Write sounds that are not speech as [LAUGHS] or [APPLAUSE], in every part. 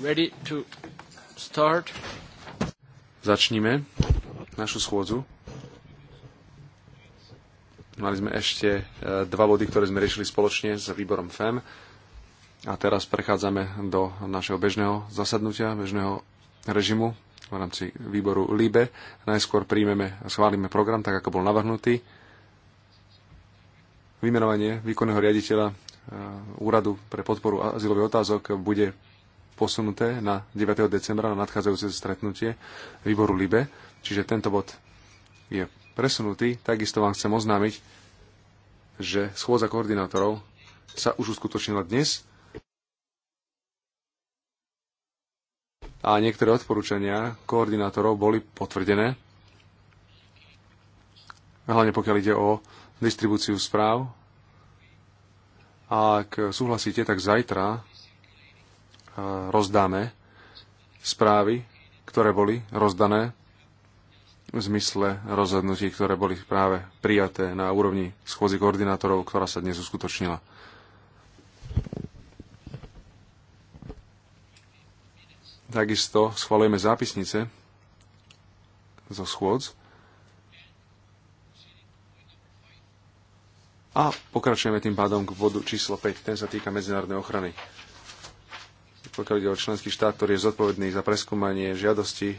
ready to start. Začníme našu schôdzu. Mali sme ešte e, dva body, ktoré sme riešili spoločne s výborom FEM. A teraz prechádzame do našeho bežného zasadnutia, bežného režimu v rámci výboru LIBE. Najskôr príjmeme a schválime program, tak ako bol navrhnutý. Vymenovanie výkonného riaditeľa e, Úradu pre podporu azylových otázok bude posunuté na 9. decembra na nadchádzajúce stretnutie výboru LIBE, čiže tento bod je presunutý. Takisto vám chcem oznámiť, že schôdza koordinátorov sa už uskutočnila dnes a niektoré odporúčania koordinátorov boli potvrdené, hlavne pokiaľ ide o distribúciu správ a ak súhlasíte, tak zajtra rozdáme správy, ktoré boli rozdané v zmysle rozhodnutí, ktoré boli práve prijaté na úrovni schôzy koordinátorov, ktorá sa dnes uskutočnila. Takisto schvalujeme zápisnice zo schôdz a pokračujeme tým pádom k bodu číslo 5. Ten sa týka medzinárodnej ochrany pokiaľ ide o členský štát, ktorý je zodpovedný za preskúmanie žiadosti e,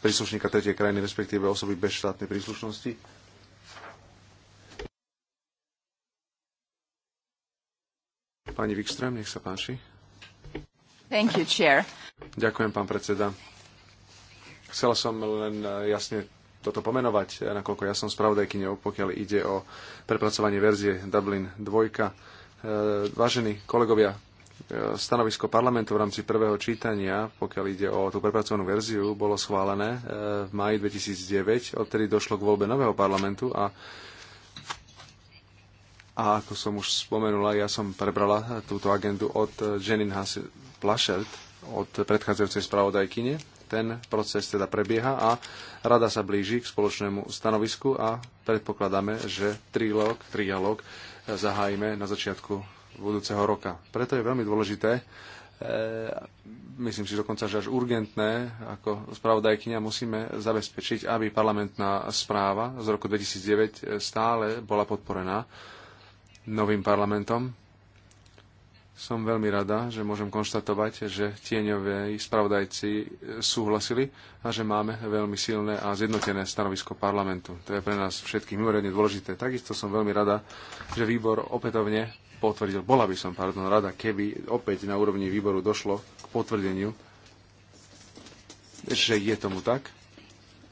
príslušníka tretej krajiny, respektíve osoby bez štátnej príslušnosti. Pani Wikström, nech sa páči. Thank you, chair. Ďakujem, pán predseda. Chcela som len e, jasne toto pomenovať, e, nakoľko ja som spravodajkyňou, pokiaľ ide o prepracovanie verzie Dublin 2. Vážení kolegovia, E, stanovisko parlamentu v rámci prvého čítania, pokiaľ ide o tú prepracovanú verziu, bolo schválené e, v maji 2009. Odtedy došlo k voľbe nového parlamentu a a ako som už spomenula, ja som prebrala túto agendu od Jenin Hasse Plašert, od predchádzajúcej spravodajkyne. Ten proces teda prebieha a rada sa blíži k spoločnému stanovisku a predpokladáme, že trilog, trialog e, zahájime na začiatku budúceho roka. Preto je veľmi dôležité, e, myslím si dokonca, že až urgentné, ako spravodajkynia musíme zabezpečiť, aby parlamentná správa z roku 2009 stále bola podporená novým parlamentom. Som veľmi rada, že môžem konštatovať, že tieňové spravodajci súhlasili a že máme veľmi silné a zjednotené stanovisko parlamentu. To je pre nás všetkých mimoriadne dôležité. Takisto som veľmi rada, že výbor opätovne potvrdil, bola by som, pardon, rada, keby opäť na úrovni výboru došlo k potvrdeniu, že je tomu tak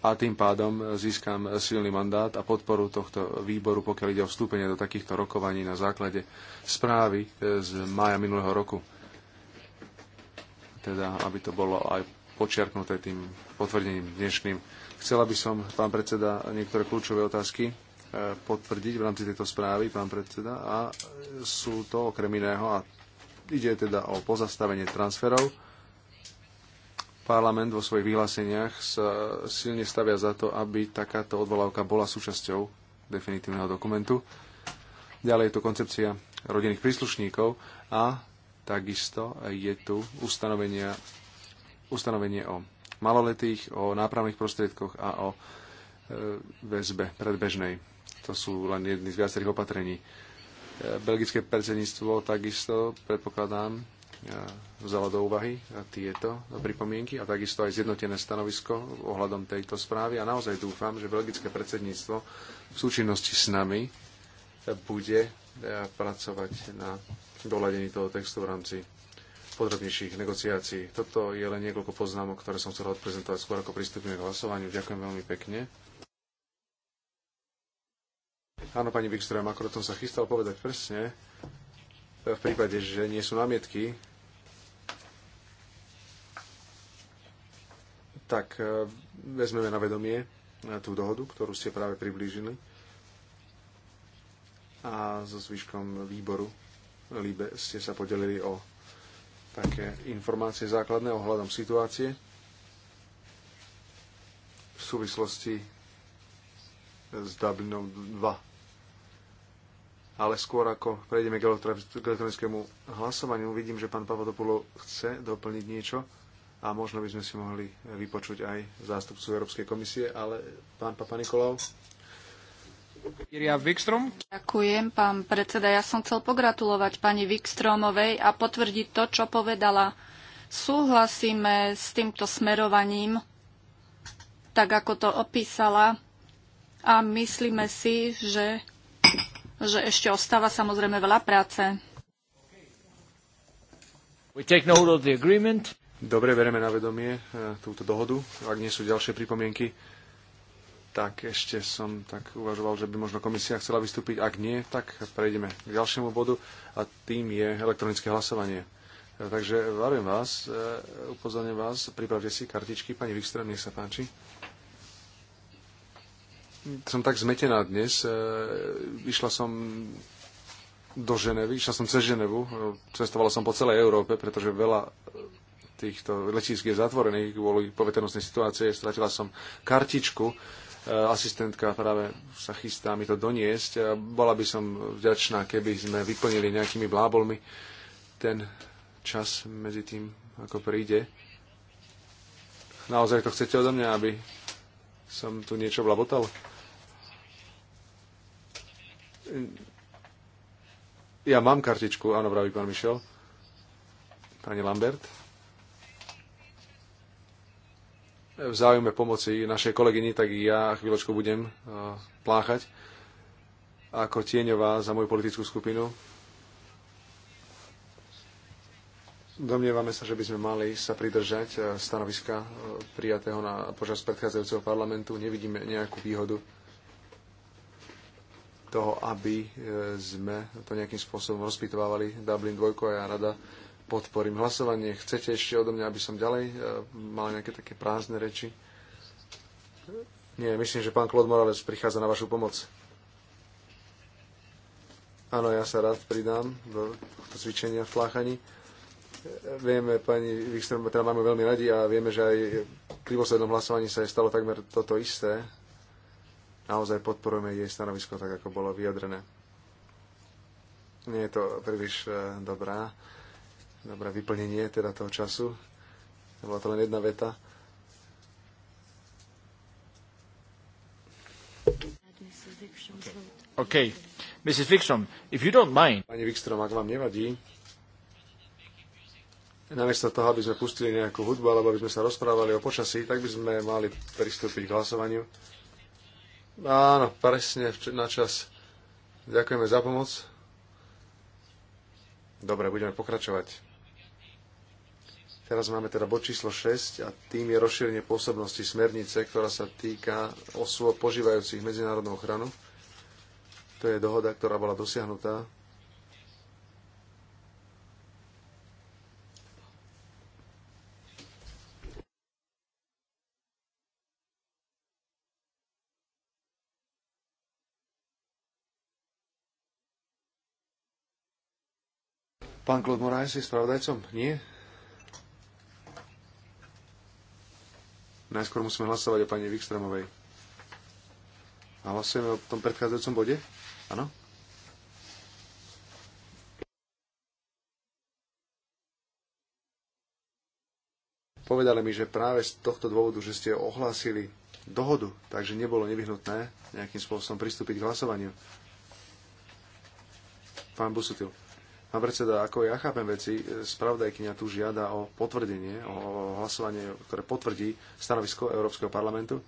a tým pádom získam silný mandát a podporu tohto výboru, pokiaľ ide o vstúpenie do takýchto rokovaní na základe správy e, z mája minulého roku. Teda, aby to bolo aj počiarknuté tým potvrdením dnešným. Chcela by som, pán predseda, niektoré kľúčové otázky potvrdiť v rámci tejto správy, pán predseda, a sú to okrem iného, a ide teda o pozastavenie transferov. Parlament vo svojich vyhláseniach sa silne stavia za to, aby takáto odvolávka bola súčasťou definitívneho dokumentu. Ďalej je tu koncepcia rodinných príslušníkov a takisto je tu ustanovenie o maloletých, o nápravných prostriedkoch a o E, väzbe predbežnej. To sú len jedny z viacerých opatrení. E, belgické predsedníctvo takisto, predpokladám, e, vzala do úvahy tieto pripomienky a takisto aj zjednotené stanovisko ohľadom tejto správy. A naozaj dúfam, že belgické predsedníctvo v súčinnosti s nami bude pracovať na doladení toho textu v rámci podrobnejších negociácií. Toto je len niekoľko poznámok, ktoré som chcel odprezentovať skôr ako pristúpime k hlasovaniu. Ďakujem veľmi pekne. Áno, pani Wikström, ako o tom sa chystal povedať presne, v prípade, že nie sú námietky, tak e, vezmeme na vedomie e, tú dohodu, ktorú ste práve priblížili a so zvyškom výboru Líbe ste sa podelili o také informácie základné ohľadom situácie v súvislosti s Dublinom 2 ale skôr ako prejdeme k elektronickému hlasovaniu, vidím, že pán Pavadopulo chce doplniť niečo a možno by sme si mohli vypočuť aj zástupcu Európskej komisie, ale pán Papa Nikolau. Ďakujem, pán predseda. Ja som chcel pogratulovať pani Wikstromovej a potvrdiť to, čo povedala. Súhlasíme s týmto smerovaním, tak ako to opísala a myslíme si, že že ešte ostáva samozrejme veľa práce. Dobre, bereme na vedomie e, túto dohodu. Ak nie sú ďalšie pripomienky, tak ešte som tak uvažoval, že by možno komisia chcela vystúpiť. Ak nie, tak prejdeme k ďalšiemu bodu a tým je elektronické hlasovanie. E, takže varujem vás, e, upozorňujem vás, pripravte si kartičky. Pani Wikström, nech sa páči som tak zmetená dnes. E, išla som do Ženevy, išla som cez Ženevu, e, cestovala som po celej Európe, pretože veľa týchto letísk je zatvorených kvôli poveternostnej situácie. Stratila som kartičku, e, asistentka práve sa chystá mi to doniesť. Bola by som vďačná, keby sme vyplnili nejakými blábolmi ten čas medzi tým, ako príde. Naozaj to chcete odo mňa, aby som tu niečo blabotal? E, ja mám kartičku, áno, vraví pán Mišel. Pani Lambert. E, v záujme pomoci našej kolegyni, tak ja chvíľočku budem e, pláchať ako tieňová za moju politickú skupinu. Domnievame sa, že by sme mali sa pridržať stanoviska prijatého na, počas predchádzajúceho parlamentu. Nevidíme nejakú výhodu toho, aby e, sme to nejakým spôsobom rozpitovávali Dublin 2 a ja rada podporím hlasovanie. Chcete ešte odo mňa, aby som ďalej e, mal nejaké také prázdne reči? Nie, myslím, že pán Klod Morales prichádza na vašu pomoc. Áno, ja sa rád pridám do tohto cvičenia v tláchaní. Vieme, pani Wikström, teda máme veľmi radi a vieme, že aj pri poslednom hlasovaní sa je stalo takmer toto isté naozaj podporujeme jej stanovisko, tak ako bolo vyjadrené. Nie je to príliš e, dobrá, dobré vyplnenie teda toho času. Bola to len jedna veta. OK. Mrs. Wikström, if you don't mind... Pani Wikström, ak vám nevadí, namiesto toho, aby sme pustili nejakú hudbu, alebo aby sme sa rozprávali o počasí, tak by sme mali pristúpiť k hlasovaniu. Áno, presne, na čas. Ďakujeme za pomoc. Dobre, budeme pokračovať. Teraz máme teda bod číslo 6 a tým je rozšírenie pôsobnosti smernice, ktorá sa týka osôb požívajúcich medzinárodnú ochranu. To je dohoda, ktorá bola dosiahnutá Pán Claude Moraes je spravodajcom? Nie? Najskôr musíme hlasovať o pani A Hlasujeme o tom predchádzajúcom bode? Áno? Povedali mi, že práve z tohto dôvodu, že ste ohlásili dohodu, takže nebolo nevyhnutné nejakým spôsobom pristúpiť k hlasovaniu. Pán Busutil. Pán predseda, ako ja chápem veci, spravodajkynia tu žiada o potvrdenie, o hlasovanie, ktoré potvrdí stanovisko Európskeho parlamentu.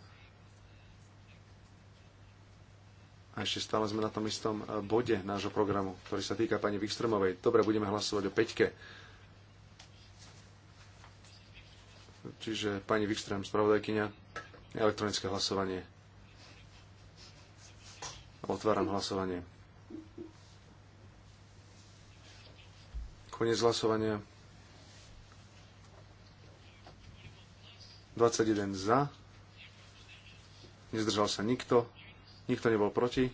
A ešte stále sme na tom istom bode nášho programu, ktorý sa týka pani Vikstremovej. Dobre, budeme hlasovať o peťke. Čiže pani Wikström, spravodajkynia, elektronické hlasovanie. Otváram hlasovanie. Konec hlasovania. 21 za. Nezdržal sa nikto. Nikto nebol proti.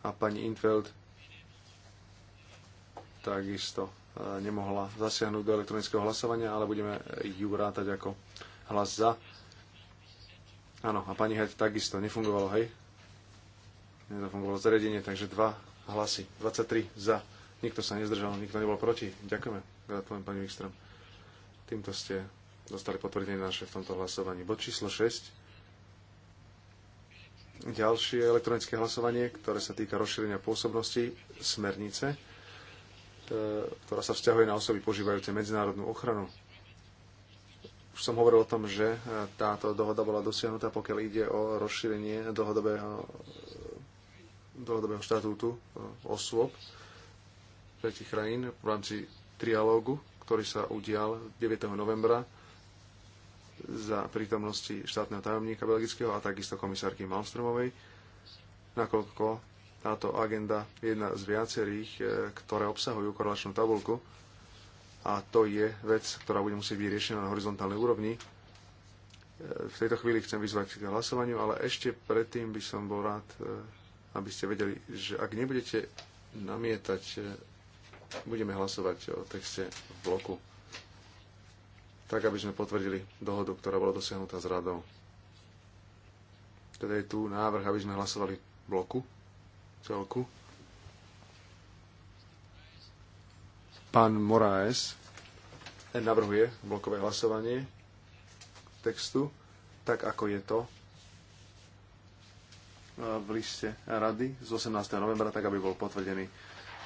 A pani Infeld takisto e, nemohla zasiahnuť do elektronického hlasovania, ale budeme ju rátať ako hlas za. Áno, a pani Hed takisto nefungovalo, hej? Nezafungovalo zariadenie, takže dva hlasy. 23 za. Nikto sa nezdržal, nikto nebol proti. Ďakujeme. Gratulujem, pani Wikström. Týmto ste dostali potvrdenie naše v tomto hlasovaní. Bod číslo 6. Ďalšie elektronické hlasovanie, ktoré sa týka rozšírenia pôsobnosti smernice, e, ktorá sa vzťahuje na osoby požívajúce medzinárodnú ochranu už som hovoril o tom, že e, táto dohoda bola dosiahnutá, pokiaľ ide o rozšírenie dlhodobého, dlhodobého štatútu e, osôb tretich krajín v rámci trialógu, ktorý sa udial 9. novembra za prítomnosti štátneho tajomníka belgického a takisto komisárky Malmstromovej, nakoľko táto agenda je jedna z viacerých, e, ktoré obsahujú korelačnú tabulku a to je vec, ktorá bude musieť byť riešená na horizontálnej úrovni. E, v tejto chvíli chcem vyzvať k hlasovaniu, ale ešte predtým by som bol rád, e, aby ste vedeli, že ak nebudete namietať Budeme hlasovať o texte v bloku, tak aby sme potvrdili dohodu, ktorá bola dosiahnutá s radou. Teda je tu návrh, aby sme hlasovali v bloku, celku. Pán Moraes navrhuje blokové hlasovanie textu, tak ako je to eh, v liste rady z 18. novembra, tak aby bol potvrdený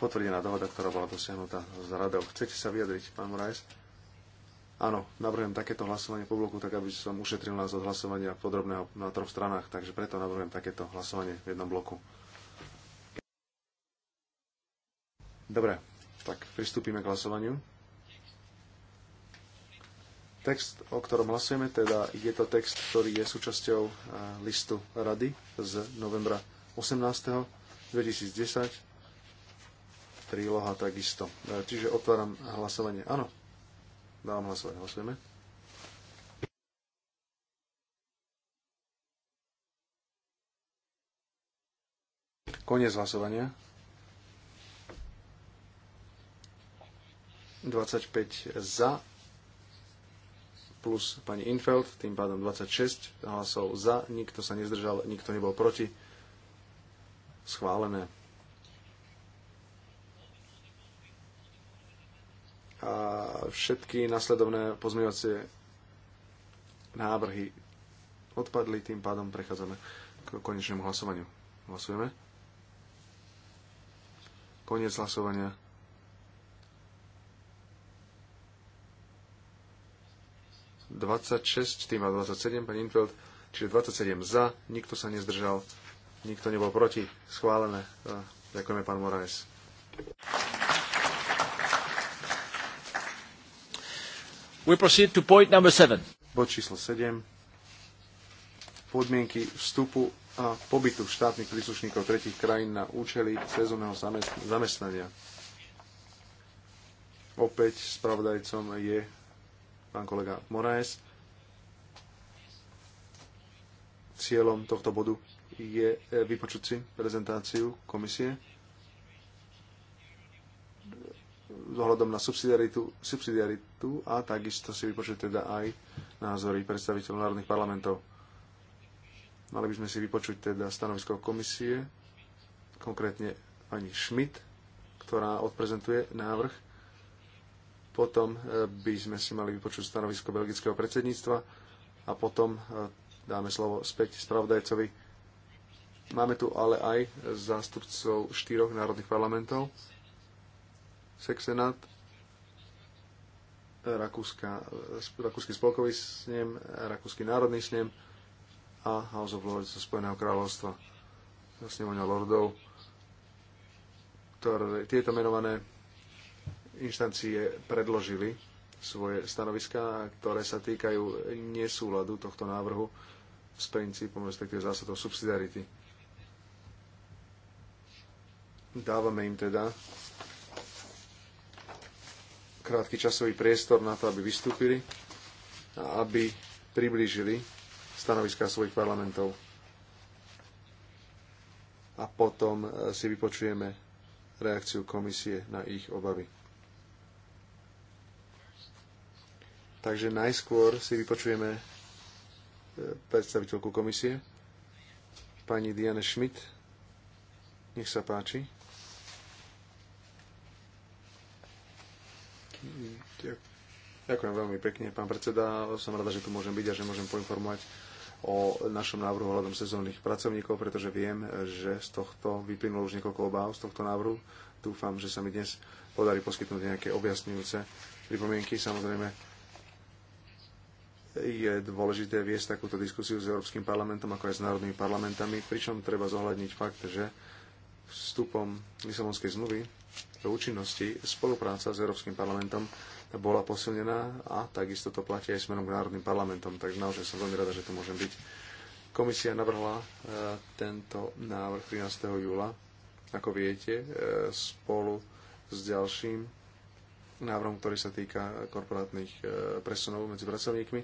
potvrdená dohoda, ktorá bola dosiahnutá s radou. Chcete sa vyjadriť, pán Morajs? Áno, navrhujem takéto hlasovanie po bloku, tak aby som ušetril nás od hlasovania podrobného na troch stranách, takže preto navrhujem takéto hlasovanie v jednom bloku. Dobre, tak pristúpime k hlasovaniu. Text, o ktorom hlasujeme, teda je to text, ktorý je súčasťou eh, listu rady z novembra 18. 2010 príloha takisto. E, čiže otváram hlasovanie. Áno, dávam hlasovanie. Hlasujeme. Koniec hlasovania. 25 za plus pani Infeld, tým pádom 26 hlasov za, nikto sa nezdržal, nikto nebol proti. Schválené. a všetky nasledovné pozmývacie návrhy odpadli, tým pádom prechádzame k konečnému hlasovaniu. Hlasujeme. Koniec hlasovania. ...26, tým a 27, pani Infeld, čiže 27 za, nikto sa nezdržal, nikto nebol proti, schválené. Ďakujeme, pán Moraes. We proceed to point number Bod číslo 7. Podmienky vstupu a pobytu štátnych príslušníkov tretich krajín na účely sezónneho zamestnania. Opäť spravodajcom je pán kolega Moraes. Cieľom tohto bodu je eh, vypočuť si prezentáciu komisie ohľadom na subsidiaritu, subsidiaritu a takisto si vypočuť teda aj názory predstaviteľov národných parlamentov. Mali by sme si vypočuť teda stanovisko komisie, konkrétne pani Schmidt, ktorá odprezentuje návrh. Potom e, by sme si mali vypočuť stanovisko belgického predsedníctva a potom e, dáme slovo späť spravodajcovi. Máme tu ale aj zástupcov štyroch národných parlamentov Sexenát, Rakúska, Rakúsky spolkový snem, Rakúsky národný snem a House of Lords zo Spojeného kráľovstva, snemovňa lordov. Ktoré, tieto menované inštancie predložili svoje stanoviská, ktoré sa týkajú nesúladu tohto návrhu s princípom, respektíve zásadou subsidiarity. Dávame im teda krátky časový priestor na to, aby vystúpili a aby priblížili stanoviská svojich parlamentov. A potom e, si vypočujeme reakciu komisie na ich obavy. Takže najskôr si vypočujeme e, predstaviteľku komisie, pani Diane Schmidt. Nech sa páči. Ďakujem veľmi pekne, pán predseda. Som rada, že tu môžem byť a že môžem poinformovať o našom návrhu hľadom sezónnych pracovníkov, pretože viem, že z tohto vyplynulo už niekoľko obáv z tohto návrhu. Dúfam, že sa mi dnes podarí poskytnúť nejaké objasňujúce pripomienky. Samozrejme, je dôležité viesť takúto diskusiu s Európskym parlamentom ako aj s národnými parlamentami, pričom treba zohľadniť fakt, že vstupom Lisabonskej zmluvy účinnosti spolupráca s Európskym parlamentom bola posilnená a takisto to platí aj smerom k národným parlamentom. Takže naozaj som veľmi rada, že tu môžem byť. Komisia navrhla e, tento návrh 13. júla, ako viete, e, spolu s ďalším návrhom, ktorý sa týka korporátnych e, presunov medzi pracovníkmi.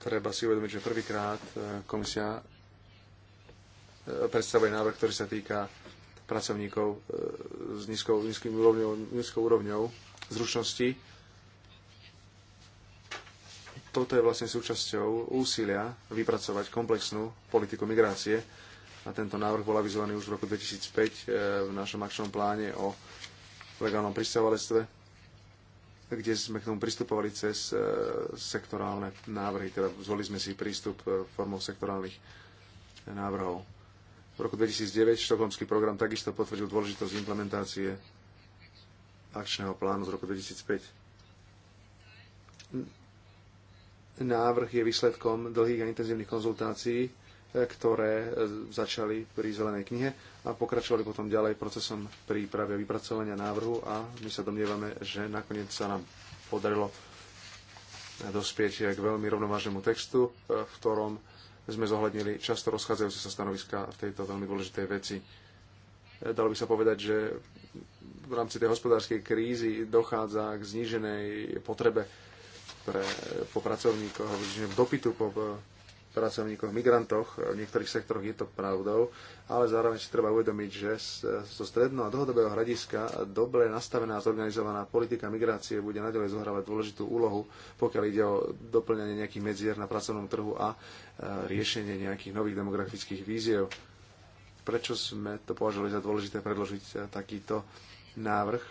Treba si uvedomiť, že prvýkrát komisia predstavuje návrh, ktorý sa týka pracovníkov e, s nízkou, nízkym úrovňou, nízkou úrovňou zručnosti. Toto je vlastne súčasťou úsilia vypracovať komplexnú politiku migrácie a tento návrh bol avizovaný už v roku 2005 e, v našom akčnom pláne o legálnom pristavalectve, kde sme k tomu pristupovali cez e, sektorálne návrhy, teda zvolili sme si prístup formou sektorálnych návrhov v roku 2009 štokholmský program takisto potvrdil dôležitosť implementácie akčného plánu z roku 2005. Návrh je výsledkom dlhých a intenzívnych konzultácií, e, ktoré e, začali pri zelenej knihe a pokračovali potom ďalej procesom prípravy a vypracovania návrhu a my sa domnievame, že nakoniec sa nám podarilo dospieť k veľmi rovnovážnemu textu, e, v ktorom sme zohľadnili často rozchádzajúce sa stanoviska v tejto veľmi dôležitej veci. E, dalo by sa povedať, že v rámci tej hospodárskej krízy dochádza k zníženej potrebe pre, po pracovníkoch, zníženom dopytu po pracovníkoch, migrantoch, v niektorých sektoroch je to pravdou, ale zároveň si treba uvedomiť, že zo stredného a dlhodobého hľadiska dobre nastavená a zorganizovaná politika migrácie bude naďalej zohrávať dôležitú úlohu, pokiaľ ide o doplňanie nejakých medzier na pracovnom trhu a e, riešenie nejakých nových demografických víziev. Prečo sme to považovali za dôležité predložiť e, takýto návrh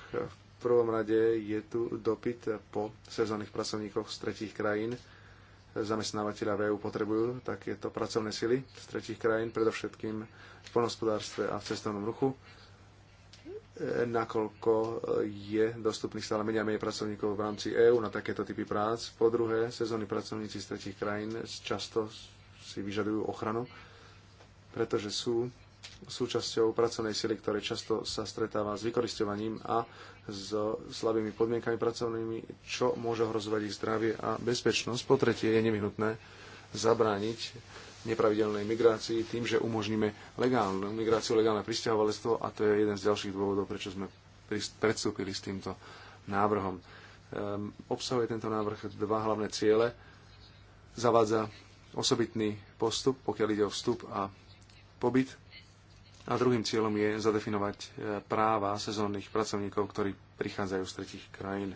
v prvom rade je tu dopyt po sezónnych pracovníkoch z tretích krajín zamestnávateľa v EU potrebujú takéto pracovné sily z tretich krajín, predovšetkým v poľnohospodárstve a v cestovnom ruchu, e, nakoľko je dostupných stále menej a menej pracovníkov v rámci EÚ na takéto typy prác. Po druhé, sezónni pracovníci z tretich krajín často si vyžadujú ochranu, pretože sú súčasťou pracovnej sily, ktoré často sa stretáva s vykoristovaním a so slabými podmienkami pracovnými, čo môže hrozovať ich zdravie a bezpečnosť. Po tretie je nevyhnutné zabrániť nepravidelnej migrácii tým, že umožníme legálnu migráciu, legálne pristahovalectvo a to je jeden z ďalších dôvodov, prečo sme predstúpili s týmto návrhom. Um, obsahuje tento návrh dva hlavné ciele. Zavádza osobitný postup, pokiaľ ide o vstup a pobyt a druhým cieľom je zadefinovať e, práva sezónnych pracovníkov, ktorí prichádzajú z tretich krajín.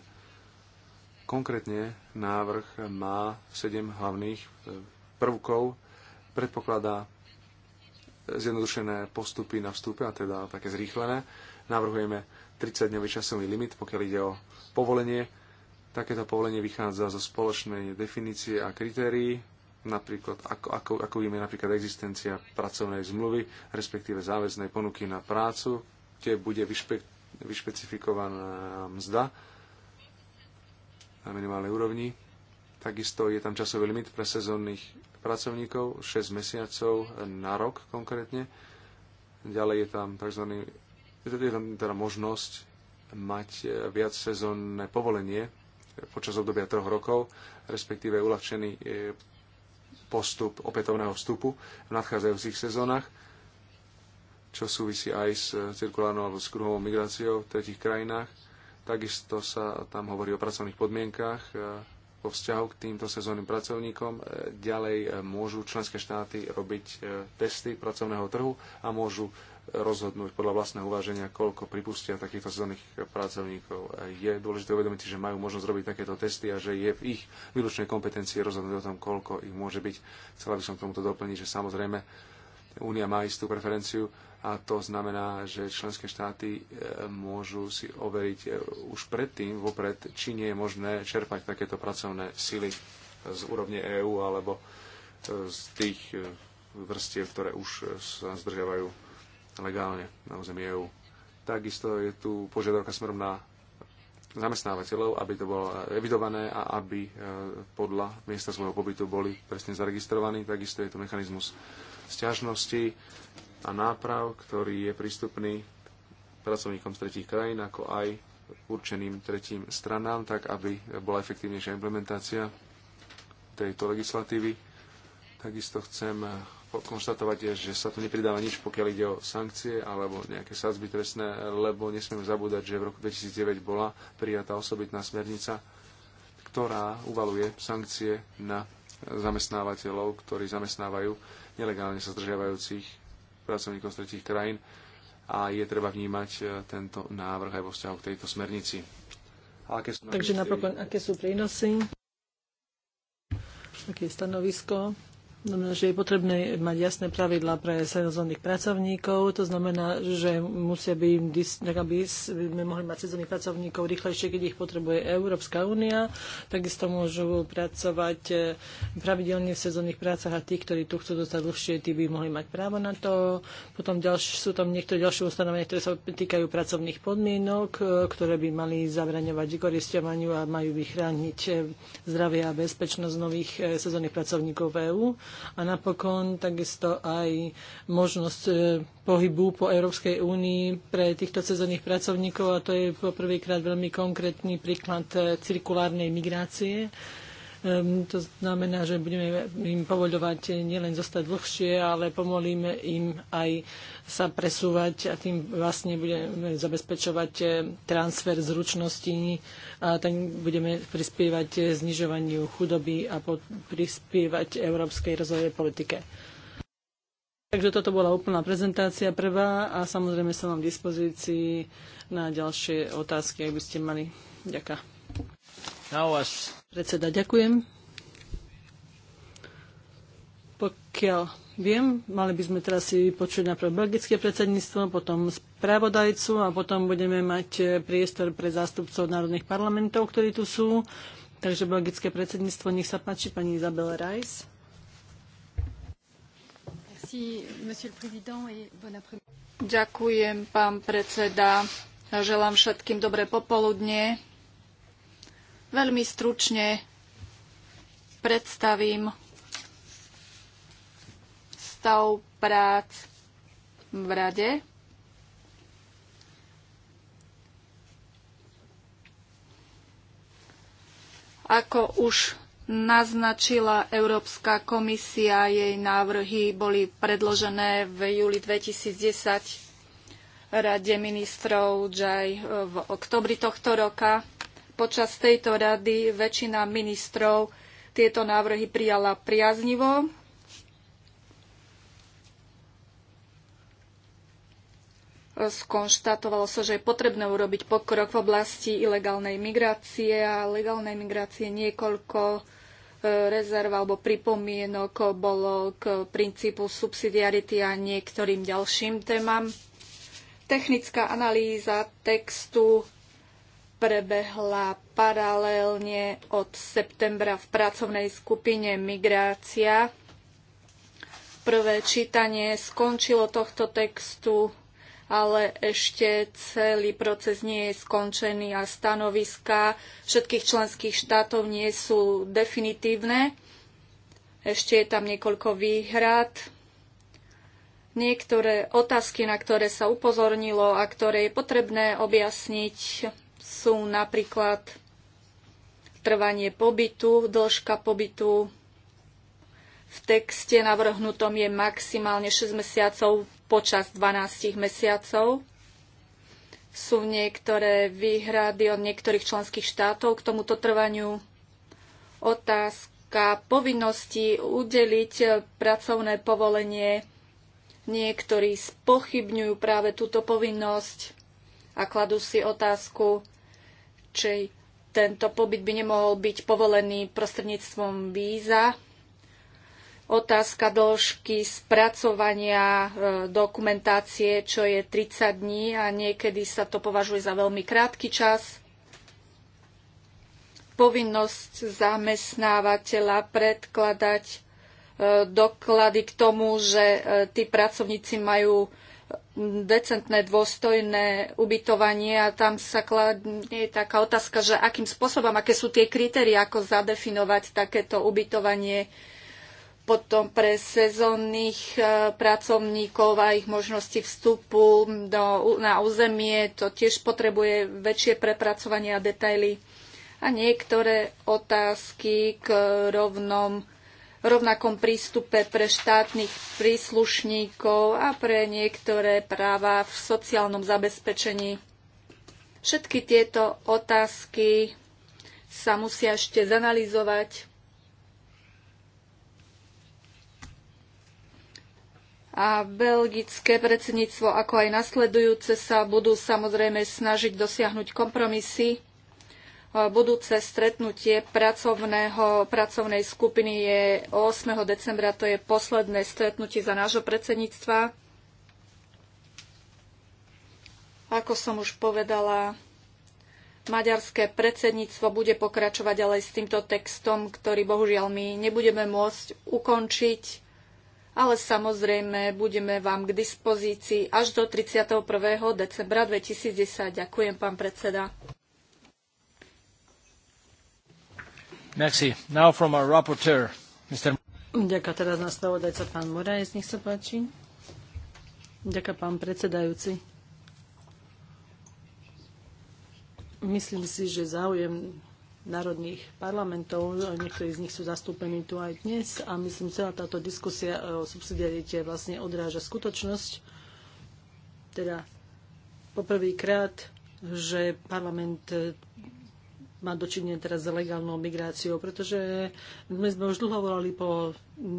Konkrétne návrh má sedem hlavných e, prvkov, predpokladá zjednodušené postupy na vstupe, a teda také zrýchlené. Navrhujeme 30-dňový časový limit, pokiaľ ide o povolenie. Takéto povolenie vychádza zo spoločnej definície a kritérií napríklad, ako, ako, ako im je napríklad existencia pracovnej zmluvy, respektíve záväznej ponuky na prácu, kde bude vyšpe, vyšpecifikovaná mzda na minimálnej úrovni. Takisto je tam časový limit pre sezónnych pracovníkov, 6 mesiacov na rok konkrétne. Ďalej je tam tzv. je tam teda možnosť mať e, viac sezónne povolenie počas obdobia troch rokov, respektíve uľahčený e, postup opätovného vstupu v nadchádzajúcich sezónach, čo súvisí aj s eh, cirkulárnou alebo s kruhovou migráciou v tretich krajinách. Takisto sa tam hovorí o pracovných podmienkách eh, vo vzťahu k týmto sezónnym pracovníkom. Eh, ďalej môžu členské štáty robiť testy pracovného trhu a môžu rozhodnúť podľa vlastného uváženia, koľko pripustia takýchto sezónnych pracovníkov. Je dôležité uvedomiť si, že majú možnosť robiť takéto testy a že je v ich výlučnej kompetencii rozhodnúť o tom, koľko ich môže byť. Chcela by som tomuto doplniť, že samozrejme Únia má istú preferenciu a to znamená, že členské štáty e, môžu si overiť e, už predtým, vopred, či nie je možné čerpať takéto pracovné sily e, z úrovne EÚ alebo z tých vrstiev, ktoré už sa zdržiavajú legálne na území EÚ. Takisto je tu požiadavka smerom na zamestnávateľov, aby to bolo evidované a aby e, podľa miesta svojho pobytu boli presne zaregistrovaní. Takisto je tu mechanizmus sťažnosti a náprav, ktorý je prístupný pracovníkom z tretích krajín, ako aj určeným tretím stranám, tak aby bola efektívnejšia implementácia tejto legislatívy. Takisto chcem konštatovať, je, že sa tu nepridáva nič, pokiaľ ide o sankcie alebo nejaké sadzby trestné, lebo nesmieme zabúdať, že v roku 2009 bola prijatá osobitná smernica, ktorá uvaluje sankcie na zamestnávateľov, ktorí zamestnávajú nelegálne sa zdržiavajúcich pracovníkov z tretich krajín a je treba vnímať e, tento návrh aj vo vzťahu k tejto smernici. aké sú Takže napríklad, aké sú prínosy? Aké je stanovisko znamená, že je potrebné mať jasné pravidlá pre sezónnych pracovníkov. To znamená, že musia by, tak aby sme mohli mať sezónnych pracovníkov rýchlejšie, keď ich potrebuje Európska únia. Takisto môžu pracovať eh, pravidelne v sezónnych prácach a tí, ktorí tu chcú dostať dlhšie, tí by mohli mať právo na to. Potom ďalš, sú tam niektoré ďalšie ustanovenia, ktoré sa týkajú pracovných podmienok, eh, ktoré by mali zabraňovať vykoristovaniu a majú vychrániť eh, zdravie a bezpečnosť nových sezónnych pracovníkov v EÚ a napokon takisto aj možnosť e, pohybu po Európskej únii pre týchto sezónnych pracovníkov a to je poprvýkrát veľmi konkrétny príklad e, cirkulárnej migrácie Ehm, to znamená, že budeme im povoľovať nielen zostať dlhšie, ale pomolíme im aj sa presúvať a tým vlastne budeme zabezpečovať eh, transfer zručností a tak budeme prispievať eh, znižovaniu chudoby a prispievať európskej rozvojovej politike. Takže toto bola úplná prezentácia prvá a samozrejme som vám v dispozícii na ďalšie otázky, ak by ste mali. Ďakujem. Predseda, ďakujem. Pokiaľ viem, mali by sme teraz si vypočuť najprv belgické predsedníctvo, potom spravodajcu a potom budeme mať e, priestor pre zástupcov národných parlamentov, ktorí tu sú. Takže belgické predsedníctvo, nech sa páči, pani Izabel Rajs. Ďakujem, pán predseda. Želám všetkým dobré popoludne. Veľmi stručne predstavím stav prác v rade. Ako už naznačila Európska komisia, jej návrhy boli predložené v júli 2010 Rade ministrov aj v oktobri tohto roka. Počas tejto rady väčšina ministrov tieto návrhy prijala priaznivo. Skonštatovalo sa, že je potrebné urobiť pokrok v oblasti ilegálnej migrácie a legálnej migrácie niekoľko e, rezerv alebo pripomienok bolo k princípu subsidiarity a niektorým ďalším témam. Technická analýza textu prebehla paralelne od septembra v pracovnej skupine Migrácia. Prvé čítanie skončilo tohto textu, ale ešte celý proces nie je skončený a stanoviska všetkých členských štátov nie sú definitívne. Ešte je tam niekoľko výhrad. Niektoré otázky, na ktoré sa upozornilo a ktoré je potrebné objasniť, sú napríklad trvanie pobytu, dĺžka pobytu. V texte navrhnutom je maximálne 6 mesiacov počas 12 mesiacov. Sú niektoré výhrady od niektorých členských štátov k tomuto trvaniu. Otázka povinnosti udeliť pracovné povolenie. Niektorí spochybňujú práve túto povinnosť a kladú si otázku, či tento pobyt by nemohol byť povolený prostredníctvom víza. Otázka dĺžky spracovania e, dokumentácie, čo je 30 dní a niekedy sa to považuje za veľmi krátky čas povinnosť zamestnávateľa predkladať e, doklady k tomu, že e, tí pracovníci majú decentné, dôstojné ubytovanie a tam sa kladne taká otázka, že akým spôsobom, aké sú tie kritéria, ako zadefinovať takéto ubytovanie potom pre sezónnych e, pracovníkov a ich možnosti vstupu do, na územie. To tiež potrebuje väčšie prepracovanie a detaily. A niektoré otázky k rovnom rovnakom prístupe pre štátnych príslušníkov a pre niektoré práva v sociálnom zabezpečení. Všetky tieto otázky sa musia ešte zanalizovať. A belgické predsedníctvo, ako aj nasledujúce, sa budú samozrejme snažiť dosiahnuť kompromisy budúce stretnutie pracovného, pracovnej skupiny je 8. decembra, to je posledné stretnutie za nášho predsedníctva. Ako som už povedala, maďarské predsedníctvo bude pokračovať ďalej s týmto textom, ktorý bohužiaľ my nebudeme môcť ukončiť, ale samozrejme budeme vám k dispozícii až do 31. decembra 2010. Ďakujem, pán predseda. Merci. Ďakujem teraz na spravodajca pán Moraes, nech sa páči. Ďakujem pán predsedajúci. Myslím si, že záujem národných parlamentov, niektorí z nich sú zastúpení tu aj dnes a myslím, celá táto diskusia o subsidiarite vlastne odráža skutočnosť, teda poprvýkrát, že parlament má dočinenie teraz s legálnou migráciou, pretože my sme už dlho volali po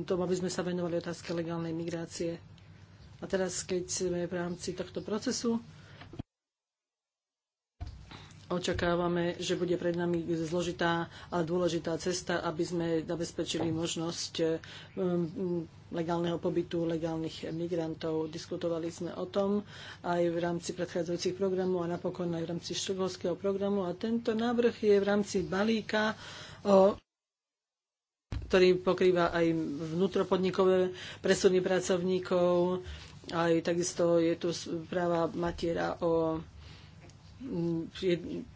tom, aby sme sa venovali otázke legálnej migrácie. A teraz, keď sme v rámci tohto procesu, očakávame, že bude pred nami zložitá, a dôležitá cesta, aby sme zabezpečili možnosť um, legálneho pobytu legálnych migrantov. Diskutovali sme o tom aj v rámci predchádzajúcich programov a napokon aj v rámci štokholského programu. A tento návrh je v rámci balíka o ktorý pokrýva aj vnútropodnikové presuny pracovníkov, aj takisto je tu správa Matiera o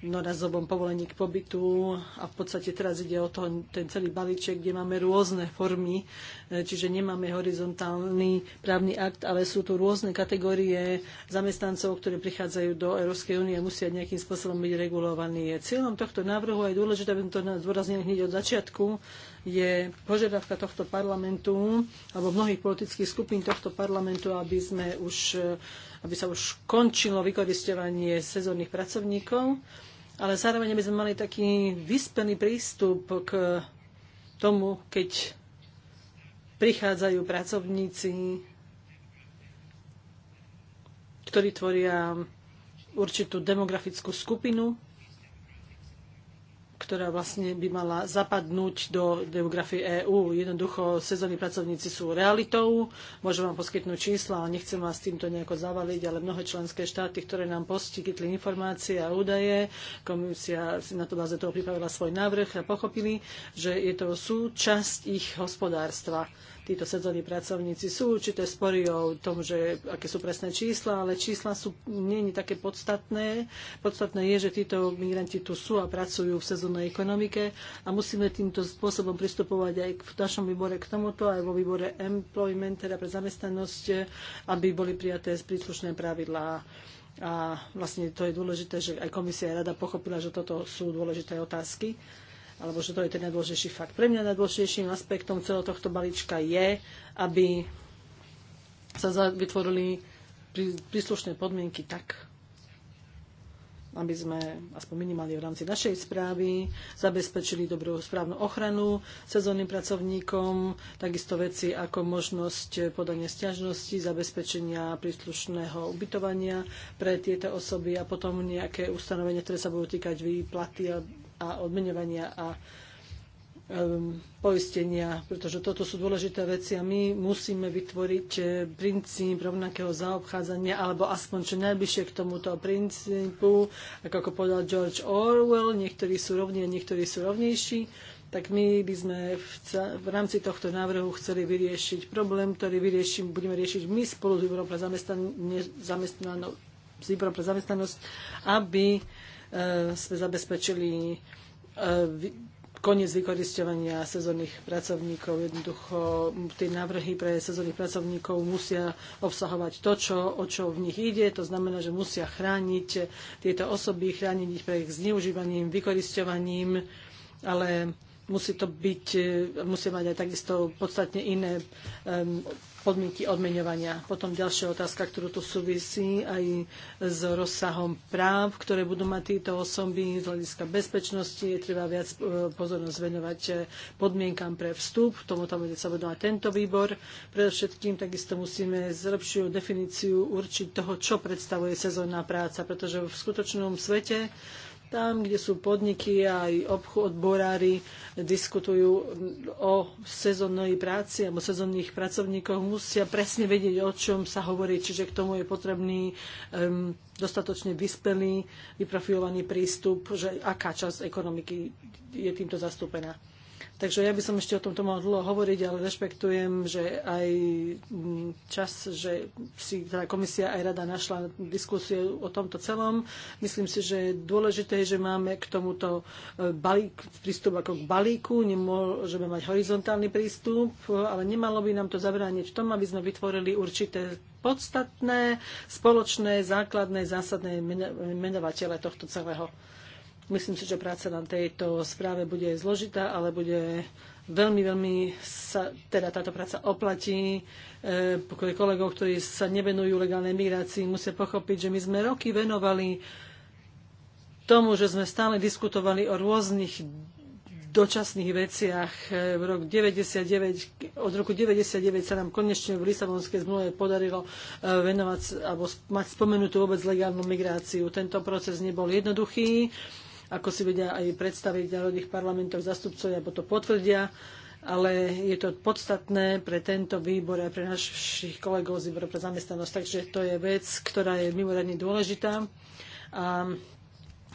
jednorazovom povolení k pobytu a v podstate teraz ide o to, ten celý balíček, kde máme rôzne formy, e, čiže nemáme horizontálny právny akt, ale sú tu rôzne kategórie zamestnancov, ktoré prichádzajú do Európskej únie a musia nejakým spôsobom byť regulovaní. Cieľom tohto návrhu je dôležité, aby sme to zdôraznili hneď od začiatku, je požiadavka tohto parlamentu alebo mnohých politických skupín tohto parlamentu, aby sme už aby sa už končilo vykoristovanie sezónnych pracovníkov, ale zároveň by sme mali taký vyspený prístup k tomu, keď prichádzajú pracovníci, ktorí tvoria určitú demografickú skupinu ktorá vlastne by mala zapadnúť do demografie EÚ. Jednoducho, sezónni pracovníci sú realitou, môžem vám poskytnúť čísla, ale nechcem vás týmto nejako zavaliť, ale mnohé členské štáty, ktoré nám poskytli informácie a údaje, komisia si na to báze toho pripravila svoj návrh a pochopili, že je to súčasť ich hospodárstva títo sezónni pracovníci. Sú určité spory o tom, že aké sú presné čísla, ale čísla sú nie je také podstatné. Podstatné je, že títo migranti tu sú a pracujú v sezónnej ekonomike a musíme týmto spôsobom pristupovať aj v našom výbore k tomuto, aj vo výbore employment, teda pre zamestnanosť, aby boli prijaté príslušné pravidlá. A vlastne to je dôležité, že aj komisia a rada pochopila, že toto sú dôležité otázky alebo že to je ten najdôležitejší fakt. Pre mňa najdôležitejším aspektom celého tohto balíčka je, aby sa vytvorili príslušné podmienky tak, aby sme aspoň minimálne v rámci našej správy zabezpečili dobrú správnu ochranu sezónnym pracovníkom, takisto veci ako možnosť podania stiažnosti, zabezpečenia príslušného ubytovania pre tieto osoby a potom nejaké ustanovenia, ktoré sa budú týkať výplaty a a odmenovania a poistenia, pretože toto sú dôležité veci a my musíme vytvoriť eh, princíp rovnakého zaobchádzania alebo aspoň čo najbližšie k tomuto princípu, ako povedal George Orwell, niektorí sú rovní a niektorí sú rovnejší, tak my by sme v, v rámci tohto návrhu chceli vyriešiť problém, ktorý vyriešim, budeme riešiť my spolu s Výborom pre zamestnanosť, aby Eh, sme zabezpečili eh, koniec vykoristovania sezónnych pracovníkov. Jednoducho tie návrhy pre sezónnych pracovníkov musia obsahovať to, čo, o čo v nich ide. To znamená, že musia chrániť tieto osoby, chrániť ich pred zneužívaním, vykoristovaním, ale musí to byť, e, musí mať aj takisto podstatne iné podmienky odmeňovania. Potom ďalšia otázka, ktorú tu súvisí aj s rozsahom práv, ktoré budú mať títo osoby z hľadiska bezpečnosti. Je treba viac e, pozornosť venovať e, podmienkam pre vstup. Tomu tam bude sa vedovať tento výbor. Predovšetkým takisto musíme zlepšiu definíciu určiť toho, čo predstavuje sezónna práca, pretože v skutočnom svete tam, kde sú podniky aj obchod, borári diskutujú o sezónnej práci alebo sezónnych pracovníkoch, musia presne vedieť, o čom sa hovorí, čiže k tomu je potrebný um, dostatočne vyspelý, vyprofilovaný prístup, že aká časť ekonomiky je týmto zastúpená. Takže ja by som ešte o tomto mohol dlho hovoriť, ale rešpektujem, že aj mm, čas, že si tá teda komisia aj rada našla diskusiu o tomto celom. Myslím si, že je dôležité, že máme k tomuto e, balík, prístup ako k balíku, nemôžeme mať horizontálny prístup, ale nemalo by nám to zabrániť v tom, aby sme vytvorili určité podstatné, spoločné, základné, zásadné menovatele tohto celého Myslím si, že práca na tejto správe bude zložitá, ale bude veľmi, veľmi sa teda táto práca oplatí. E, kolegov, ktorí sa nevenujú legálnej migrácii, musia pochopiť, že my sme roky venovali tomu, že sme stále diskutovali o rôznych dočasných veciach. E, v roku 99, od roku 99 sa nám konečne v Lisabonskej zmluve podarilo e, venovať alebo mať spomenutú vôbec legálnu migráciu. Tento proces nebol jednoduchý ako si vedia aj predstaviť v národných parlamentoch zastupcovia, potom potvrdia, ale je to podstatné pre tento výbor a pre našich kolegov z výboru pre zamestnanosť. Takže to je vec, ktorá je mimoriadne dôležitá a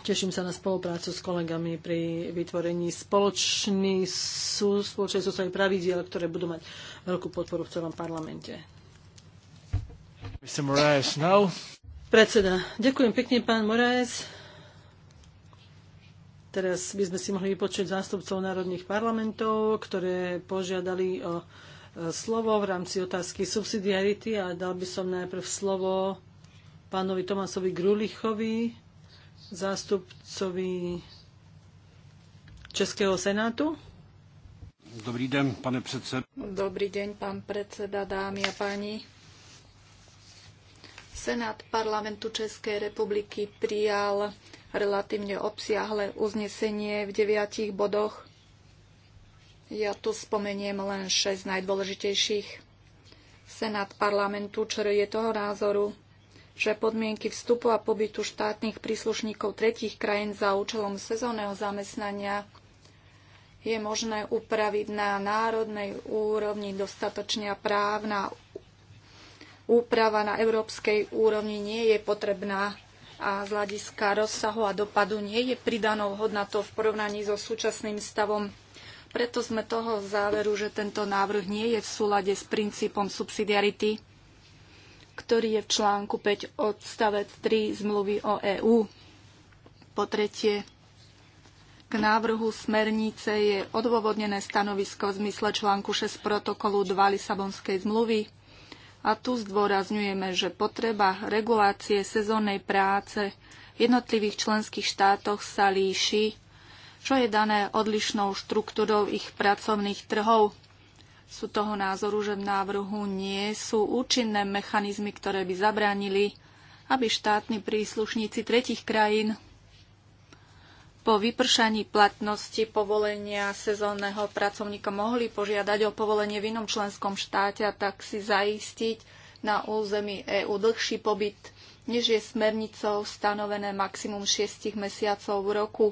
teším sa na spoluprácu s kolegami pri vytvorení sú, spoločnej sústavy pravidiel, ktoré budú mať veľkú podporu v celom parlamente. Mr. Moraes, no? Predseda, ďakujem pekne, pán Moraes. Teraz by sme si mohli vypočuť zástupcov národných parlamentov, ktoré požiadali o e, slovo v rámci otázky subsidiarity a dal by som najprv slovo pánovi Tomasovi Grulichovi, zástupcovi Českého senátu. Dobrý deň, pane predseda. Dobrý deň, pán predseda, dámy a páni. Senát parlamentu Českej republiky prijal relatívne obsiahle uznesenie v deviatich bodoch. Ja tu spomeniem len šesť najdôležitejších. Senát parlamentu ČR je toho názoru, že podmienky vstupu a pobytu štátnych príslušníkov tretich krajín za účelom sezónneho zamestnania je možné upraviť na národnej úrovni dostatočne a právna úprava na európskej úrovni nie je potrebná a z hľadiska rozsahu a dopadu nie je pridanou hodnotou v porovnaní so súčasným stavom. Preto sme toho záveru, že tento návrh nie je v súlade s princípom subsidiarity, ktorý je v článku 5 odstavec 3 zmluvy o EÚ. Po tretie, k návrhu smernice je odôvodnené stanovisko v zmysle článku 6 protokolu 2 Lisabonskej zmluvy a tu zdôrazňujeme, že potreba regulácie sezónnej práce v jednotlivých členských štátoch sa líši, čo je dané odlišnou štruktúrou ich pracovných trhov. Sú toho názoru, že v návrhu nie sú účinné mechanizmy, ktoré by zabránili, aby štátni príslušníci tretich krajín po vypršaní platnosti povolenia sezónneho pracovníka mohli požiadať o povolenie v inom členskom štáte a tak si zaistiť na území EÚ dlhší pobyt, než je smernicou stanovené maximum 6 mesiacov v roku.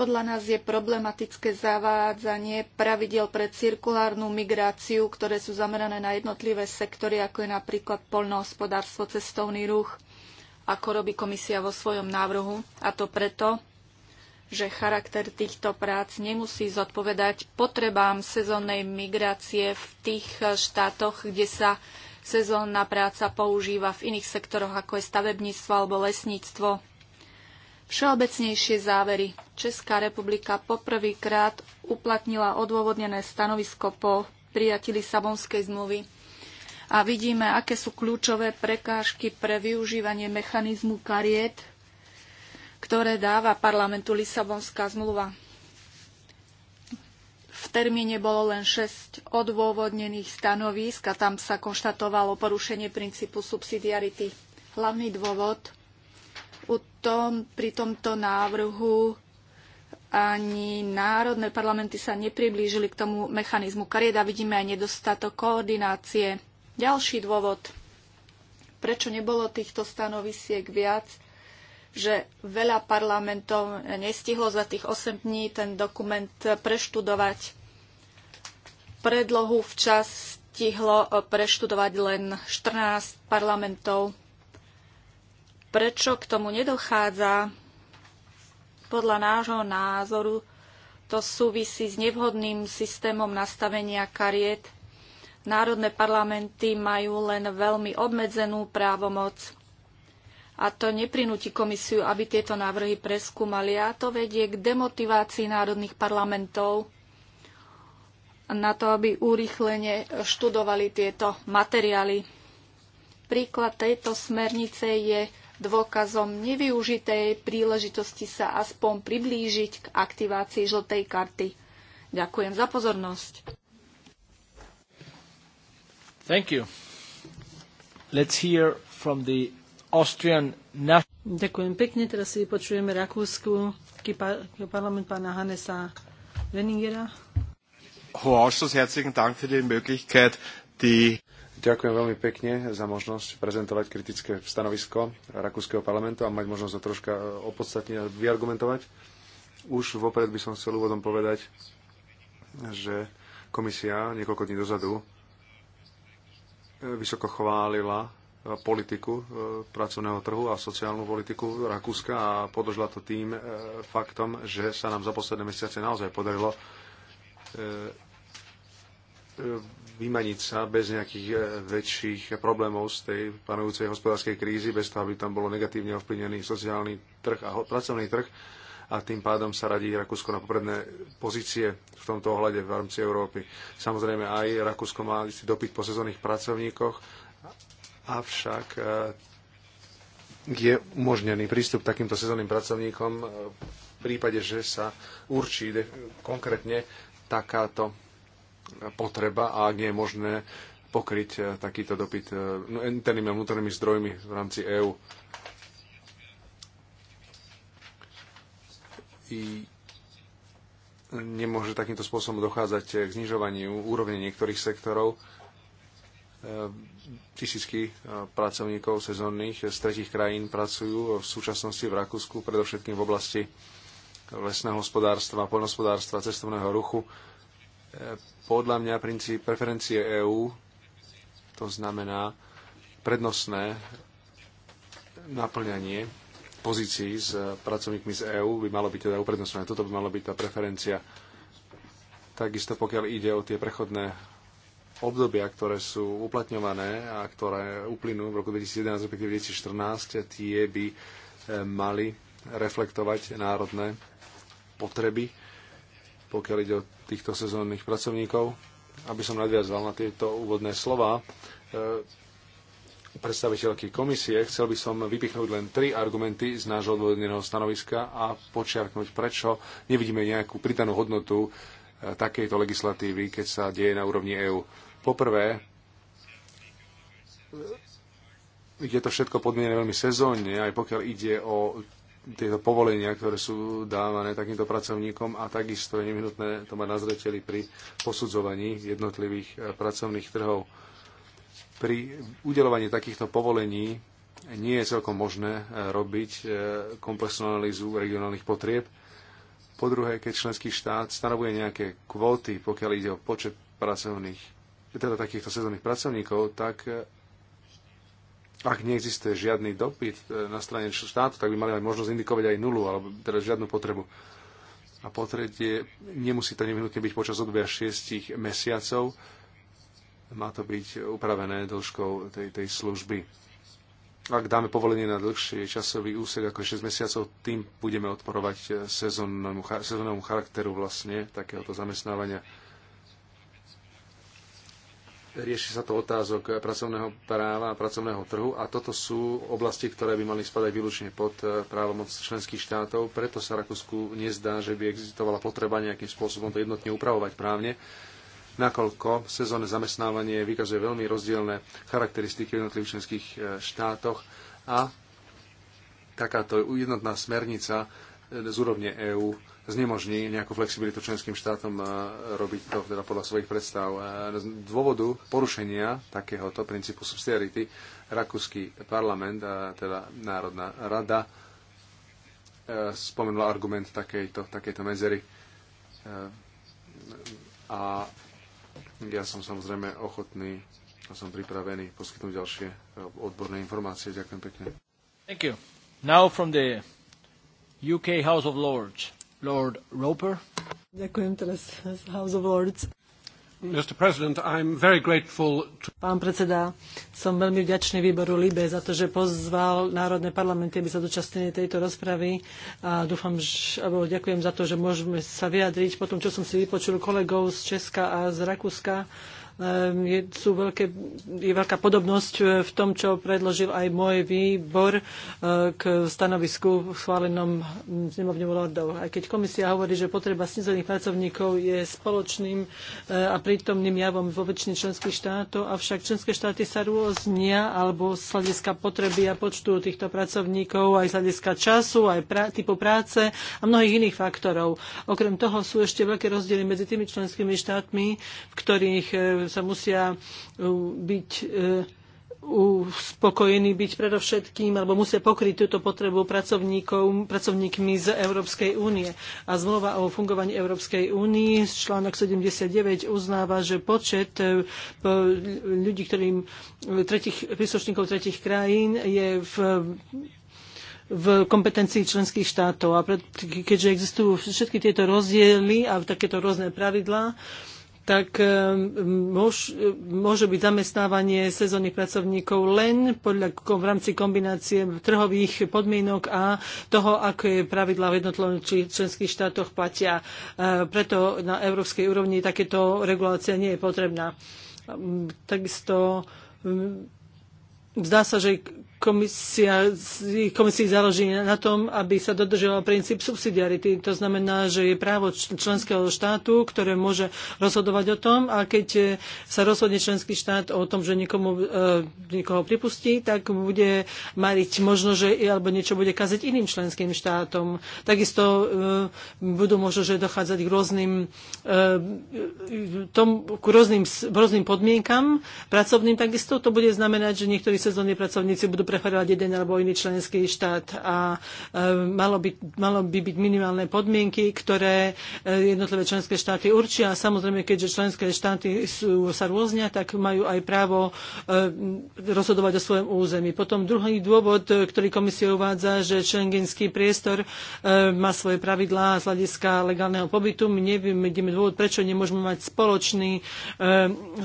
Podľa nás je problematické zavádzanie pravidel pre cirkulárnu migráciu, ktoré sú zamerané na jednotlivé sektory, ako je napríklad poľnohospodárstvo, cestovný ruch ako robí komisia vo svojom návrhu, a to preto, že charakter týchto prác nemusí zodpovedať potrebám sezónnej migrácie v tých eh, štátoch, kde sa sezónna práca používa v iných sektoroch, ako je stavebníctvo alebo lesníctvo. Všeobecnejšie závery. Česká republika poprvýkrát uplatnila odôvodnené stanovisko po prijatí Lisabonskej zmluvy a vidíme, aké sú kľúčové prekážky pre využívanie mechanizmu kariet, ktoré dáva parlamentu Lisabonská zmluva. V termíne bolo len 6 odôvodnených stanovísk a tam sa konštatovalo porušenie princípu subsidiarity. Hlavný dôvod u tom, pri tomto návrhu ani národné parlamenty sa nepriblížili k tomu mechanizmu kariet a vidíme aj nedostatok koordinácie ďalší dôvod, prečo nebolo týchto stanovisiek viac, že veľa parlamentov nestihlo za tých 8 dní ten dokument preštudovať. Predlohu včas stihlo preštudovať len 14 parlamentov. Prečo k tomu nedochádza? Podľa nášho názoru to súvisí s nevhodným systémom nastavenia kariet národné parlamenty majú len veľmi obmedzenú právomoc a to neprinúti komisiu, aby tieto návrhy preskúmali a to vedie k demotivácii národných parlamentov na to, aby urýchlene študovali tieto materiály. Príklad tejto smernice je dôkazom nevyužitej príležitosti sa aspoň priblížiť k aktivácii žltej karty. Ďakujem za pozornosť. Thank you. Let's hear from the Austrian Ďakujem pekne. Teraz si počujeme Rakúsku parlament pána Hannesa Reningera. Ďakujem veľmi pekne za možnosť prezentovať kritické stanovisko Rakúskeho parlamentu a mať možnosť to troška e, opodstatne vyargumentovať. Už vopred by som chcel úvodom povedať, že komisia niekoľko dní dozadu vysoko chválila e, politiku e, pracovného trhu a sociálnu politiku Rakúska a podložila to tým e, faktom, že sa nám za posledné mesiace naozaj podarilo vymaniť sa bez nejakých väčších problémov z tej panujúcej hospodárskej krízy, bez toho, aby tam bolo negatívne ovplyvnený sociálny trh a pracovný trh a tým pádom sa radí Rakúsko na popredné pozície v tomto ohľade v rámci Európy. Samozrejme aj Rakúsko má istý dopyt po sezónnych pracovníkoch, avšak e, je umožnený prístup k takýmto sezónnym pracovníkom e, v prípade, že sa určí konkrétne takáto potreba a ak nie je možné pokryť e, takýto dopyt internými no, a vnútornými zdrojmi v rámci EÚ. i nemôže takýmto spôsobom dochádzať k znižovaniu úrovne niektorých sektorov. Ehm, tisícky e, pracovníkov sezónnych z tretich krajín pracujú v súčasnosti v Rakúsku, predovšetkým v oblasti lesného hospodárstva, poľnohospodárstva, cestovného ruchu. Ehm, podľa mňa princíp preferencie EÚ, to znamená prednostné naplňanie pozícií s eh, pracovníkmi z EÚ by malo byť teda uprednostnené. Toto by malo byť tá preferencia. Takisto pokiaľ ide o tie prechodné obdobia, ktoré sú uplatňované a ktoré uplynú v roku 2011, respektíve 2014, tie by eh, mali reflektovať národné potreby, pokiaľ ide o týchto sezónnych pracovníkov. Aby som nadviazal na tieto úvodné slova, eh, predstaviteľky komisie, chcel by som vypichnúť len tri argumenty z nášho odvodneného stanoviska a počiarknúť, prečo nevidíme nejakú pridanú hodnotu eh, takejto legislatívy, keď sa deje na úrovni EÚ. Poprvé, eh, je to všetko podmienené veľmi sezónne, aj pokiaľ ide o tieto povolenia, ktoré sú dávané takýmto pracovníkom a takisto je nevyhnutné to mať na zreteli pri posudzovaní jednotlivých eh, pracovných trhov pri udelovaní takýchto povolení nie je celkom možné eh, robiť eh, komplexnú analýzu regionálnych potrieb. Po druhé, keď členský štát stanovuje nejaké kvóty, pokiaľ ide o počet pracovných, teda takýchto sezónnych pracovníkov, tak eh, ak neexistuje žiadny dopyt na strane štátu, tak by mali aj možnosť indikovať aj nulu, alebo teda žiadnu potrebu. A po tretie, nemusí to nevyhnutne byť počas obdobia šiestich mesiacov, má to byť upravené dĺžkou tej, tej služby. Ak dáme povolenie na dlhší časový úsek ako 6 mesiacov, tým budeme odporovať sezónnemu, sezónnemu charakteru vlastne takéhoto zamestnávania. Rieši sa to otázok pracovného práva a pracovného trhu a toto sú oblasti, ktoré by mali spadať výlučne pod eh, právomoc členských štátov. Preto sa Rakúsku nezdá, že by existovala potreba nejakým spôsobom to jednotne upravovať právne nakoľko sezónne zamestnávanie vykazuje veľmi rozdielne charakteristiky v jednotlivých členských e, štátoch a takáto jednotná smernica e, z úrovne EÚ znemožní nejakú flexibilitu členským štátom e, robiť to teda podľa svojich predstav. Z dôvodu porušenia takéhoto princípu subsidiarity Rakúsky parlament, teda Národná rada, spomenula argument takejto, takejto medzery a ja som samozrejme ochotný a som pripravený poskytnúť ďalšie e, odborné informácie. Ďakujem pekne. Thank you. Now from the UK House of Lords, Lord Roper. Ďakujem teraz z House of Lords. Pán predseda, som veľmi vďačný výboru LIBE za to, že pozval národné parlamenty, aby sa zúčastnili tejto rozpravy a dúfam, že, alebo ďakujem za to, že môžeme sa vyjadriť po tom, čo som si vypočul kolegov z Česka a z Rakúska Ehm, je, sú veľké, je veľká podobnosť eh, v tom, čo predložil aj môj výbor eh, k stanovisku schválenom znemovňou hm, lordov. Aj keď komisia hovorí, že potreba snizených pracovníkov je spoločným eh, a prítomným javom vo väčšine členských štátov, avšak členské štáty sa rôznia alebo z hľadiska potreby a počtu týchto pracovníkov, aj z hľadiska času, aj pra- typu práce a mnohých iných faktorov. Okrem toho sú ešte veľké rozdiely medzi tými členskými štátmi, v ktorých sa musia e, byť e, uspokojení byť predovšetkým, alebo musia pokryť túto potrebu pracovníkov, pracovníkmi z Európskej únie. A zmluva o fungovaní Európskej únie, článok 79 uznáva, že počet e, ľudí, ktorým tretich, príslušníkov tretich krajín je v v kompetencii členských štátov. A pred, keďže existujú všetky tieto rozdiely a takéto rôzne pravidlá, tak eh, môž, môže byť zamestnávanie sezónnych pracovníkov len podľa, v rámci kombinácie trhových podmienok a toho, aké pravidlá v jednotlivých členských štátoch platia. Eh, preto na európskej úrovni takéto regulácia nie je potrebná. Ehm, takisto ehm, zdá sa, že komisia, komisii založí na tom, aby sa dodržoval princíp subsidiarity. To znamená, že je právo členského štátu, ktoré môže rozhodovať o tom a keď e, sa rozhodne členský štát o tom, že niekomu, e, niekoho pripustí, tak bude mariť možno, že alebo niečo bude kaziť iným členským štátom. Takisto e, budú možno, že dochádzať k rôznym, tom, k rôznym, rôznym podmienkam pracovným. Takisto to bude znamenať, že niektorí sezónni pracovníci budú preferovať jeden alebo iný členský štát a e, malo by, malo by byť minimálne podmienky, ktoré e, jednotlivé členské štáty určia. A samozrejme, keďže členské štáty sú, sa rôznia, tak majú aj právo e, rozhodovať o svojom území. Potom druhý dôvod, ktorý komisia uvádza, že šengenský priestor má svoje pravidlá z hľadiska legálneho pobytu. My nevidíme dôvod, prečo nemôžeme mať spoločný,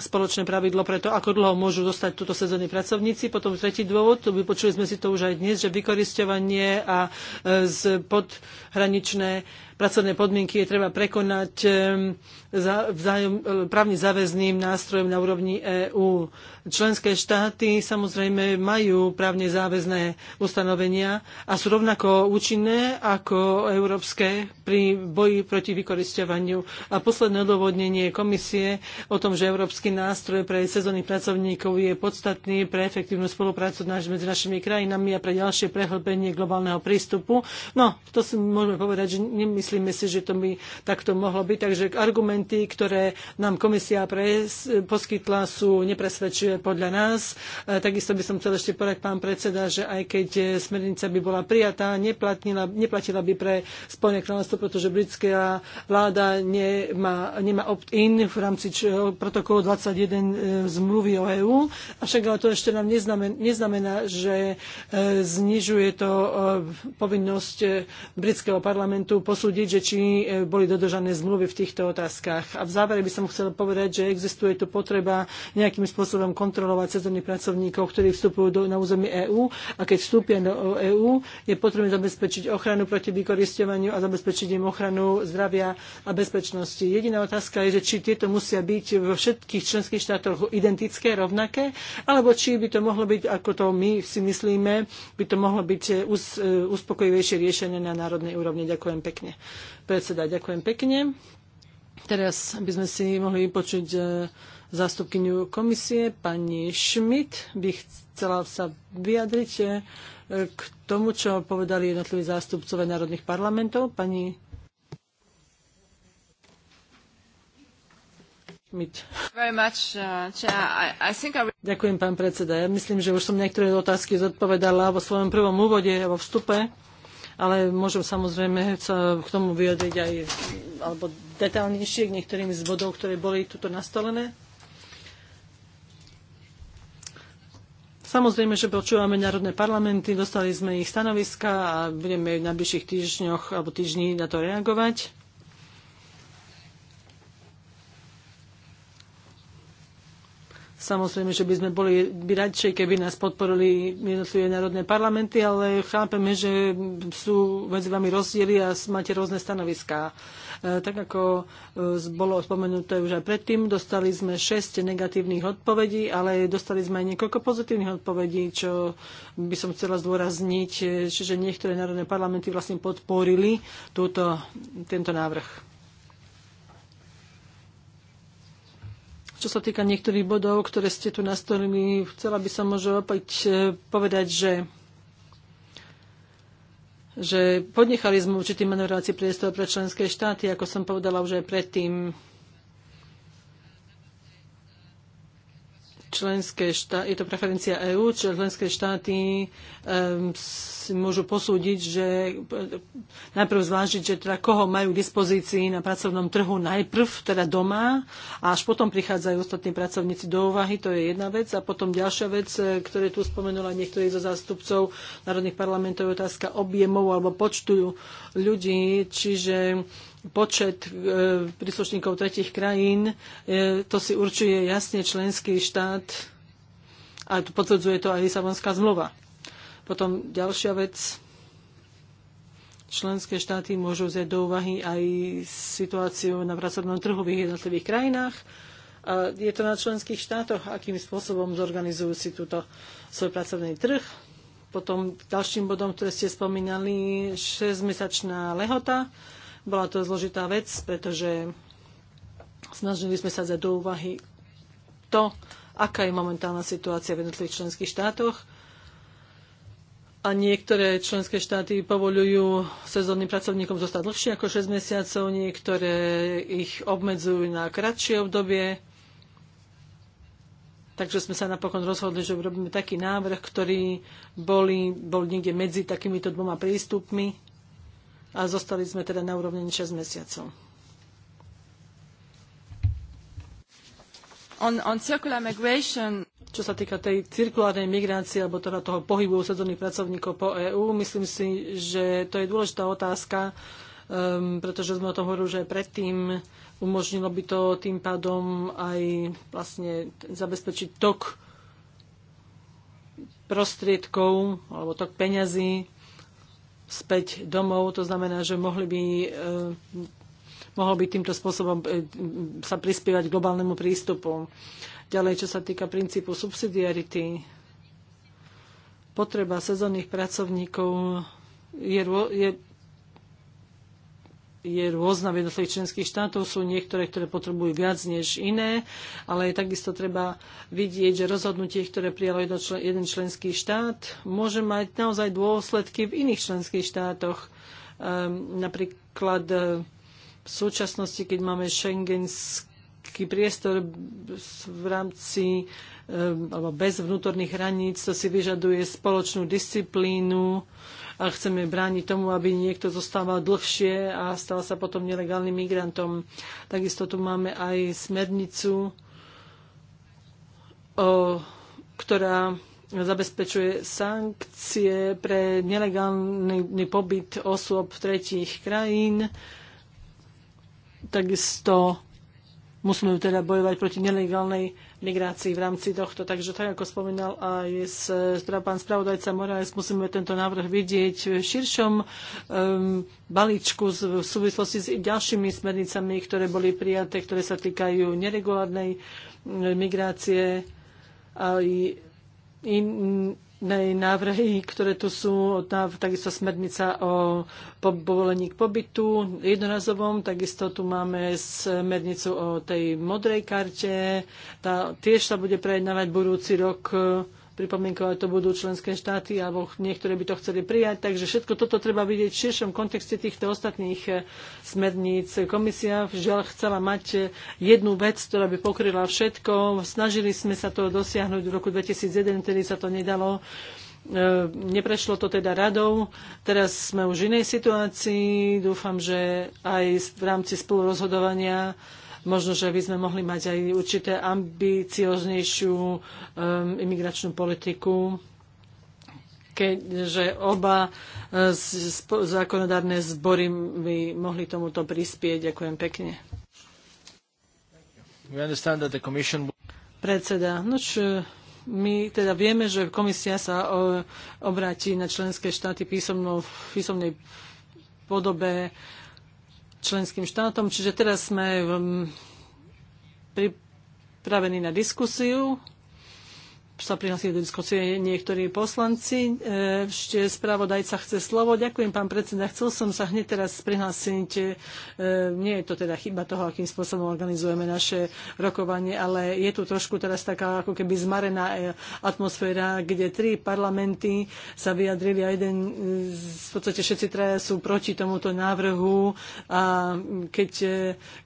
spoločné pravidlo pre to, ako dlho môžu dostať túto sezónni pracovníci. Potom tretí dôvod, spôsoby, počuli sme si to už aj dnes, že vykoristovanie a e, z podhraničné pracovné podmienky je treba prekonať vzájom, e, právne záväzným nástrojom na úrovni EÚ. Členské štáty samozrejme majú právne záväzné ustanovenia a sú rovnako účinné ako európske pri boji proti vykoristovaniu. A posledné odôvodnenie komisie o tom, že európsky nástroj pre sezónnych pracovníkov je podstatný pre efektívnu spoluprácu medzi našimi krajinami a pre ďalšie prehlbenie globálneho prístupu. No, to si môžeme povedať, že nemyslím, Myslíme si, že to by takto mohlo byť. Takže argumenty, ktoré nám komisia pres, poskytla, sú nepresvedčivé podľa nás. E, takisto by som chcel ešte povedať, pán predseda, že aj keď smernica by bola prijatá, neplatnila, neplatila by pre Spojené kráľovstvo, pretože britská vláda nemá, nemá opt-in v rámci protokolu 21 e, zmluvy o EÚ. Avšak ale to ešte nám neznamená, neznamená že e, znižuje to povinnosť britského parlamentu posúdiť posúdiť, že či e, boli dodržané zmluvy v týchto otázkach. A v závere by som chcel povedať, že existuje tu potreba nejakým spôsobom kontrolovať sezónnych pracovníkov, ktorí vstupujú do, na územie EÚ a keď vstúpia do EÚ, je potrebné zabezpečiť ochranu proti vykoristovaniu a zabezpečiť im ochranu zdravia a bezpečnosti. Jediná otázka je, že či tieto musia byť vo všetkých členských štátoch identické, rovnaké, alebo či by to mohlo byť, ako to my si myslíme, by to mohlo byť e, e, uspokojivejšie riešenie na národnej úrovni. Ďakujem pekne. Predseda, ďakujem pekne. Teraz by sme si mohli vypočuť e, zástupkyňu komisie, pani Schmidt by chcela sa vyjadriť e, k tomu, čo povedali jednotliví zástupcovia národných parlamentov. Pani Schmidt. Uh, ďakujem, pán predseda. Ja myslím, že už som niektoré otázky zodpovedala vo svojom prvom úvode a vo vstupe ale môžem samozrejme sa k tomu vyjadriť aj alebo detaľnejšie k niektorým z bodov, ktoré boli tuto nastolené. Samozrejme, že počúvame národné parlamenty, dostali sme ich stanoviska a budeme v najbližších týždňoch alebo týždni na to reagovať. Samozrejme, že by sme boli by radšej, keby nás podporili jednotlivé národné parlamenty, ale chápeme, že sú medzi vami rozdiely a máte rôzne stanoviská. E, tak ako e, bolo spomenuté už aj predtým, dostali sme 6 negatívnych odpovedí, ale dostali sme aj niekoľko pozitívnych odpovedí, čo by som chcela zdôrazniť, e, že niektoré národné parlamenty vlastne podporili túto, tento návrh. Čo sa týka niektorých bodov, ktoré ste tu nastolili, chcela by som možno opäť e, povedať, že že podnechali sme určitý manevrovací priestor pre členské štáty, ako som povedala už aj predtým. členské štáty, je to preferencia EÚ, členské štáty um, si môžu posúdiť, že e, najprv zvážiť, že teda koho majú k dispozícii na pracovnom trhu najprv, teda doma, a až potom prichádzajú ostatní pracovníci do úvahy, to je jedna vec. A potom ďalšia vec, e, ktoré tu spomenula niektorí zo zástupcov národných parlamentov, je otázka objemov alebo počtu ľudí, čiže počet e, príslušníkov tretich krajín, e, to si určuje jasne členský štát a potvrdzuje to aj Lisabonská zmluva. Potom ďalšia vec, členské štáty môžu vziať do úvahy aj situáciu na pracovnom trhu v jednotlivých krajinách. A je to na členských štátoch, akým spôsobom zorganizujú si túto svoj pracovný trh. Potom ďalším bodom, ktoré ste spomínali, 6-mesačná lehota. Bola to zložitá vec, pretože snažili sme sa dať do úvahy to, aká je momentálna situácia v jednotlivých členských štátoch. A niektoré členské štáty povolujú sezónnym pracovníkom zostať dlhšie ako 6 mesiacov, niektoré ich obmedzujú na kratšie obdobie. Takže sme sa napokon rozhodli, že urobíme taký návrh, ktorý boli, bol niekde medzi takýmito dvoma prístupmi a zostali sme teda na úrovni 6 mesiacov. On, on circular migration. Čo sa týka tej cirkulárnej migrácie alebo teda toho pohybu sezónnych pracovníkov po EÚ, myslím si, že to je dôležitá otázka, um, pretože sme o tom hovorili, že predtým umožnilo by to tým pádom aj vlastne zabezpečiť tok prostriedkov alebo tok peňazí späť domov. To znamená, že mohli by e, mohol by týmto spôsobom e, sa prispievať globálnemu prístupu. Ďalej, čo sa týka princípu subsidiarity, potreba sezónnych pracovníkov je, je je rôzna v jednotlivých členských štátov. Sú niektoré, ktoré potrebujú viac než iné, ale takisto treba vidieť, že rozhodnutie, ktoré prijalo jeden členský štát, môže mať naozaj dôsledky v iných členských štátoch. Um, napríklad e, v súčasnosti, keď máme šengenský priestor v rámci e, alebo bez vnútorných hraníc, to si vyžaduje spoločnú disciplínu, a chceme brániť tomu, aby niekto zostával dlhšie a stal sa potom nelegálnym migrantom. Takisto tu máme aj smernicu, o, ktorá zabezpečuje sankcie pre nelegálny pobyt osôb tretích krajín. Takisto musíme teda bojovať proti nelegálnej migrácii v rámci tohto. Takže tak, ako spomínal aj teda pán spravodajca Moraes, musíme tento návrh vidieť v širšom um, balíčku v súvislosti s ďalšími smernicami, ktoré boli prijaté, ktoré sa týkajú neregulárnej ehm, migrácie a in, návrhy, ktoré tu sú, takisto smernica o povolení k pobytu jednorazovom, takisto tu máme smernicu o tej modrej karte, tá tiež sa bude prejednávať budúci rok pripomienkovať to budú členské štáty alebo niektoré by to chceli prijať. Takže všetko toto treba vidieť v širšom kontexte týchto ostatných eh, smerníc. Komisia žiaľ chcela mať eh, jednu vec, ktorá by pokryla všetko. Snažili sme sa to dosiahnuť v roku 2001, tedy sa to nedalo eh, neprešlo to teda radou. Teraz sme už v inej situácii. Dúfam, že aj v rámci spolurozhodovania možno, že by sme mohli mať aj určité ambicioznejšiu um, imigračnú politiku keďže oba uh, zákonodárne zbory by mohli tomuto prispieť. Ďakujem pekne. Commission... Predseda, no čo, my teda vieme, že komisia sa obráti na členské štáty písomnou, v písomnej podobe členským štátom. Čiže teraz sme um, pripravení na diskusiu sa prihlásili do diskusie niektorí poslanci. E, ešte spravodajca chce slovo. Ďakujem, pán predseda. Chcel som sa hneď teraz prihlásiť. E, nie je to teda chyba toho, akým spôsobom organizujeme naše rokovanie, ale je tu trošku teraz taká ako keby zmarená e, atmosféra, kde tri parlamenty sa vyjadrili a jeden, v podstate všetci traja sú proti tomuto návrhu a keď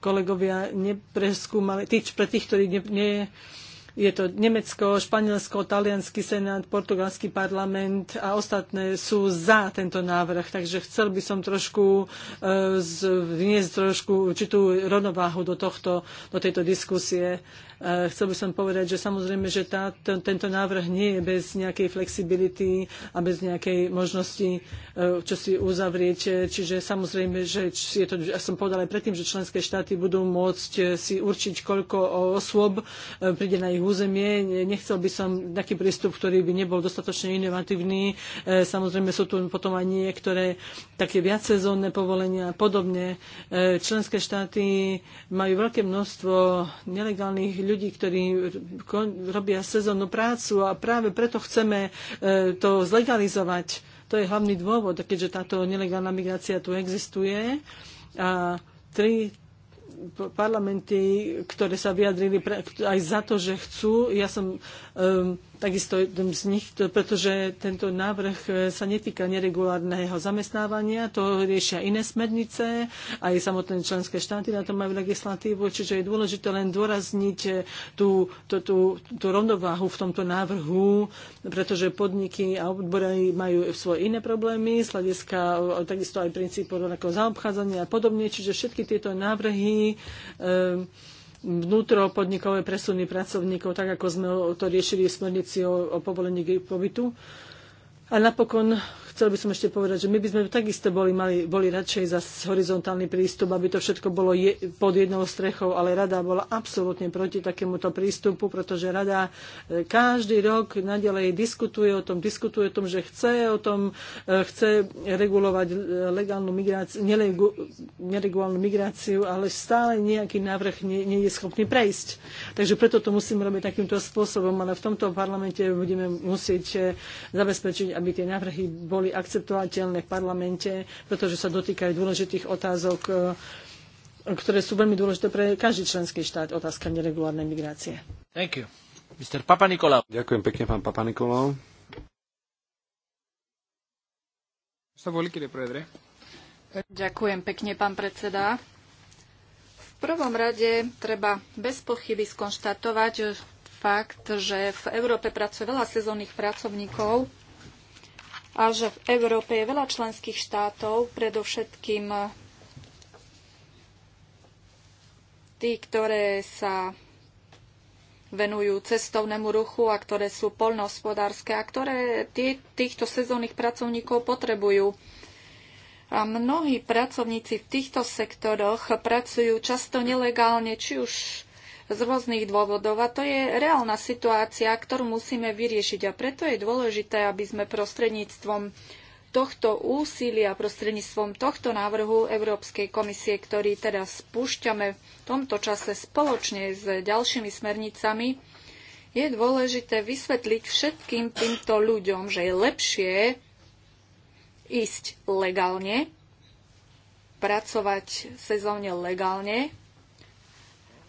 kolegovia nepreskúmali, tých, pre tých, ktorí ne, ne je to Nemecko, Španielsko, Talianský senát, Portugalský parlament a ostatné sú za tento návrh. Takže chcel by som trošku e, vniesť trošku určitú rovnováhu do, tohto, do tejto diskusie. E, chcel by som povedať, že samozrejme, že tá, tento návrh nie je bez nejakej flexibility a bez nejakej možnosti e, čo si uzavrieť. Čiže samozrejme, že je to, ja som povedal aj predtým, že členské štáty budú môcť si určiť, koľko osôb príde na ich územie. Nechcel by som taký prístup, ktorý by nebol dostatočne inovatívny. E, samozrejme sú tu potom aj niektoré také viacsezónne povolenia a podobne. E, členské štáty majú veľké množstvo nelegálnych ľudí, ktorí robia sezónnu prácu a práve preto chceme e, to zlegalizovať. To je hlavný dôvod, keďže táto nelegálna migrácia tu existuje. A parlamenty, ktoré sa vyjadrili pre, aj za to, že chcú. Ja som Ehm, takisto z nich, pretože tento návrh e, sa netýka neregulárneho zamestnávania, to riešia iné smernice, aj samotné členské štáty na to majú legislatívu, čiže je dôležité len dôrazniť e, tú, tú, tú, tú rovnováhu v tomto návrhu, pretože podniky a odbory majú svoje iné problémy, z e, takisto aj princípu rovnakého zaobchádzania a podobne, čiže všetky tieto návrhy um, vnútropodnikové presuny pracovníkov, tak ako sme to riešili v smernici o, o povolení pobytu. A napokon chcel by som ešte povedať, že my by sme takisto boli, mali, boli radšej za horizontálny prístup, aby to všetko bolo je, pod jednou strechou, ale rada bola absolútne proti takémuto prístupu, pretože rada e, každý rok nadalej diskutuje o tom, diskutuje o tom, že chce o tom, e, chce regulovať e, legálnu migráciu, nelegu, neregulálnu migráciu, ale stále nejaký návrh nie, nie je schopný prejsť. Takže preto to musíme robiť takýmto spôsobom, ale v tomto parlamente budeme musieť zabezpečiť, aby tie návrhy boli správy akceptovateľné v parlamente, pretože sa dotýkajú dôležitých otázok, e, ktoré sú veľmi dôležité pre každý členský štát, otázka neregulárnej migrácie. Thank you. Mr. Papa Nikolau. Ďakujem pekne, pán Papa Nikolau. Ďakujem pekne, pán predseda. V prvom rade treba bez pochyby skonštatovať fakt, že v Európe pracuje veľa sezónnych pracovníkov a že v Európe je veľa členských štátov, predovšetkým tí, ktoré sa venujú cestovnému ruchu a ktoré sú poľnohospodárske a ktoré týchto sezónnych pracovníkov potrebujú. A mnohí pracovníci v týchto sektoroch pracujú často nelegálne, či už z rôznych dôvodov a to je reálna situácia, ktorú musíme vyriešiť a preto je dôležité, aby sme prostredníctvom tohto úsilia, prostredníctvom tohto návrhu Európskej komisie, ktorý teraz spúšťame v tomto čase spoločne s ďalšími smernicami, je dôležité vysvetliť všetkým týmto ľuďom, že je lepšie ísť legálne, pracovať sezónne legálne,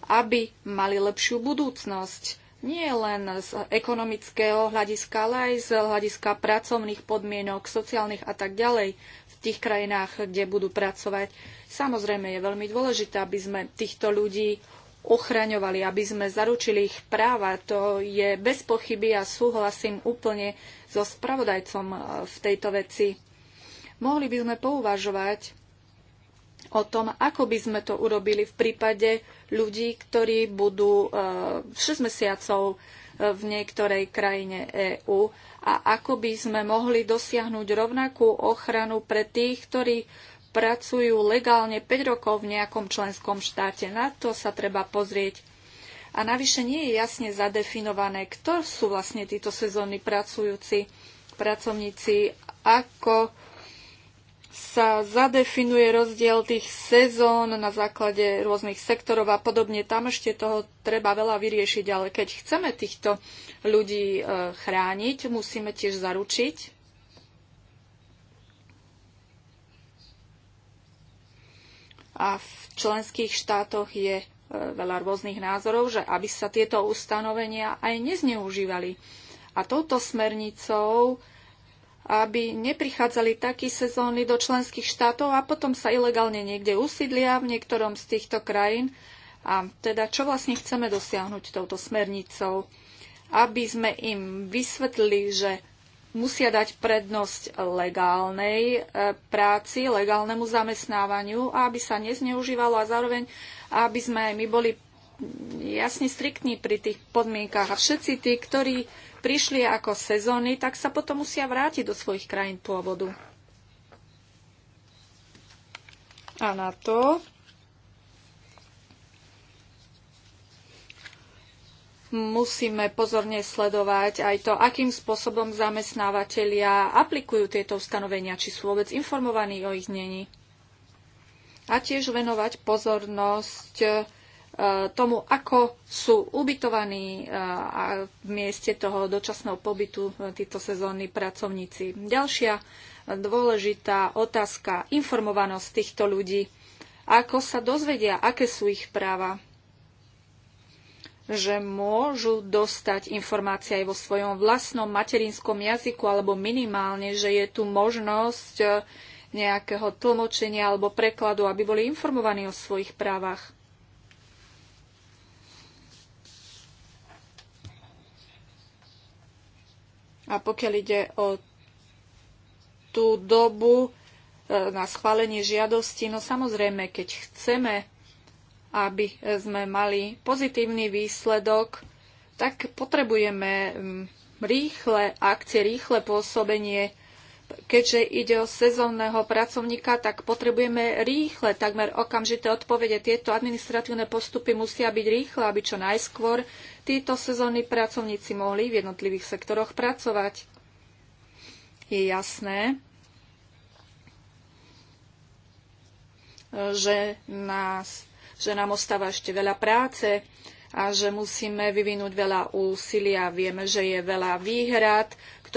aby mali lepšiu budúcnosť. Nie len z ekonomického hľadiska, ale aj z hľadiska pracovných podmienok, sociálnych a tak ďalej v tých krajinách, kde budú pracovať. Samozrejme je veľmi dôležité, aby sme týchto ľudí ochraňovali, aby sme zaručili ich práva. To je bez pochyby a ja súhlasím úplne so spravodajcom eh, v tejto veci. Mohli by sme pouvažovať o tom, ako by sme to urobili v prípade ľudí, ktorí budú 6 e, mesiacov e, v niektorej krajine EÚ a ako by sme mohli dosiahnuť rovnakú ochranu pre tých, ktorí pracujú legálne 5 rokov v nejakom členskom štáte. Na to sa treba pozrieť. A navyše nie je jasne zadefinované, kto sú vlastne títo sezónni pracujúci pracovníci, ako sa zadefinuje rozdiel tých sezón na základe rôznych sektorov a podobne. Tam ešte toho treba veľa vyriešiť, ale keď chceme týchto ľudí e, chrániť, musíme tiež zaručiť, a v členských štátoch je e, veľa rôznych názorov, že aby sa tieto ustanovenia aj nezneužívali. A touto smernicou aby neprichádzali takí sezóny do členských štátov a potom sa ilegálne niekde usídlia v niektorom z týchto krajín. A teda čo vlastne chceme dosiahnuť touto smernicou? Aby sme im vysvetlili, že musia dať prednosť legálnej e, práci, legálnemu zamestnávaniu, aby sa nezneužívalo a zároveň, aby sme aj my boli jasne striktní pri tých podmienkách a všetci tí, ktorí prišli ako sezóny, tak sa potom musia vrátiť do svojich krajín pôvodu. A na to musíme pozorne sledovať aj to, akým spôsobom zamestnávateľia aplikujú tieto ustanovenia, či sú vôbec informovaní o ich znení. A tiež venovať pozornosť Eh, tomu, ako sú ubytovaní eh, a v mieste toho dočasného pobytu eh, títo sezónni pracovníci. Ďalšia dôležitá otázka, informovanosť týchto ľudí. Ako sa dozvedia, aké sú ich práva? že môžu dostať informácie aj vo svojom vlastnom materinskom jazyku, alebo minimálne, že je tu možnosť nejakého tlmočenia alebo prekladu, aby boli informovaní o svojich právach. A pokiaľ ide o tú dobu e, na schválenie žiadosti, no samozrejme, keď chceme, aby sme mali pozitívny výsledok, tak potrebujeme mm, rýchle akcie, rýchle pôsobenie keďže ide o sezónneho pracovníka, tak potrebujeme rýchle, takmer okamžité odpovede. Tieto administratívne postupy musia byť rýchle, aby čo najskôr títo sezónni pracovníci mohli v jednotlivých sektoroch pracovať. Je jasné, že, nás, že nám ostáva ešte veľa práce a že musíme vyvinúť veľa úsilia. Vieme, že je veľa výhrad,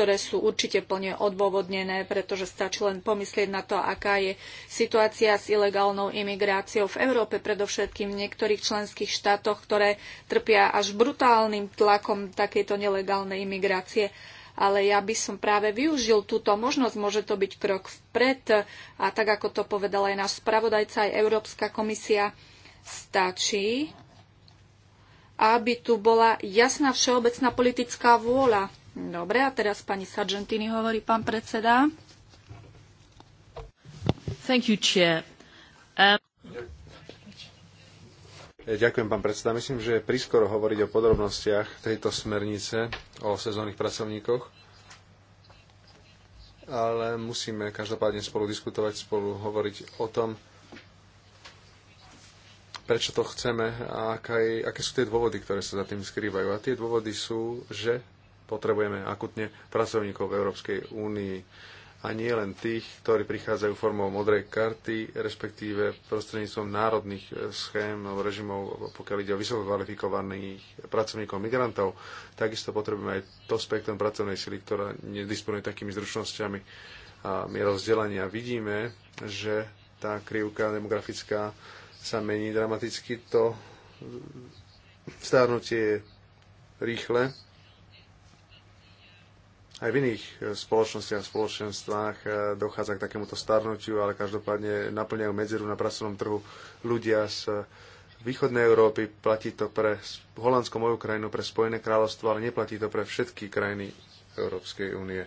ktoré sú určite plne odôvodnené, pretože stačí len pomyslieť na to, aká je situácia s ilegálnou imigráciou v Európe, predovšetkým v niektorých členských štátoch, ktoré trpia až brutálnym tlakom takejto nelegálnej imigrácie ale ja by som práve využil túto možnosť, môže to byť krok vpred a tak, ako to povedal aj náš spravodajca, aj Európska komisia, stačí, aby tu bola jasná všeobecná politická vôľa. Dobre, a teraz pani Sargentini hovorí, pán predseda. Thank you, chair. Um... Ďakujem, pán predseda. Myslím, že je prískoro hovoriť o podrobnostiach tejto smernice o sezónnych pracovníkoch ale musíme každopádne spolu diskutovať, spolu hovoriť o tom, prečo to chceme a aké, aké sú tie dôvody, ktoré sa za tým skrývajú. A tie dôvody sú, že Potrebujeme akutne pracovníkov v Európskej únii a nie len tých, ktorí prichádzajú formou modrej karty, respektíve prostredníctvom národných e, schém alebo režimov, pokiaľ ide o vysoko kvalifikovaných pracovníkov migrantov. Takisto potrebujeme aj to spektrum pracovnej sily, ktorá nedisponuje takými zručnosťami a my rozdelania. Vidíme, že tá krivka demografická sa mení dramaticky. To stárnutie je rýchle aj v iných e, spoločnostiach, spoločenstvách e, dochádza k takémuto starnutiu, ale každopádne naplňajú medzeru na pracovnom trhu ľudia z e, východnej Európy. Platí to pre Holandsko, moju krajinu, pre Spojené kráľovstvo, ale neplatí to pre všetky krajiny Európskej únie.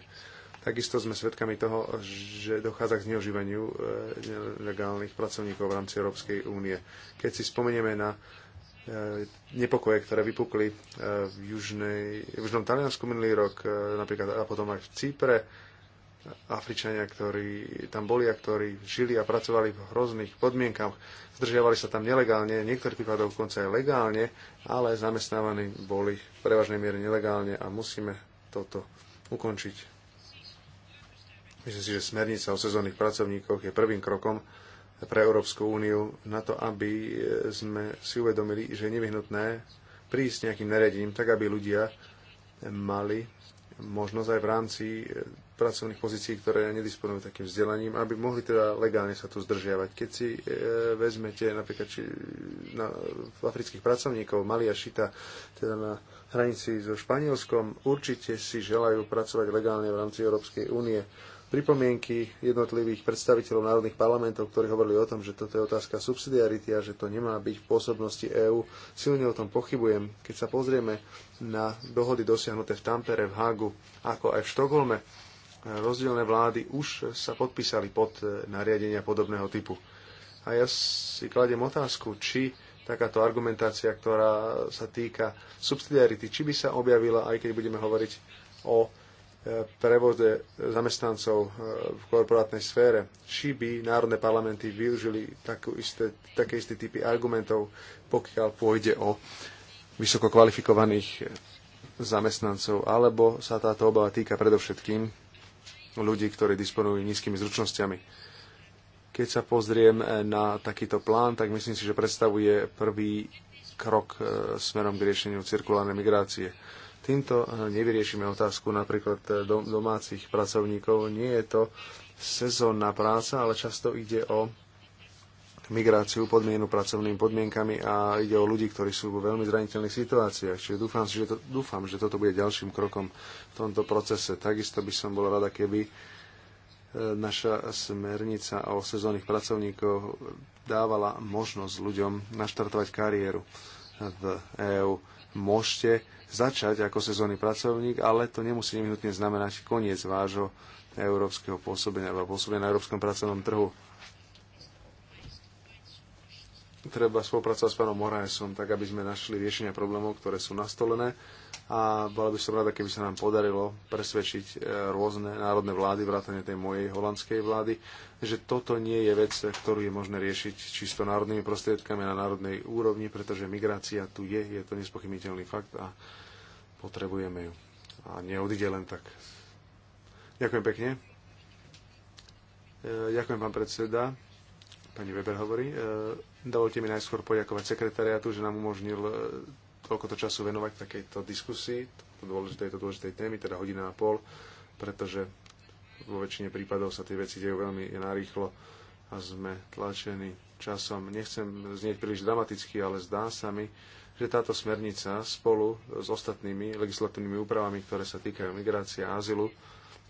Takisto sme svedkami toho, že dochádza k zneužívaniu nelegálnych pracovníkov v rámci Európskej únie. Keď si spomenieme na E, nepokoje, ktoré vypukli e, v, južnej, v južnom Taliansku minulý rok, e, napríklad a potom aj v Cypre. Afričania, ktorí tam boli a ktorí žili a pracovali v hrozných podmienkach, zdržiavali sa tam nelegálne, niektorých prípadov dokonca aj legálne, ale zamestnávaní boli v prevažnej miere nelegálne a musíme toto ukončiť. Myslím si, že smernica o sezónnych pracovníkoch je prvým krokom, pre Európsku úniu na to, aby e, sme si uvedomili, že je nevyhnutné prísť nejakým naredením, tak aby ľudia mali možnosť aj v rámci e, pracovných pozícií, ktoré nedisponujú takým vzdelaním, aby mohli teda legálne sa tu zdržiavať. Keď si e, vezmete napríklad či, na, afrických pracovníkov, Mali a Šita, teda na hranici so Španielskom, určite si želajú pracovať legálne v rámci Európskej únie pripomienky jednotlivých predstaviteľov národných parlamentov, ktorí hovorili o tom, že toto je otázka subsidiarity a že to nemá byť v pôsobnosti EÚ. Silne o tom pochybujem. Keď sa pozrieme na dohody dosiahnuté v Tampere, v Hagu, ako aj v Štokholme, rozdielne vlády už sa podpísali pod nariadenia podobného typu. A ja si kladem otázku, či takáto argumentácia, ktorá sa týka subsidiarity, či by sa objavila, aj keď budeme hovoriť o prevoze zamestnancov eh, v korporátnej sfére. Či by národné parlamenty využili takú isté, také isté typy argumentov, pokiaľ pôjde o vysoko kvalifikovaných zamestnancov, alebo sa táto obava týka predovšetkým ľudí, ktorí disponujú nízkymi zručnosťami. Keď sa pozriem eh, na takýto plán, tak myslím si, že predstavuje prvý krok eh, smerom k riešeniu cirkulárnej migrácie Týmto eh, nevyriešime otázku napríklad eh, domácich pracovníkov. Nie je to sezónna práca, ale často ide o migráciu podmienu pracovnými podmienkami a ide o ľudí, ktorí sú vo veľmi zraniteľných situáciách. Čiže dúfam, že, to, dúfam, že toto bude ďalším krokom v tomto procese. Takisto by som bol rada, keby eh, naša smernica o sezónnych pracovníkov dávala možnosť ľuďom naštartovať kariéru v EÚ. Môžete začať ako sezónny pracovník, ale to nemusí nevyhnutne znamenať koniec vášho európskeho pôsobenia alebo pôsobenia na európskom pracovnom trhu. Treba spolupracovať s pánom Moraesom, tak aby sme našli riešenia problémov, ktoré sú nastolené a bola by som rada, keby sa nám podarilo presvedčiť e, rôzne národné vlády, vrátane tej mojej holandskej vlády, že toto nie je vec, ktorú je možné riešiť čisto národnými prostriedkami na národnej úrovni, pretože migrácia tu je, je to nespochybniteľný fakt a Potrebujeme ju. A neodíde len tak. Ďakujem pekne. E, ďakujem, pán predseda. Pani Weber hovorí. E, dovolte mi najskôr poďakovať sekretariatu, že nám umožnil e, toľkoto času venovať takejto diskusii, dôležitej, dôležitej témy, teda hodina a pol, pretože vo väčšine prípadov sa tie veci dejú veľmi narýchlo a sme tlačení časom. Nechcem znieť príliš dramaticky, ale zdá sa mi, že táto smernica spolu s ostatnými legislatívnymi úpravami, ktoré sa týkajú migrácie a azylu,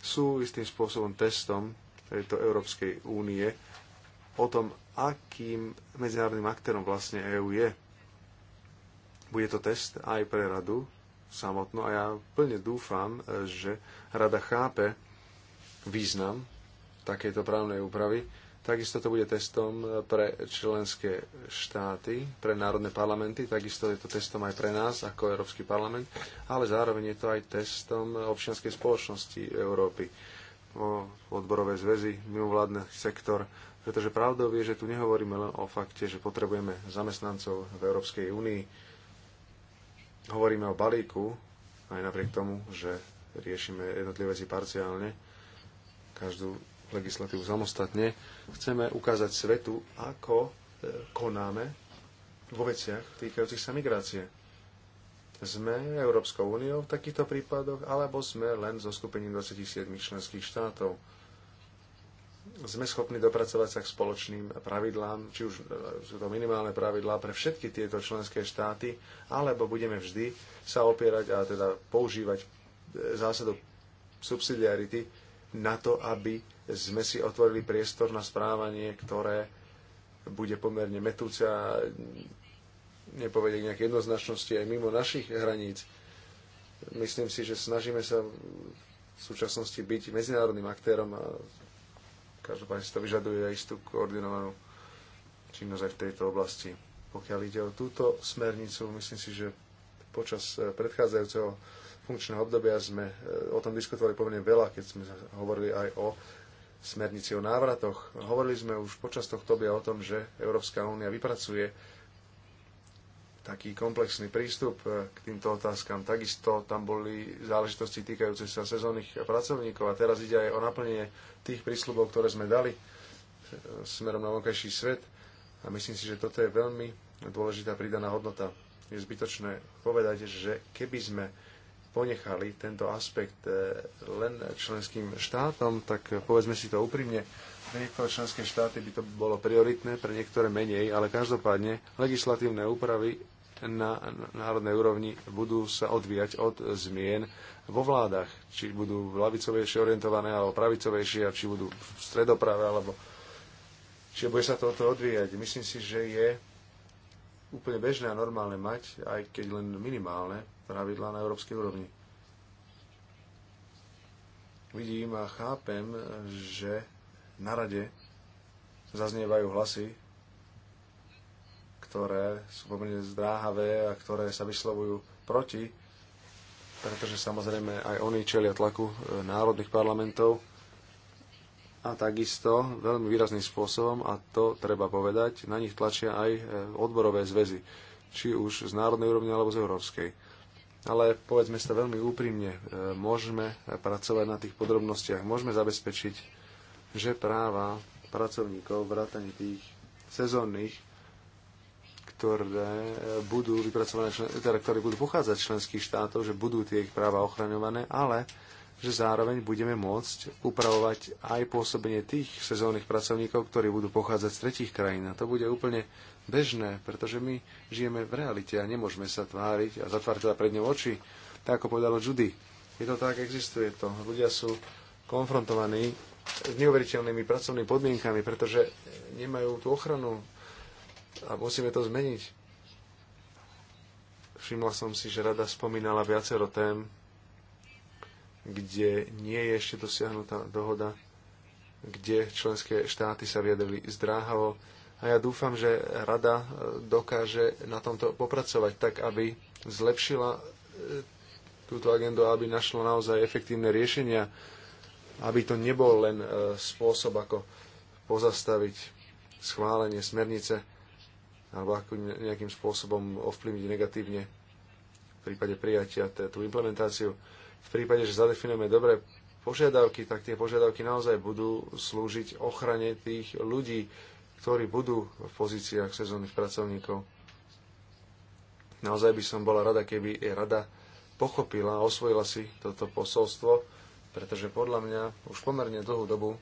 sú istým spôsobom testom tejto Európskej únie o tom, akým medzinárodným aktérom vlastne EÚ je. Bude to test aj pre radu samotnú a ja plne dúfam, že rada chápe význam takejto právnej úpravy, Takisto to bude testom pre členské štáty, pre národné parlamenty, takisto je to testom aj pre nás ako Európsky parlament, ale zároveň je to aj testom občianskej spoločnosti Európy, o odborové zväzy, mimovládny sektor, pretože pravdou je, že tu nehovoríme len o fakte, že potrebujeme zamestnancov v Európskej únii. Hovoríme o balíku, aj napriek tomu, že riešime jednotlivé veci parciálne, každú legislatívu samostatne. Chceme ukázať svetu, ako e, konáme vo veciach týkajúcich sa migrácie. Sme Európskou úniou v takýchto prípadoch, alebo sme len zo skupením 27 členských štátov. Sme schopní dopracovať sa k spoločným pravidlám, či už e, sú to minimálne pravidlá pre všetky tieto členské štáty, alebo budeme vždy sa opierať a teda používať e, zásadu subsidiarity na to, aby sme si otvorili priestor na správanie, ktoré bude pomerne metúce a nepovedie nejaké jednoznačnosti aj mimo našich hraníc. Myslím si, že snažíme sa v súčasnosti byť medzinárodným aktérom a každopádne si to vyžaduje aj istú koordinovanú činnosť aj v tejto oblasti. Pokiaľ ide o túto smernicu, myslím si, že počas predchádzajúceho funkčného obdobia sme e, o tom diskutovali pomerne veľa, keď sme hovorili aj o smernici o návratoch. Hovorili sme už počas tohto obdobia o tom, že Európska únia vypracuje taký komplexný prístup e, k týmto otázkam. Takisto tam boli záležitosti týkajúce sa sezónnych pracovníkov a teraz ide aj o naplnenie tých prísľubov, ktoré sme dali e, smerom na vonkajší svet. A myslím si, že toto je veľmi dôležitá pridaná hodnota. Je zbytočné povedať, že keby sme ponechali tento aspekt e, len členským štátom, tak e, povedzme si to úprimne, pre niektoré členské štáty by to bolo prioritné, pre niektoré menej, ale každopádne legislatívne úpravy na národnej úrovni budú sa odvíjať od zmien vo vládach. Či budú lavicovejšie orientované alebo pravicovejšie, či budú v stredoprave, alebo či bude sa toto odvíjať. Myslím si, že je úplne bežné a normálne mať, aj keď len minimálne, pravidlá na európskej úrovni. Vidím a chápem, že na rade zaznievajú hlasy, ktoré sú pomerne zdráhavé a ktoré sa vyslovujú proti, pretože samozrejme aj oni čelia tlaku e, národných parlamentov a takisto veľmi výrazným spôsobom, a to treba povedať, na nich tlačia aj e, odborové zväzy, či už z národnej úrovne alebo z európskej ale povedzme sa veľmi úprimne, e, môžeme pracovať na tých podrobnostiach, môžeme zabezpečiť, že práva pracovníkov, vrátane tých sezónnych, ktoré e, budú vypracované, teda, ktoré budú pochádzať z členských štátov, že budú tie ich práva ochraňované, ale že zároveň budeme môcť upravovať aj pôsobenie tých sezónnych pracovníkov, ktorí budú pochádzať z tretích krajín. A to bude úplne bežné, pretože my žijeme v realite a nemôžeme sa tváriť a zatvárať teda pred ňou oči, tak ako povedalo Judy. Je to tak, existuje to. Ľudia sú konfrontovaní s neuveriteľnými pracovnými podmienkami, pretože nemajú tú ochranu a musíme to zmeniť. Všimla som si, že rada spomínala viacero tém, kde nie je ešte dosiahnutá dohoda, kde členské štáty sa vyjadrili zdráhavo, a ja dúfam, že rada e, dokáže na tomto popracovať tak, aby zlepšila e, túto agendu, aby našlo naozaj efektívne riešenia, aby to nebol len e, spôsob, ako pozastaviť schválenie smernice alebo ako nejakým spôsobom ovplyvniť negatívne v prípade prijatia tú implementáciu. V prípade, že zadefinujeme dobré požiadavky, tak tie požiadavky naozaj budú slúžiť ochrane tých ľudí, ktorí budú v pozíciách sezónnych pracovníkov. Naozaj by som bola rada, keby je rada pochopila a osvojila si toto posolstvo, pretože podľa mňa už pomerne dlhú dobu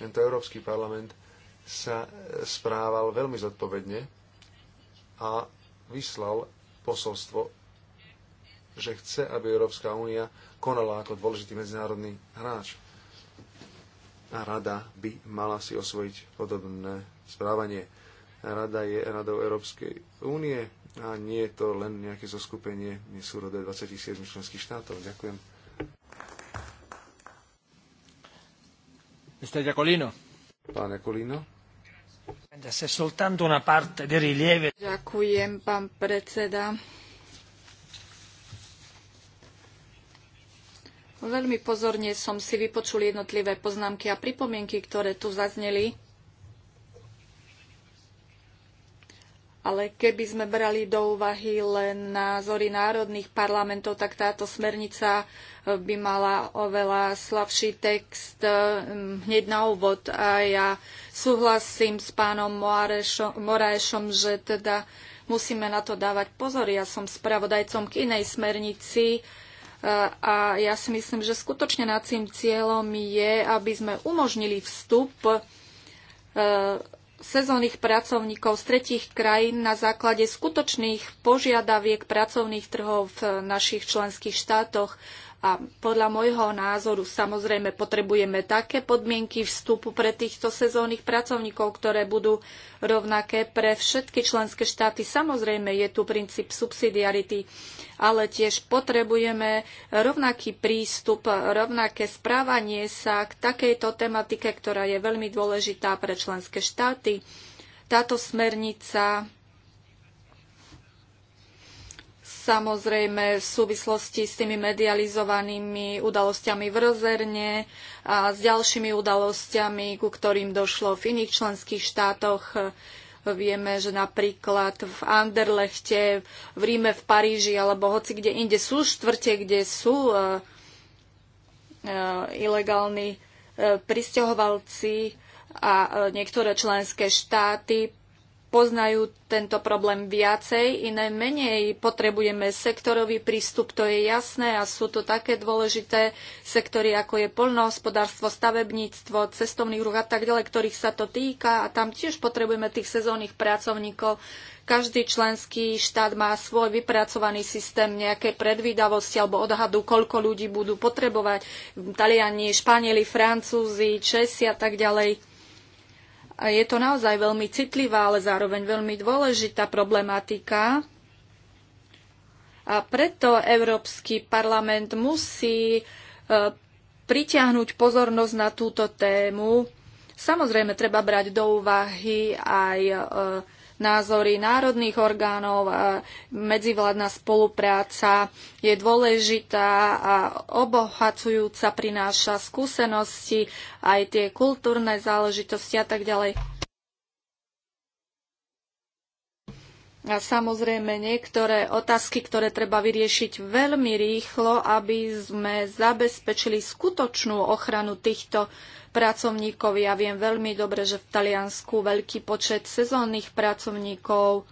tento Európsky parlament sa e, správal veľmi zodpovedne a vyslal posolstvo, že chce, aby Európska únia konala ako dôležitý medzinárodný hráč. A rada by mala si osvojiť podobné správanie Rada je Radou Európskej únie a nie je to len nejaké zoskupenie nesúrode 27 členských štátov. Ďakujem. Mr. Jacolino. Pán Jacolino. Ďakujem, pán predseda. Veľmi pozorne som si vypočul jednotlivé poznámky a pripomienky, ktoré tu zazneli. Ale keby sme brali do úvahy len názory národných parlamentov, tak táto smernica eh, by mala oveľa slabší text eh, hneď na úvod. A ja súhlasím s pánom Moraešom, že teda musíme na to dávať pozor. Ja som spravodajcom k inej smernici eh, a ja si myslím, že skutočne nad tým cieľom je, aby sme umožnili vstup sezónnych pracovníkov z tretích krajín na základe skutočných požiadaviek pracovných trhov v našich členských štátoch. A podľa môjho názoru samozrejme potrebujeme také podmienky vstupu pre týchto sezónnych pracovníkov, ktoré budú rovnaké pre všetky členské štáty. Samozrejme je tu princíp subsidiarity ale tiež potrebujeme rovnaký prístup, rovnaké správanie sa k takejto tematike, ktorá je veľmi dôležitá pre členské štáty. Táto smernica samozrejme v súvislosti s tými medializovanými udalosťami v Rozerne a s ďalšími udalosťami, ku ktorým došlo v iných členských štátoch. Vieme, že napríklad v Anderlechte, v Ríme, v Paríži alebo hoci kde inde sú štvrte, kde sú uh, uh, ilegálni uh, pristahovalci a niektoré členské štáty poznajú tento problém viacej, iné menej. Potrebujeme sektorový prístup, to je jasné a sú to také dôležité sektory, ako je poľnohospodárstvo, stavebníctvo, cestovný ruch a tak ďalej, ktorých sa to týka a tam tiež potrebujeme tých sezónnych pracovníkov. Každý členský štát má svoj vypracovaný systém nejaké predvídavosti alebo odhadu, koľko ľudí budú potrebovať. Taliani, Španieli, Francúzi, Česi a tak ďalej je to naozaj veľmi citlivá, ale zároveň veľmi dôležitá problematika. A preto Európsky parlament musí e, pritiahnuť pozornosť na túto tému. Samozrejme, treba brať do úvahy aj e, názory národných orgánov. Medzivládna spolupráca je dôležitá a obohacujúca, prináša skúsenosti, aj tie kultúrne záležitosti a tak ďalej. A samozrejme niektoré otázky, ktoré treba vyriešiť veľmi rýchlo, aby sme zabezpečili skutočnú ochranu týchto pracovníkov. Ja viem veľmi dobre, že v Taliansku veľký počet sezónnych pracovníkov e,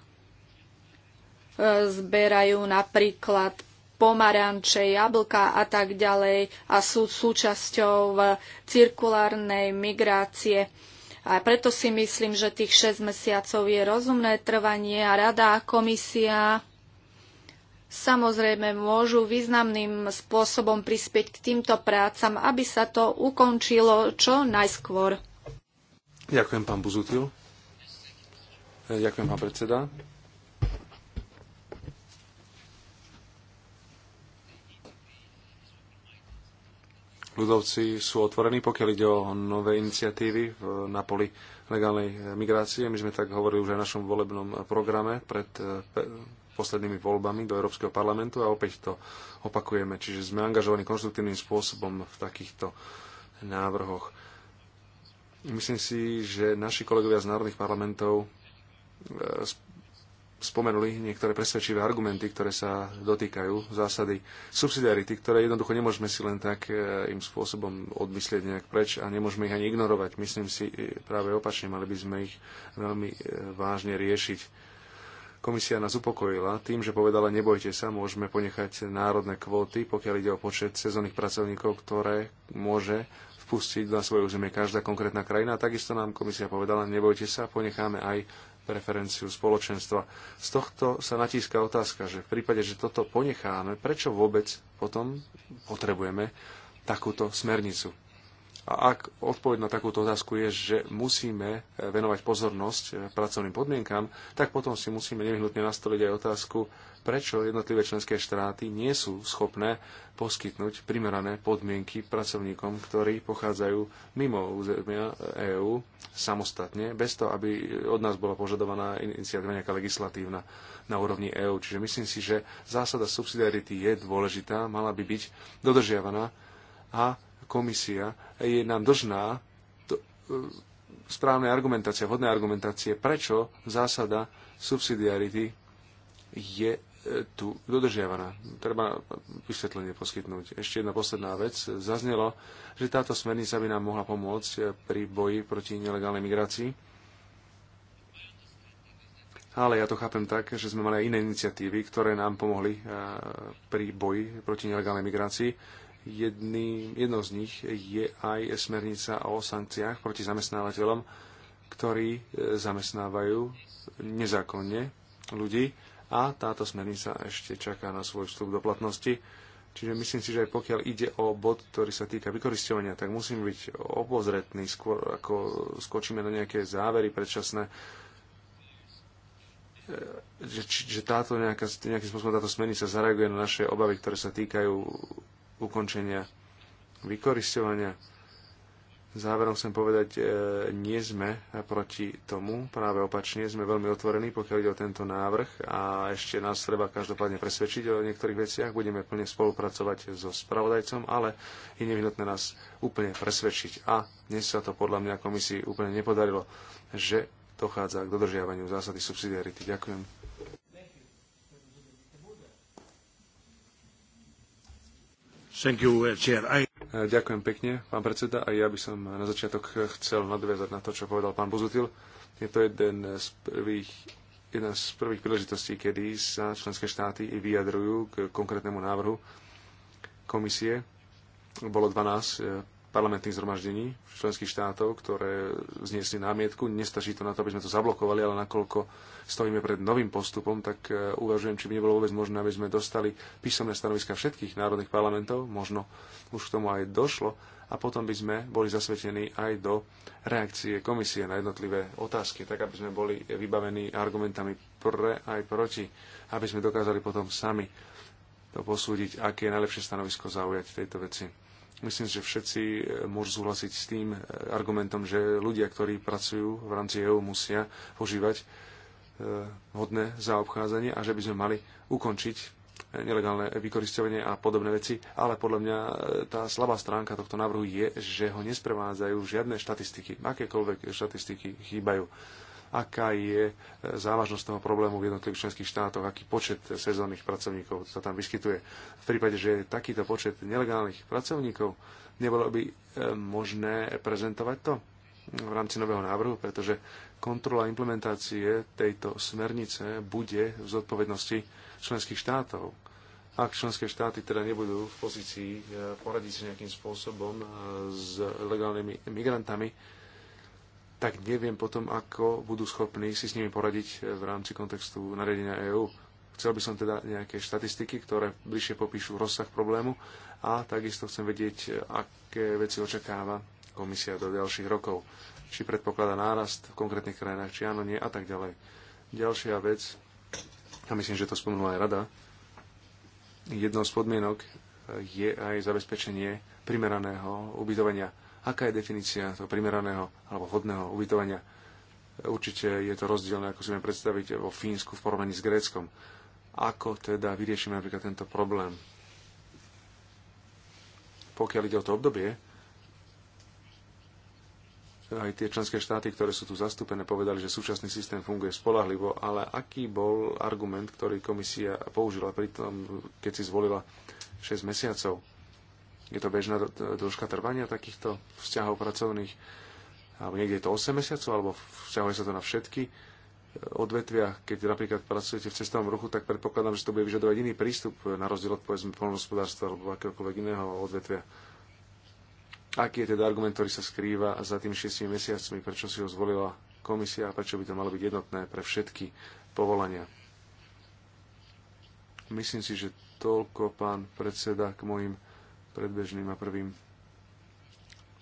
zberajú napríklad pomaranče, jablka a tak ďalej a sú súčasťou cirkulárnej migrácie. A preto si myslím, že tých 6 mesiacov je rozumné trvanie a rada a komisia samozrejme môžu významným spôsobom prispieť k týmto prácam, aby sa to ukončilo čo najskôr. Ďakujem, pán Buzutil. E, ďakujem, pán predseda. ľudovci sú otvorení, pokiaľ ide o nové iniciatívy na poli legálnej eh, migrácie. My sme tak hovorili už aj v našom volebnom programe pred eh, poslednými voľbami do Európskeho parlamentu a opäť to opakujeme. Čiže sme angažovaní konstruktívnym spôsobom v takýchto návrhoch. Myslím si, že naši kolegovia z národných parlamentov eh, spomenuli niektoré presvedčivé argumenty, ktoré sa dotýkajú zásady subsidiarity, ktoré jednoducho nemôžeme si len tak e, im spôsobom odmyslieť nejak preč a nemôžeme ich ani ignorovať. Myslím si e, práve opačne, mali by sme ich veľmi e, vážne riešiť. Komisia nás upokojila tým, že povedala, nebojte sa, môžeme ponechať národné kvóty, pokiaľ ide o počet sezónnych pracovníkov, ktoré môže vpustiť na svoje územie každá konkrétna krajina. takisto nám komisia povedala, nebojte sa, ponecháme aj preferenciu spoločenstva. Z tohto sa natíska otázka, že v prípade, že toto ponecháme, prečo vôbec potom potrebujeme takúto smernicu? A ak odpoveď na takúto otázku je, že musíme venovať pozornosť eh, pracovným podmienkam, tak potom si musíme nevyhnutne nastoliť aj otázku prečo jednotlivé členské štáty nie sú schopné poskytnúť primerané podmienky pracovníkom, ktorí pochádzajú mimo územia EÚ samostatne, bez toho, aby od nás bola požadovaná iniciatíva nejaká legislatívna na úrovni EÚ. Čiže myslím si, že zásada subsidiarity je dôležitá, mala by byť dodržiavaná a komisia je nám držná e, správnej argumentácie, vhodnej argumentácie, prečo zásada subsidiarity je tu dodržiavaná. Treba vysvetlenie poskytnúť. Ešte jedna posledná vec. Zaznelo, že táto smernica by nám mohla pomôcť pri boji proti nelegálnej migrácii. Ale ja to chápem tak, že sme mali aj iné iniciatívy, ktoré nám pomohli eh, pri boji proti nelegálnej migrácii. Jedný, jednou z nich je aj smernica o sankciách proti zamestnávateľom, ktorí eh, zamestnávajú nezákonne ľudí a táto smernica ešte čaká na svoj vstup do platnosti. Čiže myslím si, že aj pokiaľ ide o bod, ktorý sa týka vykoristovania, tak musím byť obozretný, skôr ako skočíme na nejaké závery predčasné, e, že, že táto nejaká, nejakým spôsobom táto smernica zareaguje na naše obavy, ktoré sa týkajú ukončenia vykoristovania. Záverom chcem povedať, e, nie sme proti tomu, práve opačne, sme veľmi otvorení, pokiaľ ide o tento návrh a ešte nás treba každopádne presvedčiť o niektorých veciach. Budeme plne spolupracovať so spravodajcom, ale je nevyhnutné nás úplne presvedčiť. A dnes sa to podľa mňa komisii úplne nepodarilo, že dochádza k dodržiavaniu zásady subsidiarity. Ďakujem. Thank you, uh, chair. I... E, ďakujem pekne, pán predseda. A ja by som na začiatok chcel nadviazať na to, čo povedal pán Buzutil. Je to jeden z prvých, jedna z prvých príležitostí, kedy sa členské štáty vyjadrujú k konkrétnemu návrhu komisie. Bolo 12 parlamentných zhromaždení členských štátov, ktoré zniesli námietku. Nestačí to na to, aby sme to zablokovali, ale nakoľko stojíme pred novým postupom, tak e, uvažujem, či by nebolo vôbec možné, aby sme dostali písomné stanoviska všetkých národných parlamentov, možno už k tomu aj došlo, a potom by sme boli zasvetení aj do reakcie komisie na jednotlivé otázky, tak aby sme boli vybavení argumentami pre aj proti, aby sme dokázali potom sami to posúdiť, aké je najlepšie stanovisko zaujať v tejto veci. Myslím, že všetci e, môžu súhlasiť s tým e, argumentom, že ľudia, ktorí pracujú v rámci EU, musia požívať e, hodné zaobchádzanie a že by sme mali ukončiť nelegálne vykoristovanie a podobné veci, ale podľa mňa tá slabá stránka tohto návrhu je, že ho nesprevádzajú žiadne štatistiky. Akékoľvek štatistiky chýbajú aká je závažnosť toho problému v jednotlivých členských štátoch, aký počet sezónnych pracovníkov sa tam vyskytuje. V prípade, že je takýto počet nelegálnych pracovníkov, nebolo by e, možné prezentovať to v rámci nového návrhu, pretože kontrola implementácie tejto smernice bude v zodpovednosti členských štátov. Ak členské štáty teda nebudú v pozícii e, poradiť sa nejakým spôsobom e, s legálnymi migrantami, tak neviem potom, ako budú schopní si s nimi poradiť eh, v rámci kontextu nariadenia EÚ. Chcel by som teda nejaké štatistiky, ktoré bližšie popíšu rozsah problému a takisto chcem vedieť, eh, aké veci očakáva komisia do ďalších rokov. Či predpokladá nárast v konkrétnych krajinách, či áno, nie a tak ďalej. Ďalšia vec, a myslím, že to spomenula aj rada, jednou z podmienok eh, je aj zabezpečenie primeraného ubytovania Aká je definícia toho primeraného alebo vhodného ubytovania? Určite je to rozdielne, ako si vieme predstaviť, vo Fínsku v porovnaní s Gréckom. Ako teda vyriešime napríklad tento problém? Pokiaľ ide o to obdobie, aj tie členské štáty, ktoré sú tu zastúpené, povedali, že súčasný systém funguje spolahlivo, ale aký bol argument, ktorý komisia použila pri tom, keď si zvolila 6 mesiacov? Je to bežná dĺžka trvania takýchto vzťahov pracovných? Alebo niekde je to 8 mesiacov, alebo vzťahuje sa to na všetky eh, odvetvia, keď napríklad pracujete v cestovnom ruchu, tak predpokladám, že to bude vyžadovať iný prístup eh, na rozdiel od povedzme polnohospodárstva alebo akéhokoľvek iného odvetvia. Aký je teda argument, ktorý sa skrýva za tými 6 mesiacmi, prečo si ho zvolila komisia a prečo by to malo byť jednotné pre všetky povolania? Myslím si, že toľko, pán predseda, k mojim predbežným a prvým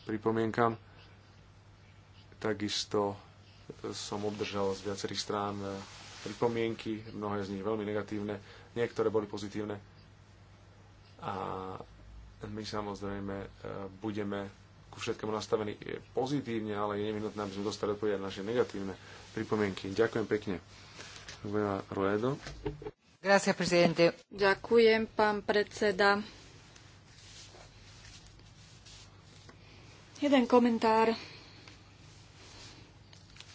pripomienkam. Takisto e, som obdržal z viacerých strán e, pripomienky, mnohé z nich veľmi negatívne, niektoré boli pozitívne. A my samozrejme e, budeme ku všetkému nastavení pozitívne, ale je nevinutné, aby sme dostali odpovede na naše negatívne pripomienky. Ďakujem pekne. Ďakujem, pán predseda. Jeden komentár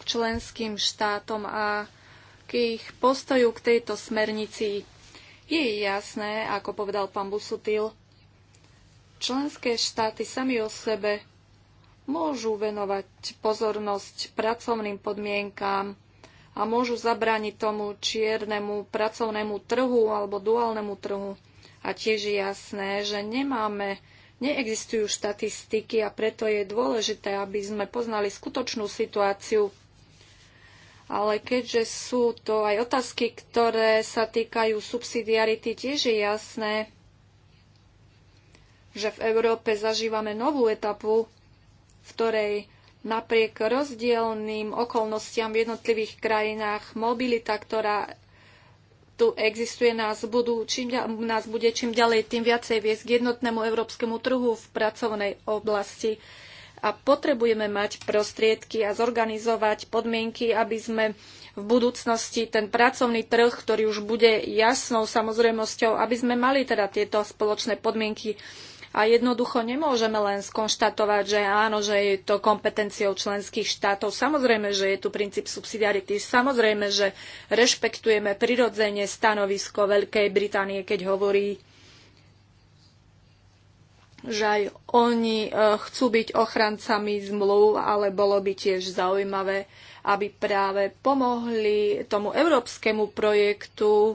k členským štátom a k ich postoju k tejto smernici. Je jasné, ako povedal pán Busutil, členské štáty sami o sebe môžu venovať pozornosť pracovným podmienkám a môžu zabrániť tomu čiernemu pracovnému trhu alebo duálnemu trhu. A tiež je jasné, že nemáme Neexistujú štatistiky a preto je dôležité, aby sme poznali skutočnú situáciu. Ale keďže sú to aj otázky, ktoré sa týkajú subsidiarity, tiež je jasné, že v Európe zažívame novú etapu, v ktorej napriek rozdielným okolnostiam v jednotlivých krajinách mobilita, ktorá tu existuje, nás, budú, čím, nás bude čím ďalej, tým viacej viesť k jednotnému európskemu trhu v pracovnej oblasti. A potrebujeme mať prostriedky a zorganizovať podmienky, aby sme v budúcnosti ten pracovný trh, ktorý už bude jasnou samozrejmosťou, aby sme mali teda tieto spoločné podmienky a jednoducho nemôžeme len skonštatovať, že áno, že je to kompetenciou členských štátov. Samozrejme, že je tu princíp subsidiarity. Samozrejme, že rešpektujeme prirodzene stanovisko Veľkej Británie, keď hovorí, že aj oni e, chcú byť ochrancami zmluv, ale bolo by tiež zaujímavé, aby práve pomohli tomu európskemu projektu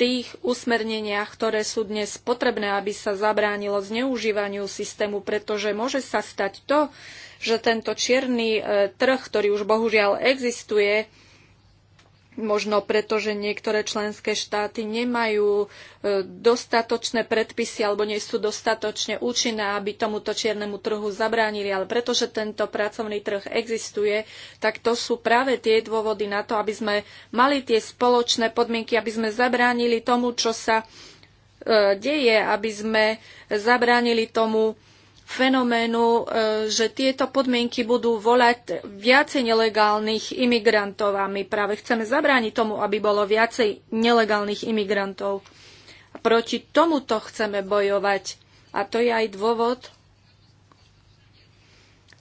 tých usmerneniach, ktoré sú dnes potrebné, aby sa zabránilo zneužívaniu systému, pretože môže sa stať to, že tento čierny e, trh, ktorý už bohužiaľ existuje, možno preto, že niektoré členské štáty nemajú e, dostatočné predpisy alebo nie sú dostatočne účinné, aby tomuto čiernemu trhu zabránili. Ale pretože tento pracovný trh existuje, tak to sú práve tie dôvody na to, aby sme mali tie spoločné podmienky, aby sme zabránili tomu, čo sa e, deje, aby sme zabránili tomu, fenoménu, e, že tieto podmienky budú volať viacej nelegálnych imigrantov a my práve chceme zabrániť tomu, aby bolo viacej nelegálnych imigrantov. A proti tomuto chceme bojovať. A to je aj dôvod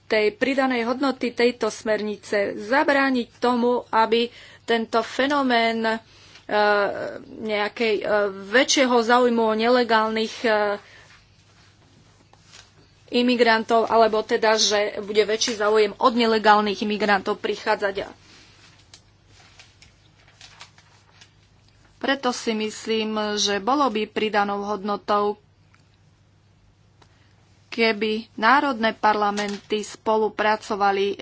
tej pridanej hodnoty tejto smernice. Zabrániť tomu, aby tento fenomén e, nejakej e, väčšieho záujmu o nelegálnych imigrantov, alebo teda, že bude väčší záujem od nelegálnych imigrantov prichádzať. Preto si myslím, že bolo by pridanou hodnotou, keby národné parlamenty spolupracovali e,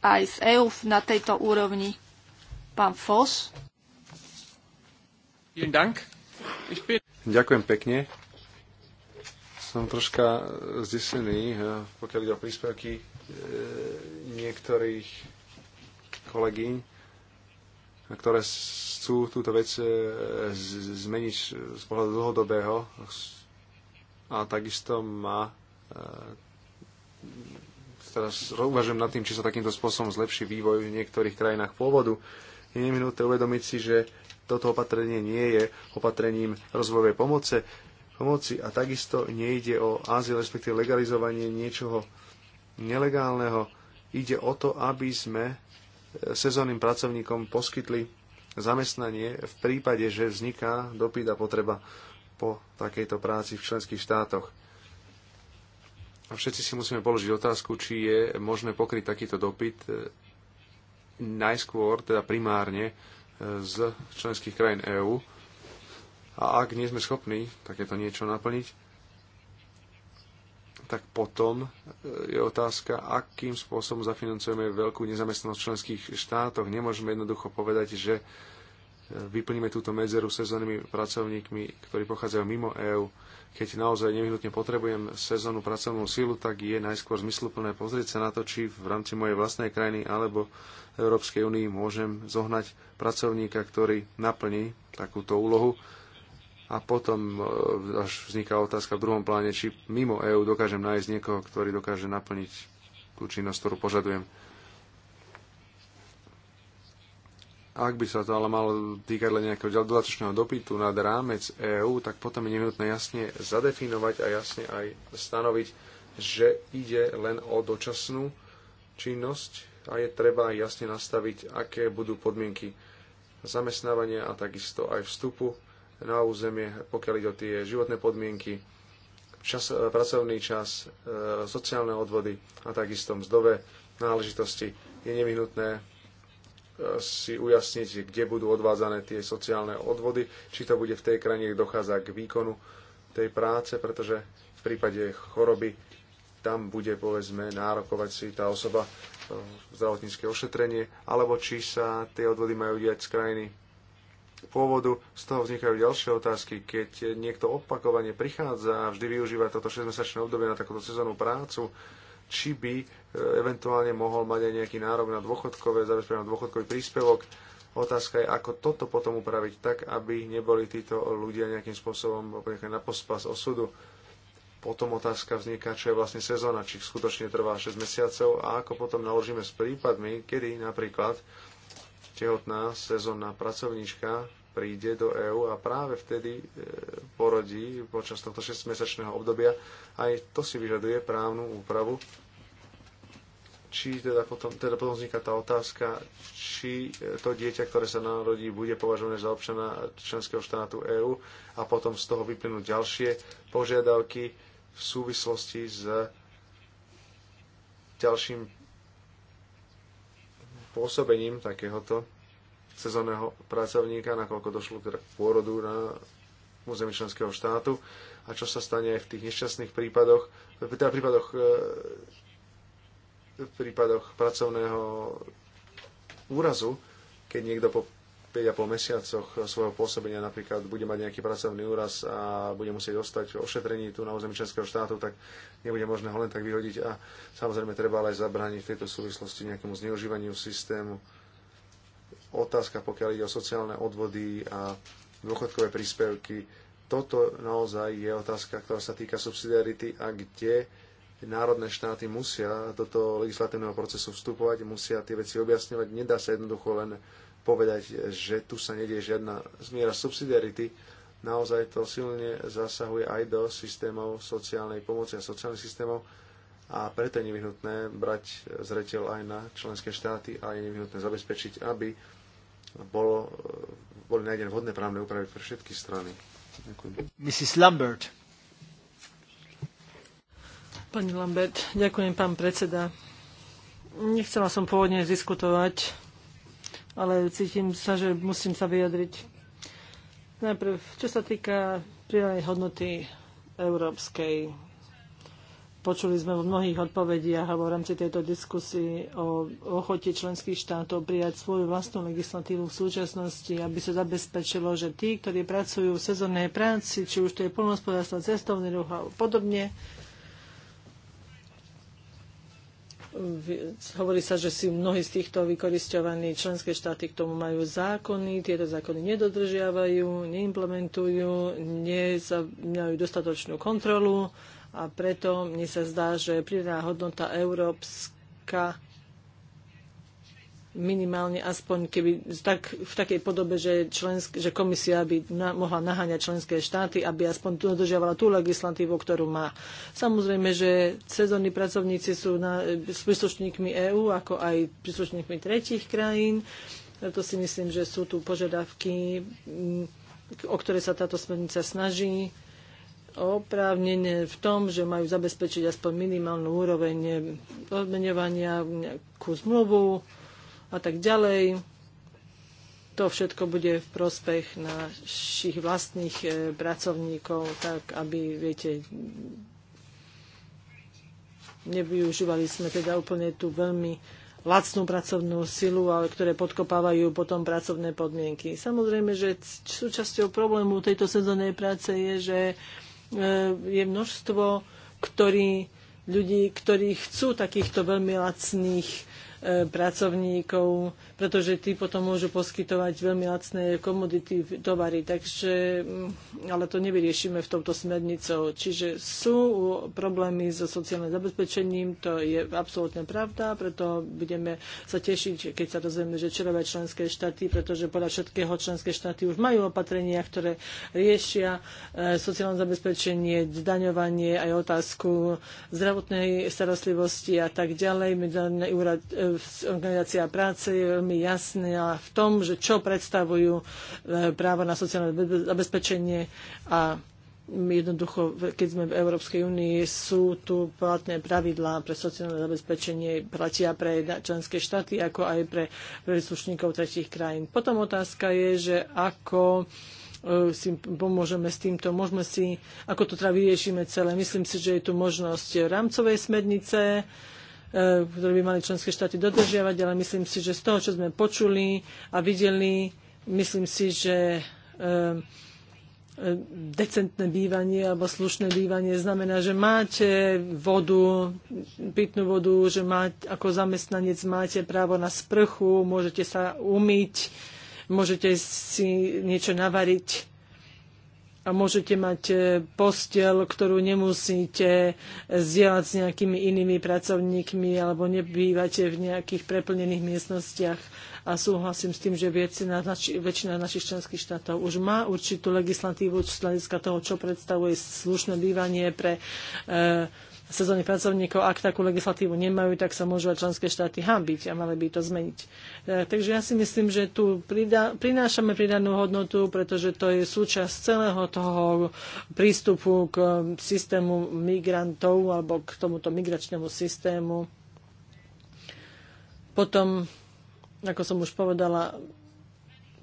aj s EU na tejto úrovni. Pán Foss. Ďakujem pekne. Som troška zdesený, eh, pokiaľ ide o príspevky eh, niektorých kolegy, ktoré chcú túto vec eh, zmeniť z pohľadu dlhodobého a takisto má teraz uvažujem nad tým, či sa takýmto spôsobom zlepší vývoj v niektorých krajinách pôvodu. Je nevinuté uvedomiť si, že toto opatrenie nie je opatrením rozvojovej pomoce, pomoci. A takisto nejde o azyl, respektíve legalizovanie niečoho nelegálneho. Ide o to, aby sme e, sezónnym pracovníkom poskytli zamestnanie v prípade, že vzniká dopyt a potreba po takejto práci v členských štátoch. A všetci si musíme položiť otázku, či je možné pokryť takýto dopyt e, najskôr, teda primárne e, z členských krajín EÚ a ak nie sme schopní takéto niečo naplniť, tak potom e, je otázka, akým spôsobom zafinancujeme veľkú nezamestnanosť v členských štátoch. Nemôžeme jednoducho povedať, že e, vyplníme túto medzeru sezónnymi pracovníkmi, ktorí pochádzajú mimo EÚ. Keď naozaj nevyhnutne potrebujem sezónnu pracovnú sílu, tak je najskôr zmysluplné pozrieť sa na to, či v rámci mojej vlastnej krajiny alebo Európskej únii môžem zohnať pracovníka, ktorý naplní takúto úlohu a potom e, až vzniká otázka v druhom pláne, či mimo EÚ dokážem nájsť niekoho, ktorý dokáže naplniť tú činnosť, ktorú požadujem. Ak by sa to ale malo týkať len nejakého dodatočného dopytu nad rámec EÚ, tak potom je nevinutné jasne zadefinovať a jasne aj stanoviť, že ide len o dočasnú činnosť a je treba jasne nastaviť, aké budú podmienky zamestnávania a takisto aj vstupu na územie, pokiaľ ide o tie životné podmienky, čas, e, pracovný čas, e, sociálne odvody a takisto mzdové náležitosti. Je nevyhnutné e, si ujasniť, kde budú odvádzané tie sociálne odvody, či to bude v tej krajine, kde dochádza k výkonu tej práce, pretože v prípade choroby tam bude, povedzme, nárokovať si tá osoba zdravotnícke ošetrenie, alebo či sa tie odvody majú diať z krajiny pôvodu. Z toho vznikajú ďalšie otázky. Keď niekto opakovane prichádza a vždy využíva toto 6-mesačné obdobie na takúto sezónnu prácu, či by e, eventuálne mohol mať aj nejaký nárok na dôchodkové, zabezpečený dôchodkový príspevok. Otázka je, ako toto potom upraviť tak, aby neboli títo ľudia nejakým spôsobom na pospas osudu. Potom otázka vzniká, čo je vlastne sezóna, či skutočne trvá 6 mesiacov a ako potom naložíme s prípadmi, kedy napríklad tehotná sezónna pracovníčka príde do EÚ a práve vtedy e, porodí počas tohto 6-mesačného obdobia. Aj to si vyžaduje právnu úpravu. Či teda potom, teda potom vzniká tá otázka, či e, to dieťa, ktoré sa narodí, bude považované za občana členského štátu EÚ a potom z toho vyplynú ďalšie požiadavky v súvislosti s ďalším pôsobením takéhoto sezónneho pracovníka, nakoľko došlo teda k pôrodu na území členského štátu a čo sa stane aj v tých nešťastných prípadoch, teda prípadoch, v e, prípadoch pracovného úrazu, keď niekto po 5,5 mesiacoch svojho pôsobenia napríklad bude mať nejaký pracovný úraz a bude musieť ostať v ošetrení tu na území Českého štátu, tak nebude možné ho len tak vyhodiť a samozrejme treba ale aj zabrániť v tejto súvislosti nejakému zneužívaniu systému. Otázka, pokiaľ ide o sociálne odvody a dôchodkové príspevky, toto naozaj je otázka, ktorá sa týka subsidiarity a kde národné štáty musia do toho legislatívneho procesu vstupovať, musia tie veci objasňovať. Nedá sa jednoducho len povedať, že tu sa nedie žiadna zmiera subsidiarity. Naozaj to silne zasahuje aj do systémov sociálnej pomoci a sociálnych systémov a preto je nevyhnutné brať zreteľ aj na členské štáty a je nevyhnutné zabezpečiť, aby bolo, boli nájdené vhodné právne úpravy pre všetky strany. Ďakujem. Mrs. Lambert. Pani Lambert, ďakujem, pán predseda. Nechcela som pôvodne diskutovať ale cítim sa, že musím sa vyjadriť. Najprv, čo sa týka prírodnej hodnoty európskej. Počuli sme v mnohých odpovediach alebo v rámci tejto diskusie o ochote členských štátov prijať svoju vlastnú legislatívu v súčasnosti, aby sa zabezpečilo, že tí, ktorí pracujú v sezónnej práci, či už to je polnospodárstvo, cestovný ruch a podobne, Hovorí sa, že si mnohí z týchto vykoristovaní členské štáty k tomu majú zákony, tieto zákony nedodržiavajú, neimplementujú, nemajú dostatočnú kontrolu a preto mne sa zdá, že pridaná hodnota európska minimálne aspoň keby tak, v takej podobe, že, člensk, že komisia by na, mohla naháňať členské štáty, aby aspoň dodržiavala tú legislatívu, ktorú má. Samozrejme, že sezónni pracovníci sú na, s príslušníkmi EÚ, ako aj príslušníkmi tretich krajín. To si myslím, že sú tu požiadavky, mm, o ktoré sa táto smernica snaží oprávnenie v tom, že majú zabezpečiť aspoň minimálnu úroveň odmenovania nejakú zmluvu, a tak ďalej. To všetko bude v prospech našich vlastných eh, pracovníkov, tak aby, viete, nevyužívali sme teda úplne tú veľmi lacnú pracovnú silu, ale ktoré podkopávajú potom pracovné podmienky. Samozrejme, že súčasťou problému tejto sezónnej práce je, že eh, je množstvo ktorí, ľudí, ktorí chcú takýchto veľmi lacných E, pracovníkov, pretože tí potom môžu poskytovať veľmi lacné komodity, tovary. Takže, mm, ale to nevyriešime v tomto smernicou. Čiže sú problémy so sociálnym zabezpečením, to je absolútne pravda, preto budeme sa tešiť, keď sa dozvieme, že čerové členské štáty, pretože podľa všetkého členské štáty už majú opatrenia, ktoré riešia e, sociálne zabezpečenie, zdaňovanie, aj otázku zdravotnej starostlivosti a tak ďalej. Medzinárodný úrad e, organizácia práce je veľmi jasná v tom, že čo predstavujú e, právo na sociálne zabezpečenie a jednoducho, keď sme v Európskej únii, sú tu platné pravidlá pre sociálne zabezpečenie, platia pre členské štáty, ako aj pre príslušníkov tretich krajín. Potom otázka je, že ako e, si pomôžeme s týmto, môžeme si, ako to teda vyriešime celé. Myslím si, že je tu možnosť rámcovej smernice, Eh, ktoré by mali členské štáty dodržiavať, ale myslím si, že z toho, čo sme počuli a videli, myslím si, že eh, eh, decentné bývanie alebo slušné bývanie znamená, že máte vodu, pitnú vodu, že máte, ako zamestnanec máte právo na sprchu, môžete sa umyť, môžete si niečo navariť a môžete mať e, postel, ktorú nemusíte e, zdieľať s nejakými inými pracovníkmi alebo nebývate v nejakých preplnených miestnostiach. A súhlasím s tým, že väčšina, väčšina našich členských štátov už má určitú legislatívu z hľadiska toho, čo predstavuje slušné bývanie pre e, sezónnych pracovníkov, ak takú legislatívu nemajú, tak sa môžu aj členské štáty hambiť a mali by to zmeniť. E, takže ja si myslím, že tu prinášame pridanú hodnotu, pretože to je súčasť celého toho prístupu k um, systému migrantov alebo k tomuto migračnému systému. Potom, ako som už povedala,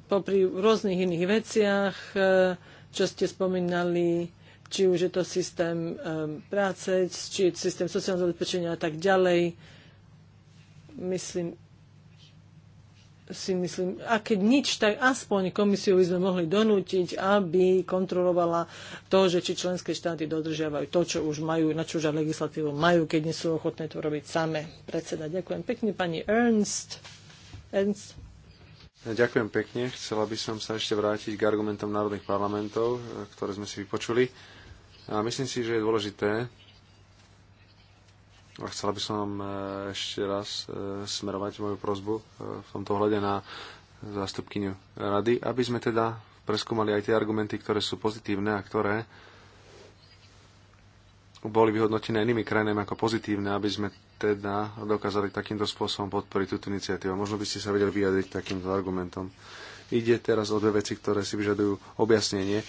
popri rôznych iných veciach, e, čo ste spomínali, či už je to systém ehm, práce, či systém sociálneho zabezpečenia a tak ďalej. Myslím, si myslím, a keď nič, tak aspoň komisiu by sme mohli donútiť, aby kontrolovala to, že či členské štáty dodržiavajú to, čo už majú, na čo už legislatívu majú, keď nie sú ochotné to robiť same. Predseda, ďakujem pekne, pani Ernst. Ernst. Ďakujem pekne. Chcela by som sa ešte vrátiť k argumentom národných parlamentov, eh, ktoré sme si vypočuli. A myslím si, že je dôležité, a chcela by som e, ešte raz e, smerovať moju prozbu e, v tomto hľade na zástupkyňu rady, aby sme teda preskúmali aj tie argumenty, ktoré sú pozitívne a ktoré boli vyhodnotené inými krajinami ako pozitívne, aby sme teda dokázali takýmto spôsobom podporiť túto iniciatívu. Možno by ste sa vedeli vyjadriť takýmto argumentom. Ide teraz o dve veci, ktoré si vyžadujú objasnenie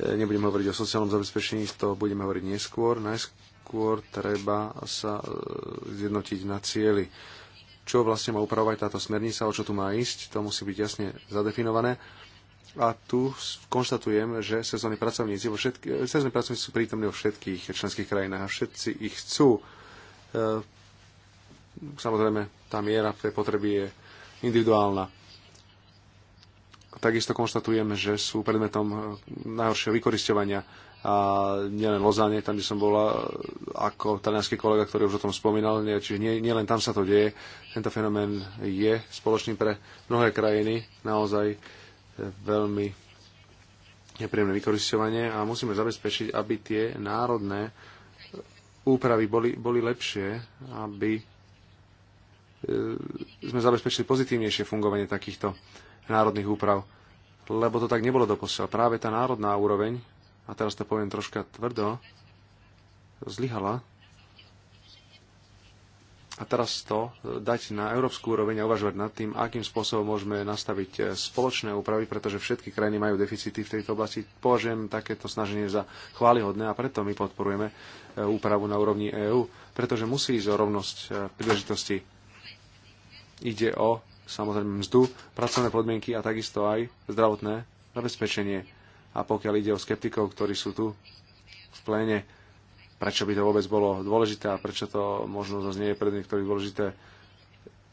E, Nebudem hovoriť o sociálnom zabezpečení, to budeme hovoriť neskôr. Najskôr treba sa e, zjednotiť na cieli. Čo vlastne má upravovať táto smernica, o čo tu má ísť, to musí byť jasne zadefinované. A tu konštatujem, že sezónni pracovníci, vo všetky, e, sezónni pracovníci sú prítomní vo všetkých členských krajinách a všetci ich chcú. Samozrejme, tá miera tej potreby je individuálna Takisto konštatujem, že sú predmetom eh, najhoršieho vykoristovania a nielen Lozane, tam, kde som bola, ako talianský kolega, ktorý už o tom spomínal, nie, čiže nie, nie len tam sa to deje. Tento fenomén je spoločný pre mnohé krajiny, naozaj eh, veľmi nepríjemné vykoristovanie a musíme zabezpečiť, aby tie národné eh, úpravy boli, boli lepšie, aby sme zabezpečili pozitívnejšie fungovanie takýchto národných úprav, lebo to tak nebolo doposiaľ. Práve tá národná úroveň, a teraz to poviem troška tvrdo, zlyhala a teraz to dať na európsku úroveň a uvažovať nad tým, akým spôsobom môžeme nastaviť e, spoločné úpravy, pretože všetky krajiny majú deficity v tejto oblasti. Považujem takéto snaženie za chválihodné a preto my podporujeme e, úpravu na úrovni EÚ, pretože musí ísť o rovnosť e, príležitosti. Ide o samozrejme mzdu, pracovné podmienky a takisto aj zdravotné zabezpečenie. A pokiaľ ide o skeptikov, ktorí sú tu v pléne, prečo by to vôbec bolo dôležité a prečo to možno nie je pre niektorých dôležité,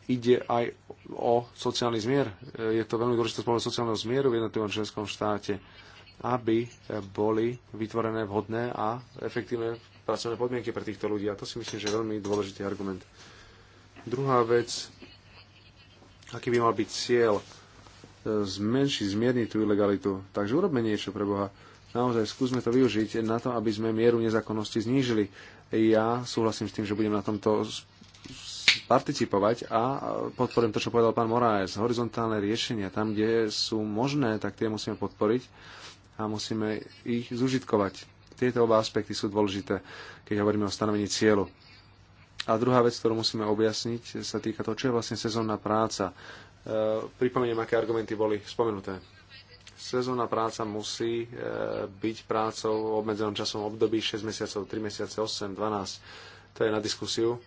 ide aj o sociálny zmier. Je to veľmi dôležité spolu sociálneho zmieru v jednotlivom členskom štáte, aby boli vytvorené vhodné a efektívne pracovné podmienky pre týchto ľudí. A to si myslím, že je veľmi dôležitý argument. Druhá vec, aký by mal byť cieľ e, zmenšiť, zmierniť tú ilegalitu. Takže urobme niečo pre Boha. Naozaj skúsme to využiť na to, aby sme mieru nezákonnosti znížili. Ja súhlasím s tým, že budem na tomto participovať a podporím to, čo povedal pán Moraes. Horizontálne riešenia, tam, kde sú možné, tak tie musíme podporiť a musíme ich zužitkovať. Tieto oba aspekty sú dôležité, keď hovoríme o stanovení cieľu. A druhá vec, ktorú musíme objasniť, sa týka toho, čo je vlastne sezónna práca. E, pripomeniem, aké argumenty boli spomenuté. Sezónna práca musí e, byť prácou v obmedzenom časom období 6 mesiacov, 3 mesiace, 8, 12. To je na diskusiu.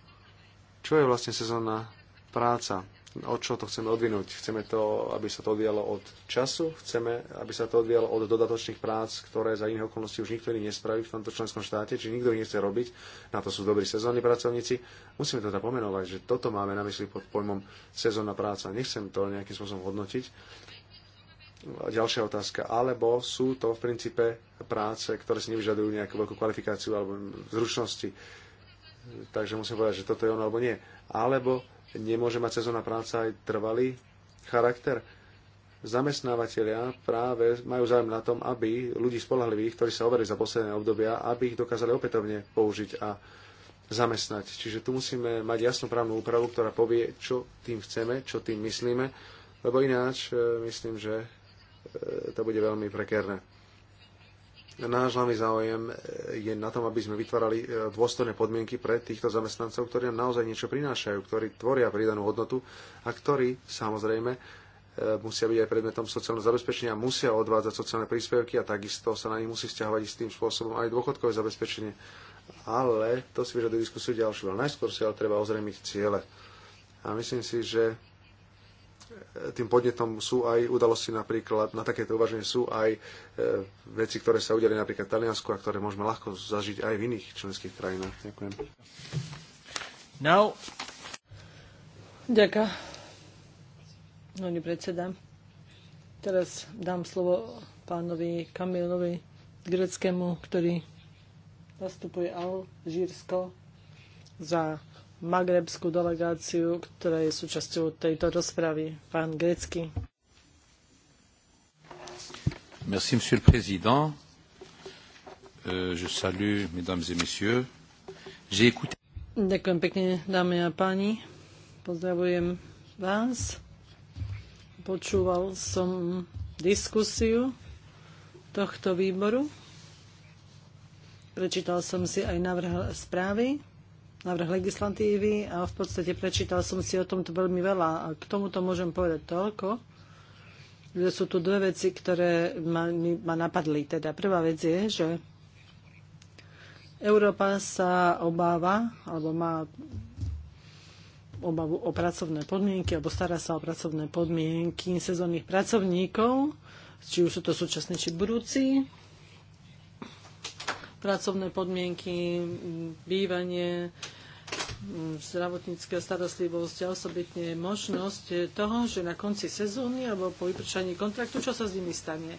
Čo je vlastne sezónna práca? od čo to chceme odvinúť. Chceme to, aby sa to odvíjalo od času, chceme, aby sa to odvíjalo od dodatočných prác, ktoré za iných okolností už nikto iný nespraví v tomto členskom štáte, či nikto ich nechce robiť. Na to sú dobrí sezónni pracovníci. Musíme teda pomenovať, že toto máme na mysli pod pojmom sezónna práca. Nechcem to nejakým spôsobom hodnotiť. Ďalšia otázka. Alebo sú to v princípe práce, ktoré si nevyžadujú nejakú veľkú kvalifikáciu alebo zručnosti takže musím povedať, že toto je ono alebo nie. Alebo nemôže mať sezóna práca aj trvalý charakter. Zamestnávateľia práve majú záujem na tom, aby ľudí spolahlivých, ktorí sa overili za posledné obdobia, aby ich dokázali opätovne použiť a zamestnať. Čiže tu musíme mať jasnú právnu úpravu, ktorá povie, čo tým chceme, čo tým myslíme, lebo ináč e, myslím, že e, to bude veľmi prekérne. Náš hlavný záujem eh, je na tom, aby sme vytvárali eh, dôstojné podmienky pre týchto zamestnancov, ktorí nám naozaj niečo prinášajú, ktorí tvoria pridanú hodnotu a ktorí samozrejme eh, musia byť aj predmetom sociálneho zabezpečenia, musia odvádzať sociálne príspevky a takisto sa na nich musí vzťahovať istým spôsobom aj dôchodkové zabezpečenie. Ale to si vyžaduje diskusiu ďalšiu, ale najskôr si ale treba ozrejmiť ciele. A myslím si, že tým podnetom sú aj udalosti napríklad, na takéto uvaženie sú aj e, veci, ktoré sa udeli napríklad v Taliansku a ktoré môžeme ľahko zažiť aj v iných členských krajinách. Ďakujem. Now... Ďaká. No, predseda. Teraz dám slovo pánovi Kamilovi Greckému, ktorý zastupuje Alžírsko za magrebskú delegáciu, ktorá je súčasťou tejto rozpravy. Pán Grecky. Merci, monsieur le président. Euh, je salue, mesdames et messieurs. J'ai écouté... Ďakujem pekne, dámy a páni. Pozdravujem vás. Počúval som diskusiu tohto výboru. Prečítal som si aj návrh správy návrh legislatívy a v podstate prečítal som si o tomto veľmi veľa a k tomuto môžem povedať toľko, že sú tu dve veci, ktoré ma, ma napadli. Teda prvá vec je, že Európa sa obáva alebo má obavu o pracovné podmienky alebo stará sa o pracovné podmienky sezónnych pracovníkov, či už sú to súčasní či budúci pracovné podmienky, bývanie, Mm, zdravotníckého starostlivosti a osobitne možnosť toho, že na konci sezóny alebo po vypršaní kontraktu, čo sa s nimi stane.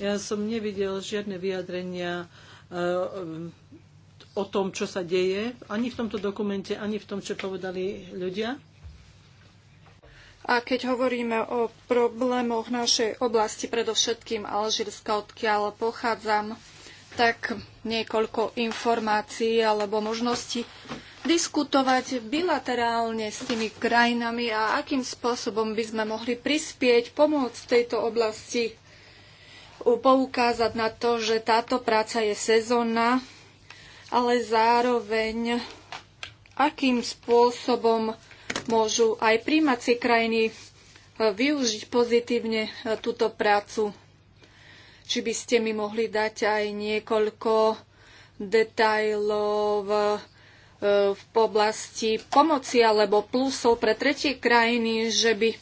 Ja som nevidel žiadne vyjadrenia e, e, o tom, čo sa deje, ani v tomto dokumente, ani v tom, čo povedali ľudia. A keď hovoríme o problémoch našej oblasti, predovšetkým Alžírska, odkiaľ pochádzam, tak niekoľko informácií alebo možností diskutovať bilaterálne s tými krajinami a akým spôsobom by sme mohli prispieť, pomôcť tejto oblasti, poukázať na to, že táto práca je sezónna, ale zároveň akým spôsobom môžu aj príjmacie krajiny e, využiť pozitívne e, túto prácu. Či by ste mi mohli dať aj niekoľko detajlov, E, v oblasti pomoci alebo plusov pre tretie krajiny, že by e,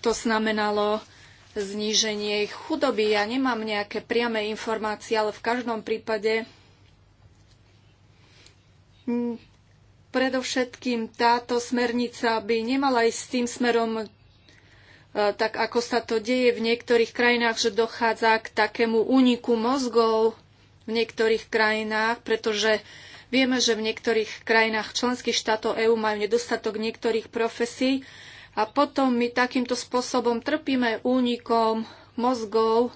to znamenalo zníženie ich chudoby. Ja nemám nejaké priame informácie, ale v každom prípade predovšetkým táto smernica by nemala ísť s tým smerom, e, tak ako sa to deje v niektorých krajinách, že dochádza k takému úniku mozgov v niektorých krajinách, pretože Vieme, že v niektorých krajinách členských štátov EÚ majú nedostatok niektorých profesí a potom my takýmto spôsobom trpíme únikom mozgov e,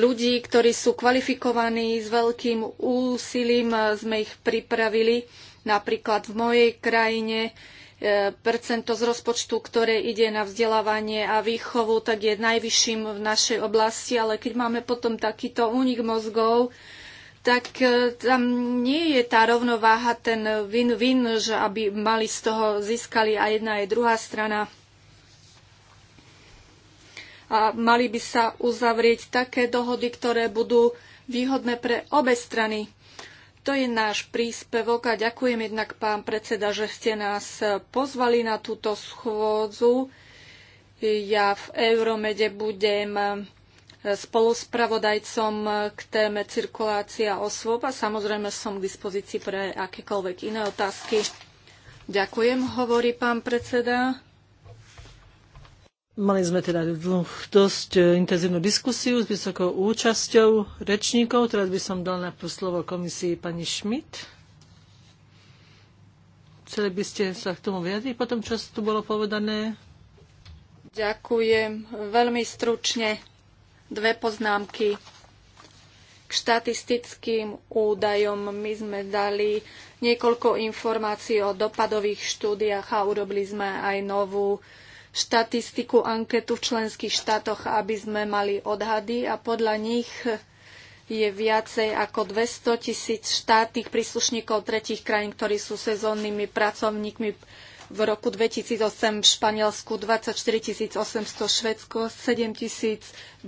ľudí, ktorí sú kvalifikovaní s veľkým úsilím, e, sme ich pripravili. Napríklad v mojej krajine e, percento z rozpočtu, ktoré ide na vzdelávanie a výchovu, tak je najvyšším v našej oblasti, ale keď máme potom takýto únik mozgov, tak e, tam nie je tá rovnováha, ten win-win, že aby mali z toho získali aj jedna, aj druhá strana. A mali by sa uzavrieť také dohody, ktoré budú výhodné pre obe strany. To je náš príspevok a ďakujem jednak pán predseda, že ste nás pozvali na túto schôdzu. Ja v Euromede budem spoluspravodajcom k téme cirkulácia osôb a samozrejme som k dispozícii pre akékoľvek iné otázky. Ďakujem, hovorí pán predseda. Mali sme teda dosť e, intenzívnu diskusiu s vysokou účasťou rečníkov. Teraz by som dal na slovo komisii pani Schmidt. Chceli by ste sa k tomu vyjadriť po tom, čo tu bolo povedané? Ďakujem. Veľmi stručne Dve poznámky k štatistickým údajom. My sme dali niekoľko informácií o dopadových štúdiách a urobili sme aj novú štatistiku, anketu v členských štátoch, aby sme mali odhady a podľa nich je viacej ako 200 tisíc štátnych príslušníkov tretich krajín, ktorí sú sezónnymi pracovníkmi v roku 2008 v Španielsku 24 800, Švedsku, 7 250,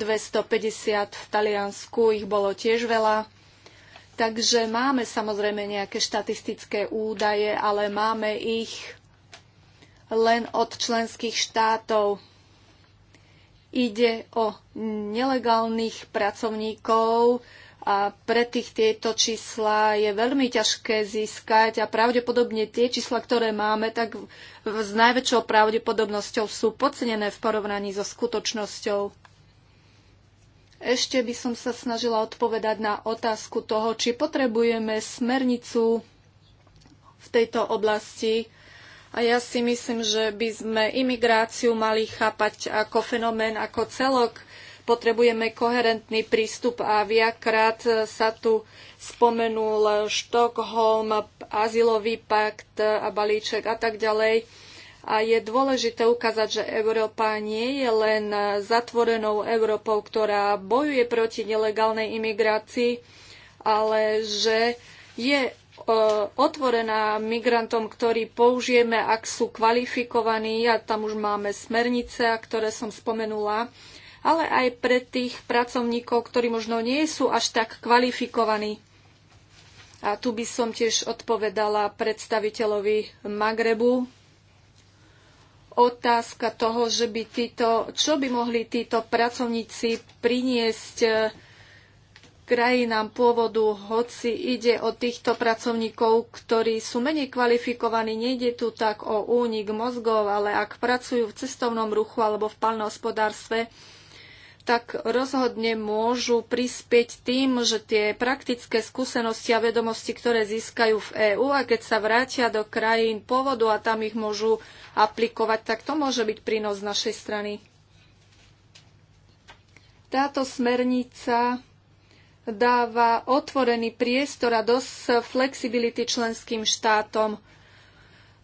v Taliansku ich bolo tiež veľa. Takže máme samozrejme nejaké štatistické údaje, ale máme ich len od členských štátov. Ide o nelegálnych pracovníkov, a pre tých tieto čísla je veľmi ťažké získať a pravdepodobne tie čísla, ktoré máme, tak s najväčšou pravdepodobnosťou sú podcenené v porovnaní so skutočnosťou. Ešte by som sa snažila odpovedať na otázku toho, či potrebujeme smernicu v tejto oblasti. A ja si myslím, že by sme imigráciu mali chápať ako fenomén, ako celok potrebujeme koherentný prístup a viackrát sa tu spomenul Štokholm, azylový pakt a balíček a tak ďalej. A je dôležité ukázať, že Európa nie je len zatvorenou Európou, ktorá bojuje proti nelegálnej imigrácii, ale že je e, otvorená migrantom, ktorí použijeme, ak sú kvalifikovaní, a tam už máme smernice, ktoré som spomenula, ale aj pre tých pracovníkov, ktorí možno nie sú až tak kvalifikovaní. A tu by som tiež odpovedala predstaviteľovi Magrebu. Otázka toho, že by títo, čo by mohli títo pracovníci priniesť eh, krajinám pôvodu, hoci ide o týchto pracovníkov, ktorí sú menej kvalifikovaní, nejde tu tak o únik mozgov, ale ak pracujú v cestovnom ruchu alebo v palnohospodárstve, hospodárstve, tak rozhodne môžu prispieť tým, že tie praktické skúsenosti a vedomosti, ktoré získajú v EÚ a keď sa vrátia do krajín pôvodu a tam ich môžu aplikovať, tak to môže byť prínos z našej strany. Táto smernica dáva otvorený priestor a dosť flexibility členským štátom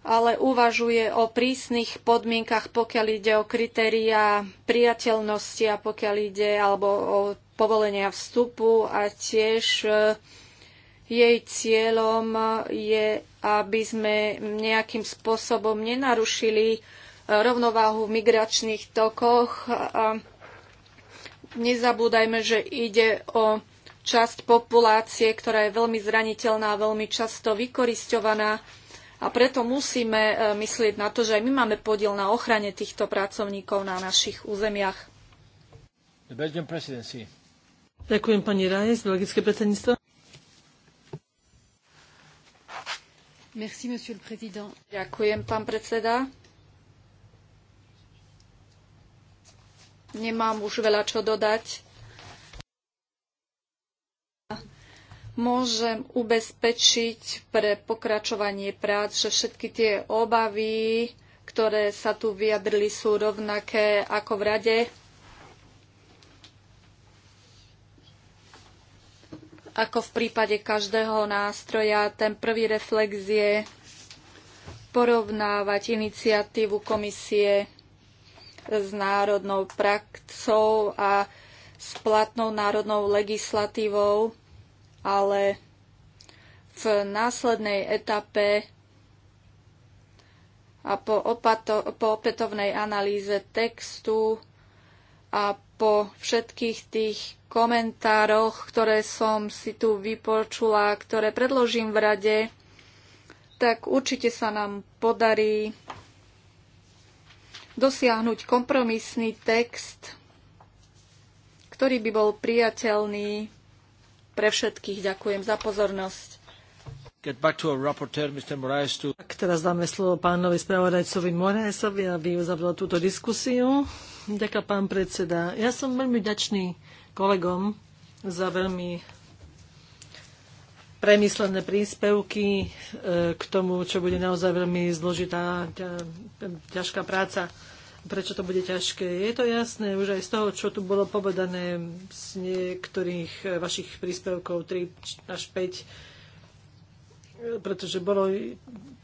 ale uvažuje o prísnych podmienkach, pokiaľ ide o kritériá priateľnosti a pokiaľ ide alebo o povolenia vstupu a tiež e, jej cieľom je, aby sme nejakým spôsobom nenarušili e, rovnováhu v migračných tokoch. A nezabúdajme, že ide o časť populácie, ktorá je veľmi zraniteľná, a veľmi často vykorisťovaná a preto musíme e, myslieť na to, že aj my máme podiel na ochrane týchto pracovníkov na našich územiach. Ďakujem pani Rajez, belgické predsedníctvo. Merci, monsieur le président. Ďakujem, pán predseda. Nemám už veľa čo dodať môžem ubezpečiť pre pokračovanie prác, že všetky tie obavy, ktoré sa tu vyjadrili, sú rovnaké ako v rade. Ako v prípade každého nástroja, ten prvý reflex je porovnávať iniciatívu komisie s národnou praxou a s platnou národnou legislatívou ale v následnej etape a po, opato, po opätovnej analýze textu a po všetkých tých komentároch, ktoré som si tu vypočula, ktoré predložím v rade, tak určite sa nám podarí dosiahnuť kompromisný text, ktorý by bol priateľný pre všetkých. Ďakujem za pozornosť. Get back to rapporteur, Mr. Moraes, to... Tak teraz dáme slovo pánovi spravodajcovi Moraesovi, aby uzavrel túto diskusiu. Ďakujem, pán predseda. Ja som veľmi ďačný kolegom za veľmi premyslené príspevky e, k tomu, čo bude naozaj veľmi zložitá, ťažká práca prečo to bude ťažké. Je to jasné už aj z toho, čo tu bolo povedané z niektorých eh, vašich príspevkov 3 až 5, eh, pretože bolo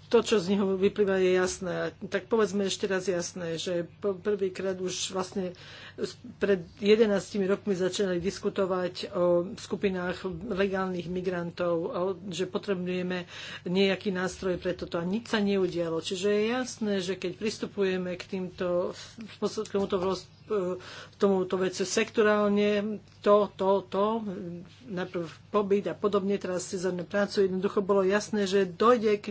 to, čo z neho vyplýva, je jasné. Tak povedzme ešte raz jasné, že prvýkrát už vlastne pred 11 rokmi začali diskutovať o skupinách legálnych migrantov, že potrebujeme nejaký nástroj pre toto a nič sa neudialo. Čiže je jasné, že keď pristupujeme k týmto, k tomuto Eh, tomuto vecu sektorálne, to, to, to, najprv pobyt a podobne, teraz sezónne prácu, jednoducho bolo jasné, že dojde k,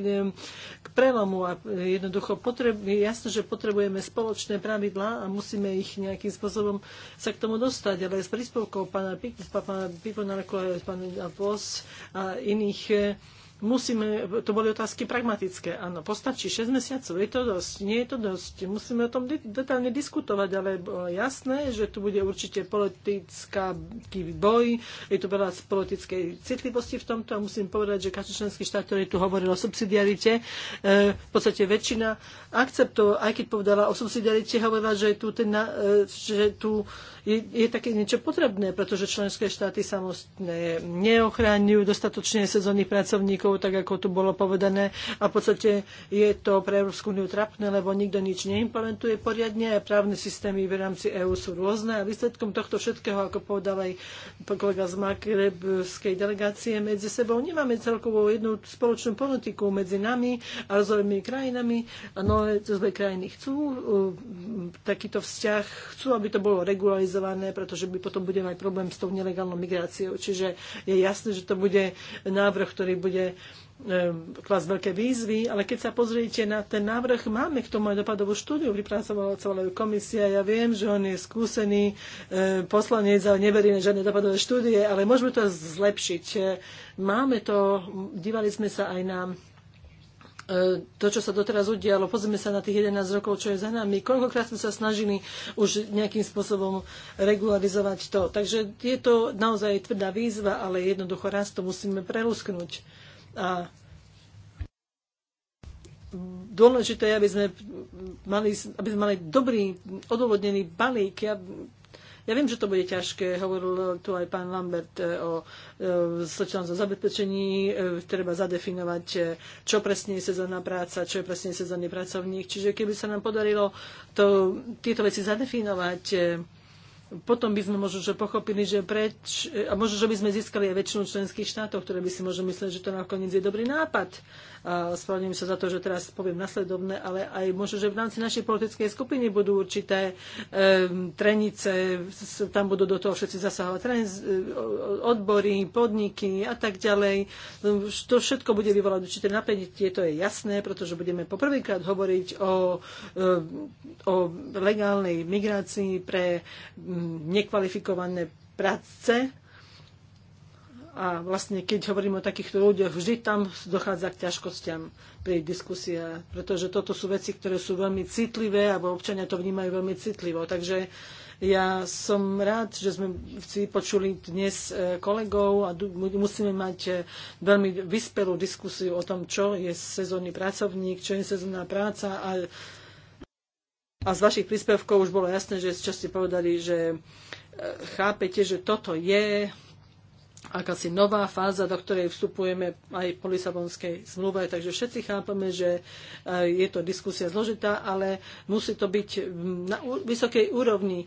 k prelomu a jednoducho potreb, je jasné, že potrebujeme spoločné pravidlá a musíme ich nejakým spôsobom sa k tomu dostať, ale s príspevkou pána pána Pipo, pána Pipo, a iných eh, musíme, to boli otázky pragmatické, áno, postačí 6 mesiacov, je to dosť, nie je to dosť, musíme o tom detálne diskutovať, ale bolo jasné, že tu bude určite politický boj, je tu veľa politickej citlivosti v tomto a musím povedať, že každý členský štát, ktorý tu hovoril o subsidiarite, eh, v podstate väčšina akceptoval, aj keď povedala o subsidiarite, hovorila, že tu, ten, eh, že tu je, je také niečo potrebné, pretože členské štáty samostné neochránujú dostatočne sezónnych pracovníkov, rečníkov, tak ako tu bolo povedané. A v podstate je to pre Európsku úniu trapné, lebo nikto nič neimplementuje poriadne a právne systémy v rámci EÚ sú rôzne. A výsledkom tohto všetkého, ako povedal aj kolega z Makrebskej delegácie, medzi sebou nemáme celkovo jednu spoločnú politiku medzi nami a rozvojovými krajinami. A nové krajiny chcú uh, takýto vzťah, chcú, aby to bolo regularizované, pretože by potom bude mať problém s tou nelegálnou migráciou. Čiže je jasné, že to bude návrh, ktorý bude E, klas veľké výzvy, ale keď sa pozriete na ten návrh, máme k tomu aj dopadovú štúdiu, vypracovala celá komisia, ja viem, že on je skúsený e, poslanec, ale neveríme žiadne dopadové štúdie, ale môžeme to zlepšiť. Máme to, dívali sme sa aj na e, to, čo sa doteraz udialo, pozrieme sa na tých 11 rokov, čo je za nami, koľkokrát sme sa snažili už nejakým spôsobom regularizovať to. Takže je to naozaj tvrdá výzva, ale jednoducho raz to musíme prelusknúť. A dôležité je, aby sme mali, aby sme mali dobrý, odôvodnený balík. Ja, ja viem, že to bude ťažké, hovoril tu aj pán Lambert e, o e, sociálnom zabezpečení, e, treba zadefinovať, čo presne je sezónna práca, čo je presne sezónny pracovník. Čiže keby sa nám podarilo to, tieto veci zadefinovať, potom by sme možno že pochopili, že preč, a možno, že by sme získali aj väčšinu členských štátov, ktoré by si možno mysleli, že to nakoniec je dobrý nápad ospravedlňujem sa za to, že teraz poviem nasledovné, ale aj možno, že v rámci našej politickej skupiny budú určité um, trenice, tam budú do toho všetci zasahovať odbory, podniky a tak ďalej. No, to všetko bude vyvolať určité napätie, to je jasné, pretože budeme poprvýkrát hovoriť o, o legálnej migrácii pre nekvalifikované práce a vlastne, keď hovorím o takýchto ľuďoch, vždy tam dochádza k ťažkostiam pri diskusie, pretože toto sú veci, ktoré sú veľmi citlivé, a občania to vnímajú veľmi citlivo. Takže ja som rád, že sme si počuli dnes e, kolegov a musíme mať e, veľmi vyspelú diskusiu o tom, čo je sezónny pracovník, čo je sezónna práca a a z vašich príspevkov už bolo jasné, že ste povedali, že e, chápete, že toto je akási nová fáza, do ktorej vstupujeme aj po Lisabonskej zmluve. Takže všetci chápame, že e, je to diskusia zložitá, ale musí to byť na vysokej úrovni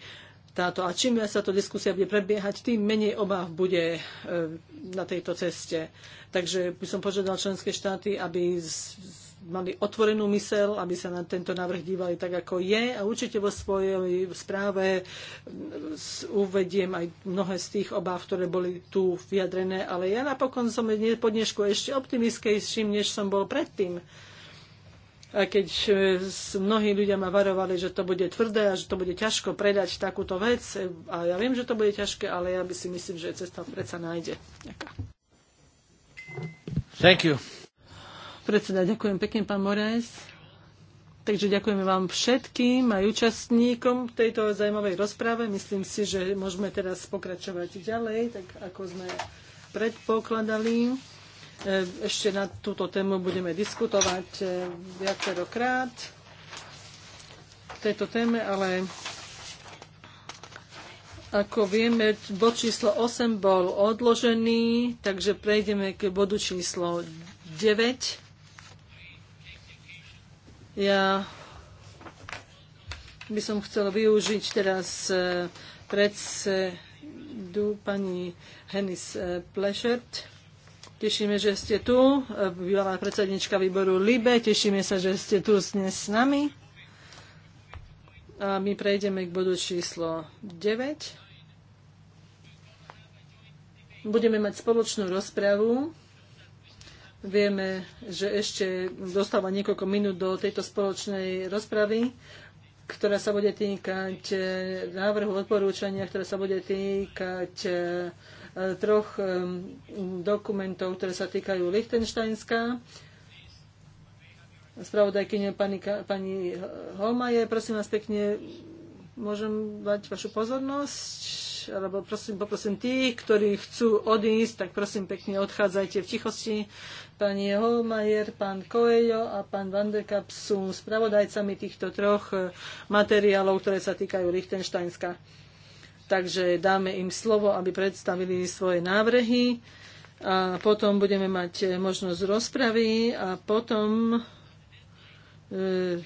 táto. A čím viac sa to diskusia bude prebiehať, tým menej obáv bude e, na tejto ceste. Takže by som požiadal členské štáty, aby z mali otvorenú mysel, aby sa na tento návrh dívali tak, ako je. A určite vo svojej správe uvediem aj mnohé z tých obáv, ktoré boli tu vyjadrené. Ale ja napokon som po dnešku ešte optimistkejším, než som bol predtým. A keď e, mnohí ľudia ma varovali, že to bude tvrdé a že to bude ťažko predať takúto vec, e, a ja viem, že to bude ťažké, ale ja by si myslím, že cesta predsa nájde. Ďakujem. Thank you. Predseda, ďakujem pekne, pán Moraes. Takže ďakujeme vám všetkým aj účastníkom tejto zaujímavej rozprave. Myslím si, že môžeme teraz pokračovať ďalej, tak ako sme predpokladali. E, ešte na túto tému budeme diskutovať e, viacerokrát k tejto téme, ale ako vieme, bod číslo 8 bol odložený, takže prejdeme k bodu číslo 9. Ja by som chcel využiť teraz e, predsedu pani Hennis e, Plešert. Tešíme, že ste tu, e, bývalá predsednička výboru LIBE. Tešíme sa, že ste tu dnes s nami. A my prejdeme k bodu číslo 9. Budeme mať spoločnú rozpravu Vieme, že ešte dostáva niekoľko minút do tejto spoločnej rozpravy, ktorá sa bude týkať eh, návrhu odporúčania, ktorá sa bude týkať eh, troch eh, dokumentov, ktoré sa týkajú Lichtensteinska. Spravodajkyne pani, pani prosím vás pekne, môžem dať vašu pozornosť alebo prosím, poprosím tých, ktorí chcú odísť, tak prosím pekne odchádzajte v tichosti. Pani Holmajer, pán Coelho a pán Van Kapp sú spravodajcami týchto troch eh, materiálov, ktoré sa týkajú Lichtensteinska. Takže dáme im slovo, aby predstavili svoje návrhy a potom budeme mať eh, možnosť rozpravy a potom eh,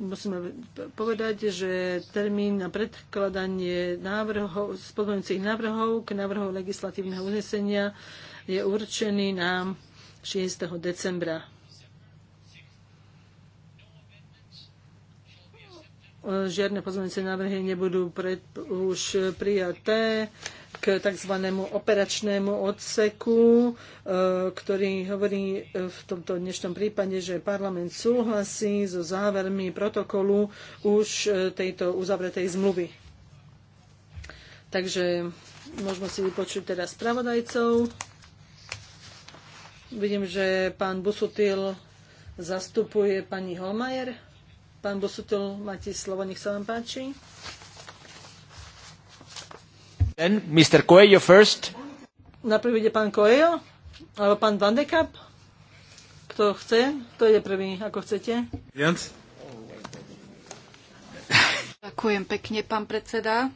musíme povedať, že termín na predkladanie návrhov, spodobujúcich návrhov k návrhu legislatívneho uznesenia je určený na 6. decembra. Žiadne pozornice návrhy nebudú pred, už prijaté k tzv. operačnému odseku, e, ktorý hovorí e, v tomto dnešnom prípade, že parlament súhlasí so závermi protokolu už e, tejto uzavretej zmluvy. Takže môžeme si vypočuť teraz spravodajcov. Vidím, že pán Busutil zastupuje pani Holmajer. Pán Busutil, máte slovo, nech sa vám páči. Then Mr. Coelho first. Najprv ide pán Coelho, alebo pán Van de Kapp. Kto chce, to ide prvý, ako chcete. Jens. Ďakujem pekne, pán predseda.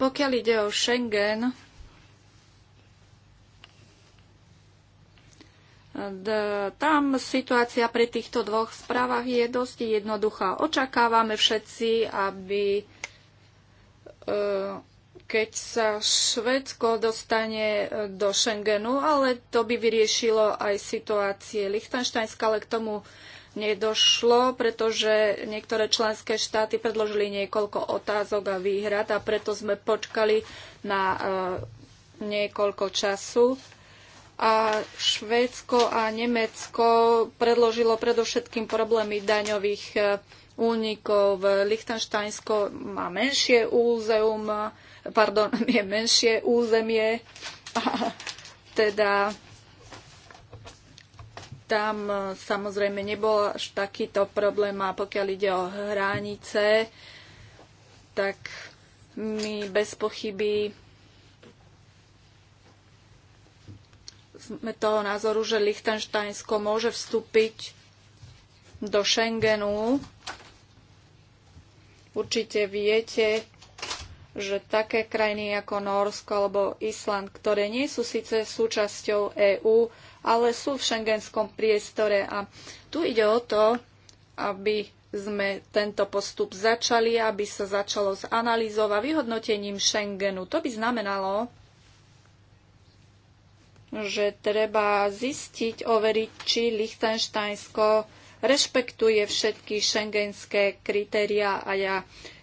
Pokiaľ ide o Schengen, Tam situácia pri týchto dvoch správach je dosť jednoduchá. Očakávame všetci, aby e, keď sa Švedsko dostane e, do Schengenu, ale to by vyriešilo aj situácie Lichtensteinska, ale k tomu nedošlo, pretože niektoré členské štáty predložili niekoľko otázok a výhrad a preto sme počkali na e, niekoľko času a Švédsko a Nemecko predložilo predovšetkým problémy daňových e, únikov. Lichtensteinsko má menšie úzeum, pardon, je [LAUGHS] menšie územie, a teda tam e, samozrejme nebol až takýto problém a pokiaľ ide o hranice, tak my bez pochyby sme toho názoru, že Lichtensteinsko môže vstúpiť do Schengenu. Určite viete, že také krajiny ako Norsko alebo Island, ktoré nie sú síce súčasťou EÚ, ale sú v šengenskom priestore. A tu ide o to, aby sme tento postup začali, aby sa začalo s analýzou a vyhodnotením Schengenu. To by znamenalo, že treba zistiť, overiť, či Lichtensteinsko rešpektuje všetky šengenské kritéria a ja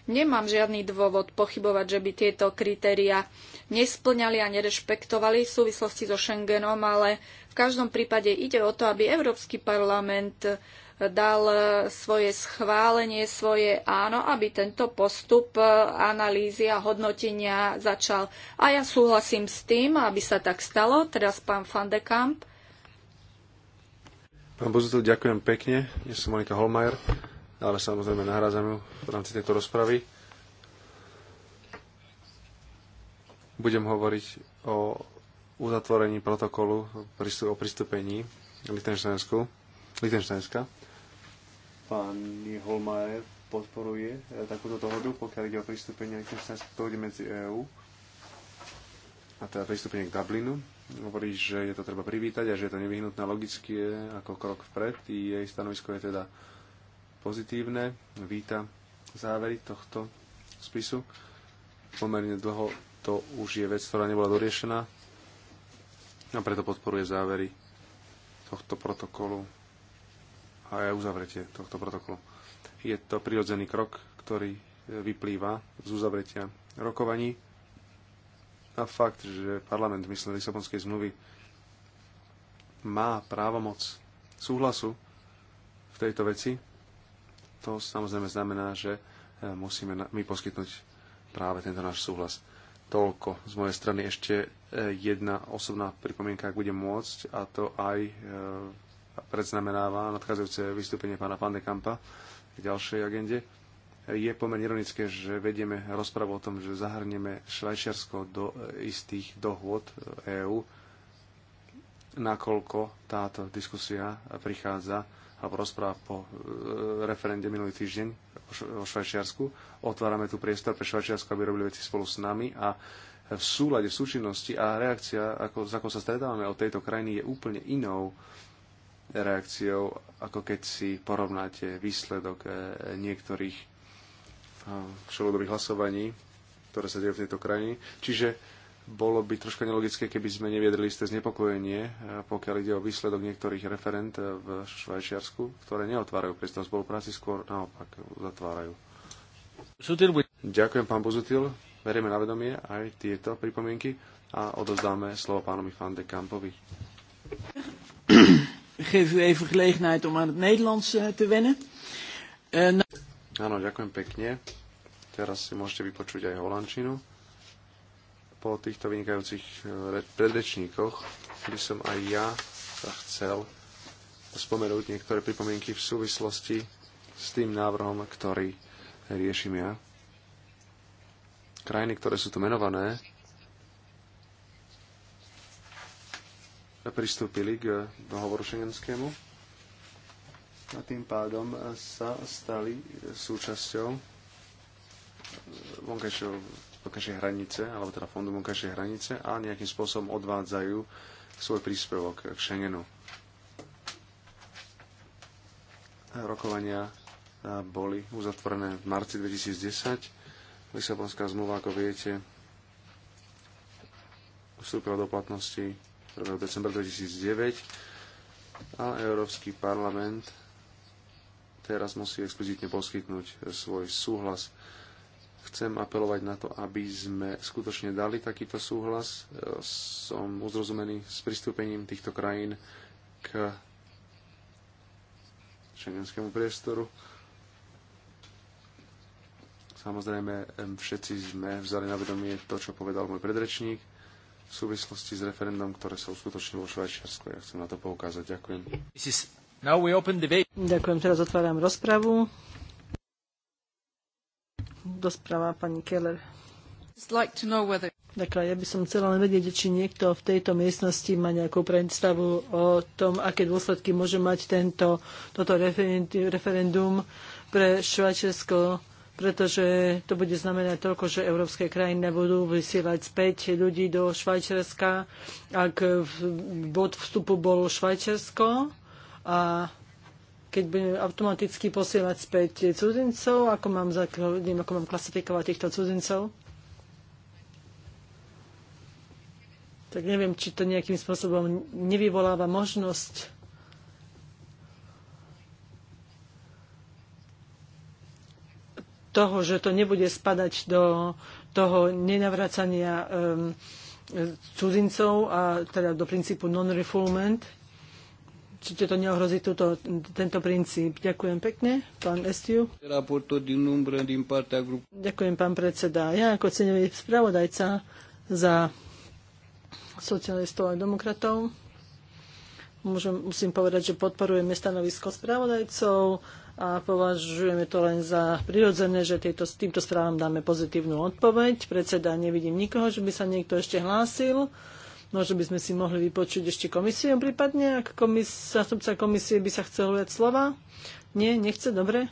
nemám žiadny dôvod pochybovať, že by tieto kritéria nesplňali a nerešpektovali v súvislosti so Schengenom, ale v každom prípade ide o to, aby Európsky parlament dal eh, svoje schválenie, svoje áno, aby tento postup eh, analýzy a hodnotenia začal. A ja súhlasím s tým, aby sa tak stalo. Teraz pán Van de Kamp. Pán Bozutel, ďakujem pekne. Ja som Monika Holmajer, ale samozrejme nahrádzam ju v rámci tejto rozpravy. Budem hovoriť o uzatvorení protokolu o pristúpení Lichtensteinsku, Lichtensteinska. Pán Holmajer podporuje eh, takúto dohodu, pokiaľ ide o pristúpenie k dohode medzi EÚ a teda pristúpenie k Dublinu. Hovorí, že je to treba privítať a že je to nevyhnutné logicky eh, ako krok vpred. Jej stanovisko je teda pozitívne. Víta závery tohto spisu. Pomerne dlho to už je vec, ktorá nebola doriešená a preto podporuje závery tohto protokolu a aj uzavretie tohto protokolu. Je to prirodzený krok, ktorý e, vyplýva z uzavretia rokovaní a fakt, že parlament, mysle Lisabonskej zmluvy má právomoc súhlasu v tejto veci, to samozrejme znamená, že e, musíme my poskytnúť práve tento náš súhlas. Toľko z mojej strany ešte e, jedna osobná pripomienka, ak budem môcť, a to aj predznamenáva nadchádzajúce vystúpenie pána Pande Kampa v ďalšej agende. Je pomerne ironické, že vedieme rozprávu o tom, že zahrnieme Švajčiarsko do istých dohôd EÚ, nakoľko táto diskusia prichádza alebo rozpráva po e, referende minulý týždeň o Švajčiarsku. Otvárame tu priestor pre Švajčiarsko, aby robili veci spolu s nami a v súlade, v súčinnosti a reakcia, ako, s sa stretávame od tejto krajiny, je úplne inou reakciou, ako keď si porovnáte výsledok e, niektorých e, všelodobých hlasovaní, ktoré sa dejú v tejto krajine. Čiže bolo by troška nelogické, keby sme neviedli isté znepokojenie, e, pokiaľ ide o výsledok niektorých referent v Švajčiarsku, ktoré neotvárajú priestor spolupráci, skôr naopak zatvárajú. Ďakujem, pán Buzutil. Berieme na vedomie aj tieto pripomienky a odozdáme slovo pánovi Fan Kampovi. [LAUGHS] geef u even gelegenheid om aan het Nederlands eh, te wennen. Eh, na... Áno, ďakujem pekne. Teraz si môžete vypočuť aj holandčinu. Po týchto vynikajúcich eh, predrečníkoch by som aj ja chcel spomenúť niektoré pripomienky v súvislosti s tým návrhom, ktorý riešim ja. Krajiny, ktoré sú tu menované, pristúpili k dohovoru šengenskému a tým pádom sa stali súčasťou vonkajšieho vonkajšej hranice, alebo teda fondu vonkajšej hranice a nejakým spôsobom odvádzajú svoj príspevok k Schengenu. Rokovania boli uzatvorené v marci 2010. Lisabonská zmluva, ako viete, vstúpila do platnosti 1. decembra 2009 a Európsky parlament teraz musí explicitne poskytnúť svoj súhlas. Chcem apelovať na to, aby sme skutočne dali takýto súhlas. Som uzrozumený s pristúpením týchto krajín k šengenskému priestoru. Samozrejme, všetci sme vzali na vedomie to, čo povedal môj predrečník v súvislosti s referendum, ktoré sa uskutočnilo vo Švajčiarsku. Ja chcem na to poukázať. Ďakujem. Ďakujem, teraz otváram rozpravu. Dosprava pani Keller. Like whether... Takhle, ja by som chcela len vedieť, či niekto v tejto miestnosti má nejakú predstavu o tom, aké dôsledky môže mať tento, toto referendum pre Švajčiarsko pretože to bude znamenať toľko, že európske krajiny budú vysielať späť ľudí do Švajčiarska, ak bod vstupu bolo Švajčiarsko a keď budeme automaticky posielať späť cudzincov, ako mám, neviem, ako mám klasifikovať týchto cudzincov? Tak neviem, či to nejakým spôsobom nevyvoláva možnosť toho, že to nebude spadať do toho nenavracania um, cudzincov a teda do princípu non-refoulement. Čiže to neohrozí túto, tento princíp. Ďakujem pekne, pán Estiu. Ďakujem, pán predseda. Ja ako cenový spravodajca za socialistov a demokratov Môžem, musím povedať, že podporujeme stanovisko spravodajcov a považujeme to len za prirodzené, že tejto, týmto správam dáme pozitívnu odpoveď. Predseda, nevidím nikoho, že by sa niekto ešte hlásil. Možno by sme si mohli vypočuť ešte komisiu, prípadne, ak komis, zastupca komisie by sa chcel ujať slova. Nie, nechce, dobre.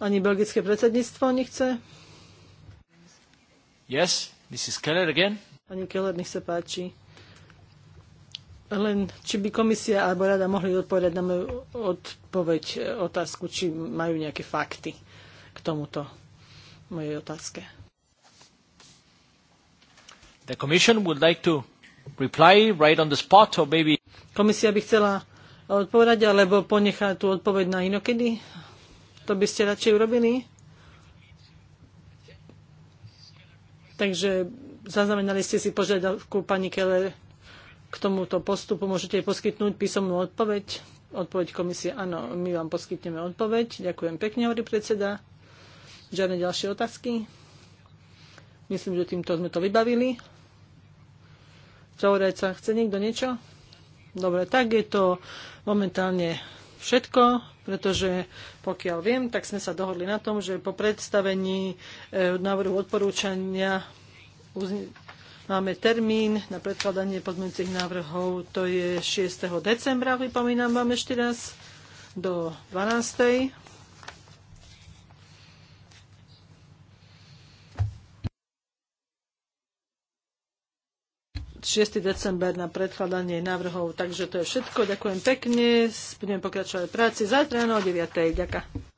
Ani belgické predsedníctvo nechce. Yes, Keller again. Pani Keller, nech sa páči. Len či by komisia alebo rada mohli odpovedať na moju odpoveď, e, otázku, či majú nejaké fakty k tomuto mojej otázke. The commission would like to reply right on the spot or maybe... Komisia by chcela odpovedať alebo ponechá tú odpoveď na inokedy? To by ste radšej urobili? Takže zaznamenali ste si požiadavku pani Keller k tomuto postupu môžete poskytnúť písomnú odpoveď. Odpoveď komisie, áno, my vám poskytneme odpoveď. Ďakujem pekne, hovorí predseda. Žiadne ďalšie otázky? Myslím, že týmto sme to vybavili. Pravodajca, chce niekto niečo? Dobre, tak je to momentálne všetko, pretože pokiaľ viem, tak sme sa dohodli na tom, že po predstavení eh, návrhu odporúčania Máme termín na predkladanie pozmeňujúcich návrhov, to je 6. decembra, vypomínam vám ešte raz, do 12. ...6. december na predkladanie návrhov. Takže to je všetko. Ďakujem pekne. Budeme pokračovať v práci zajtra o 9. Ďakujem.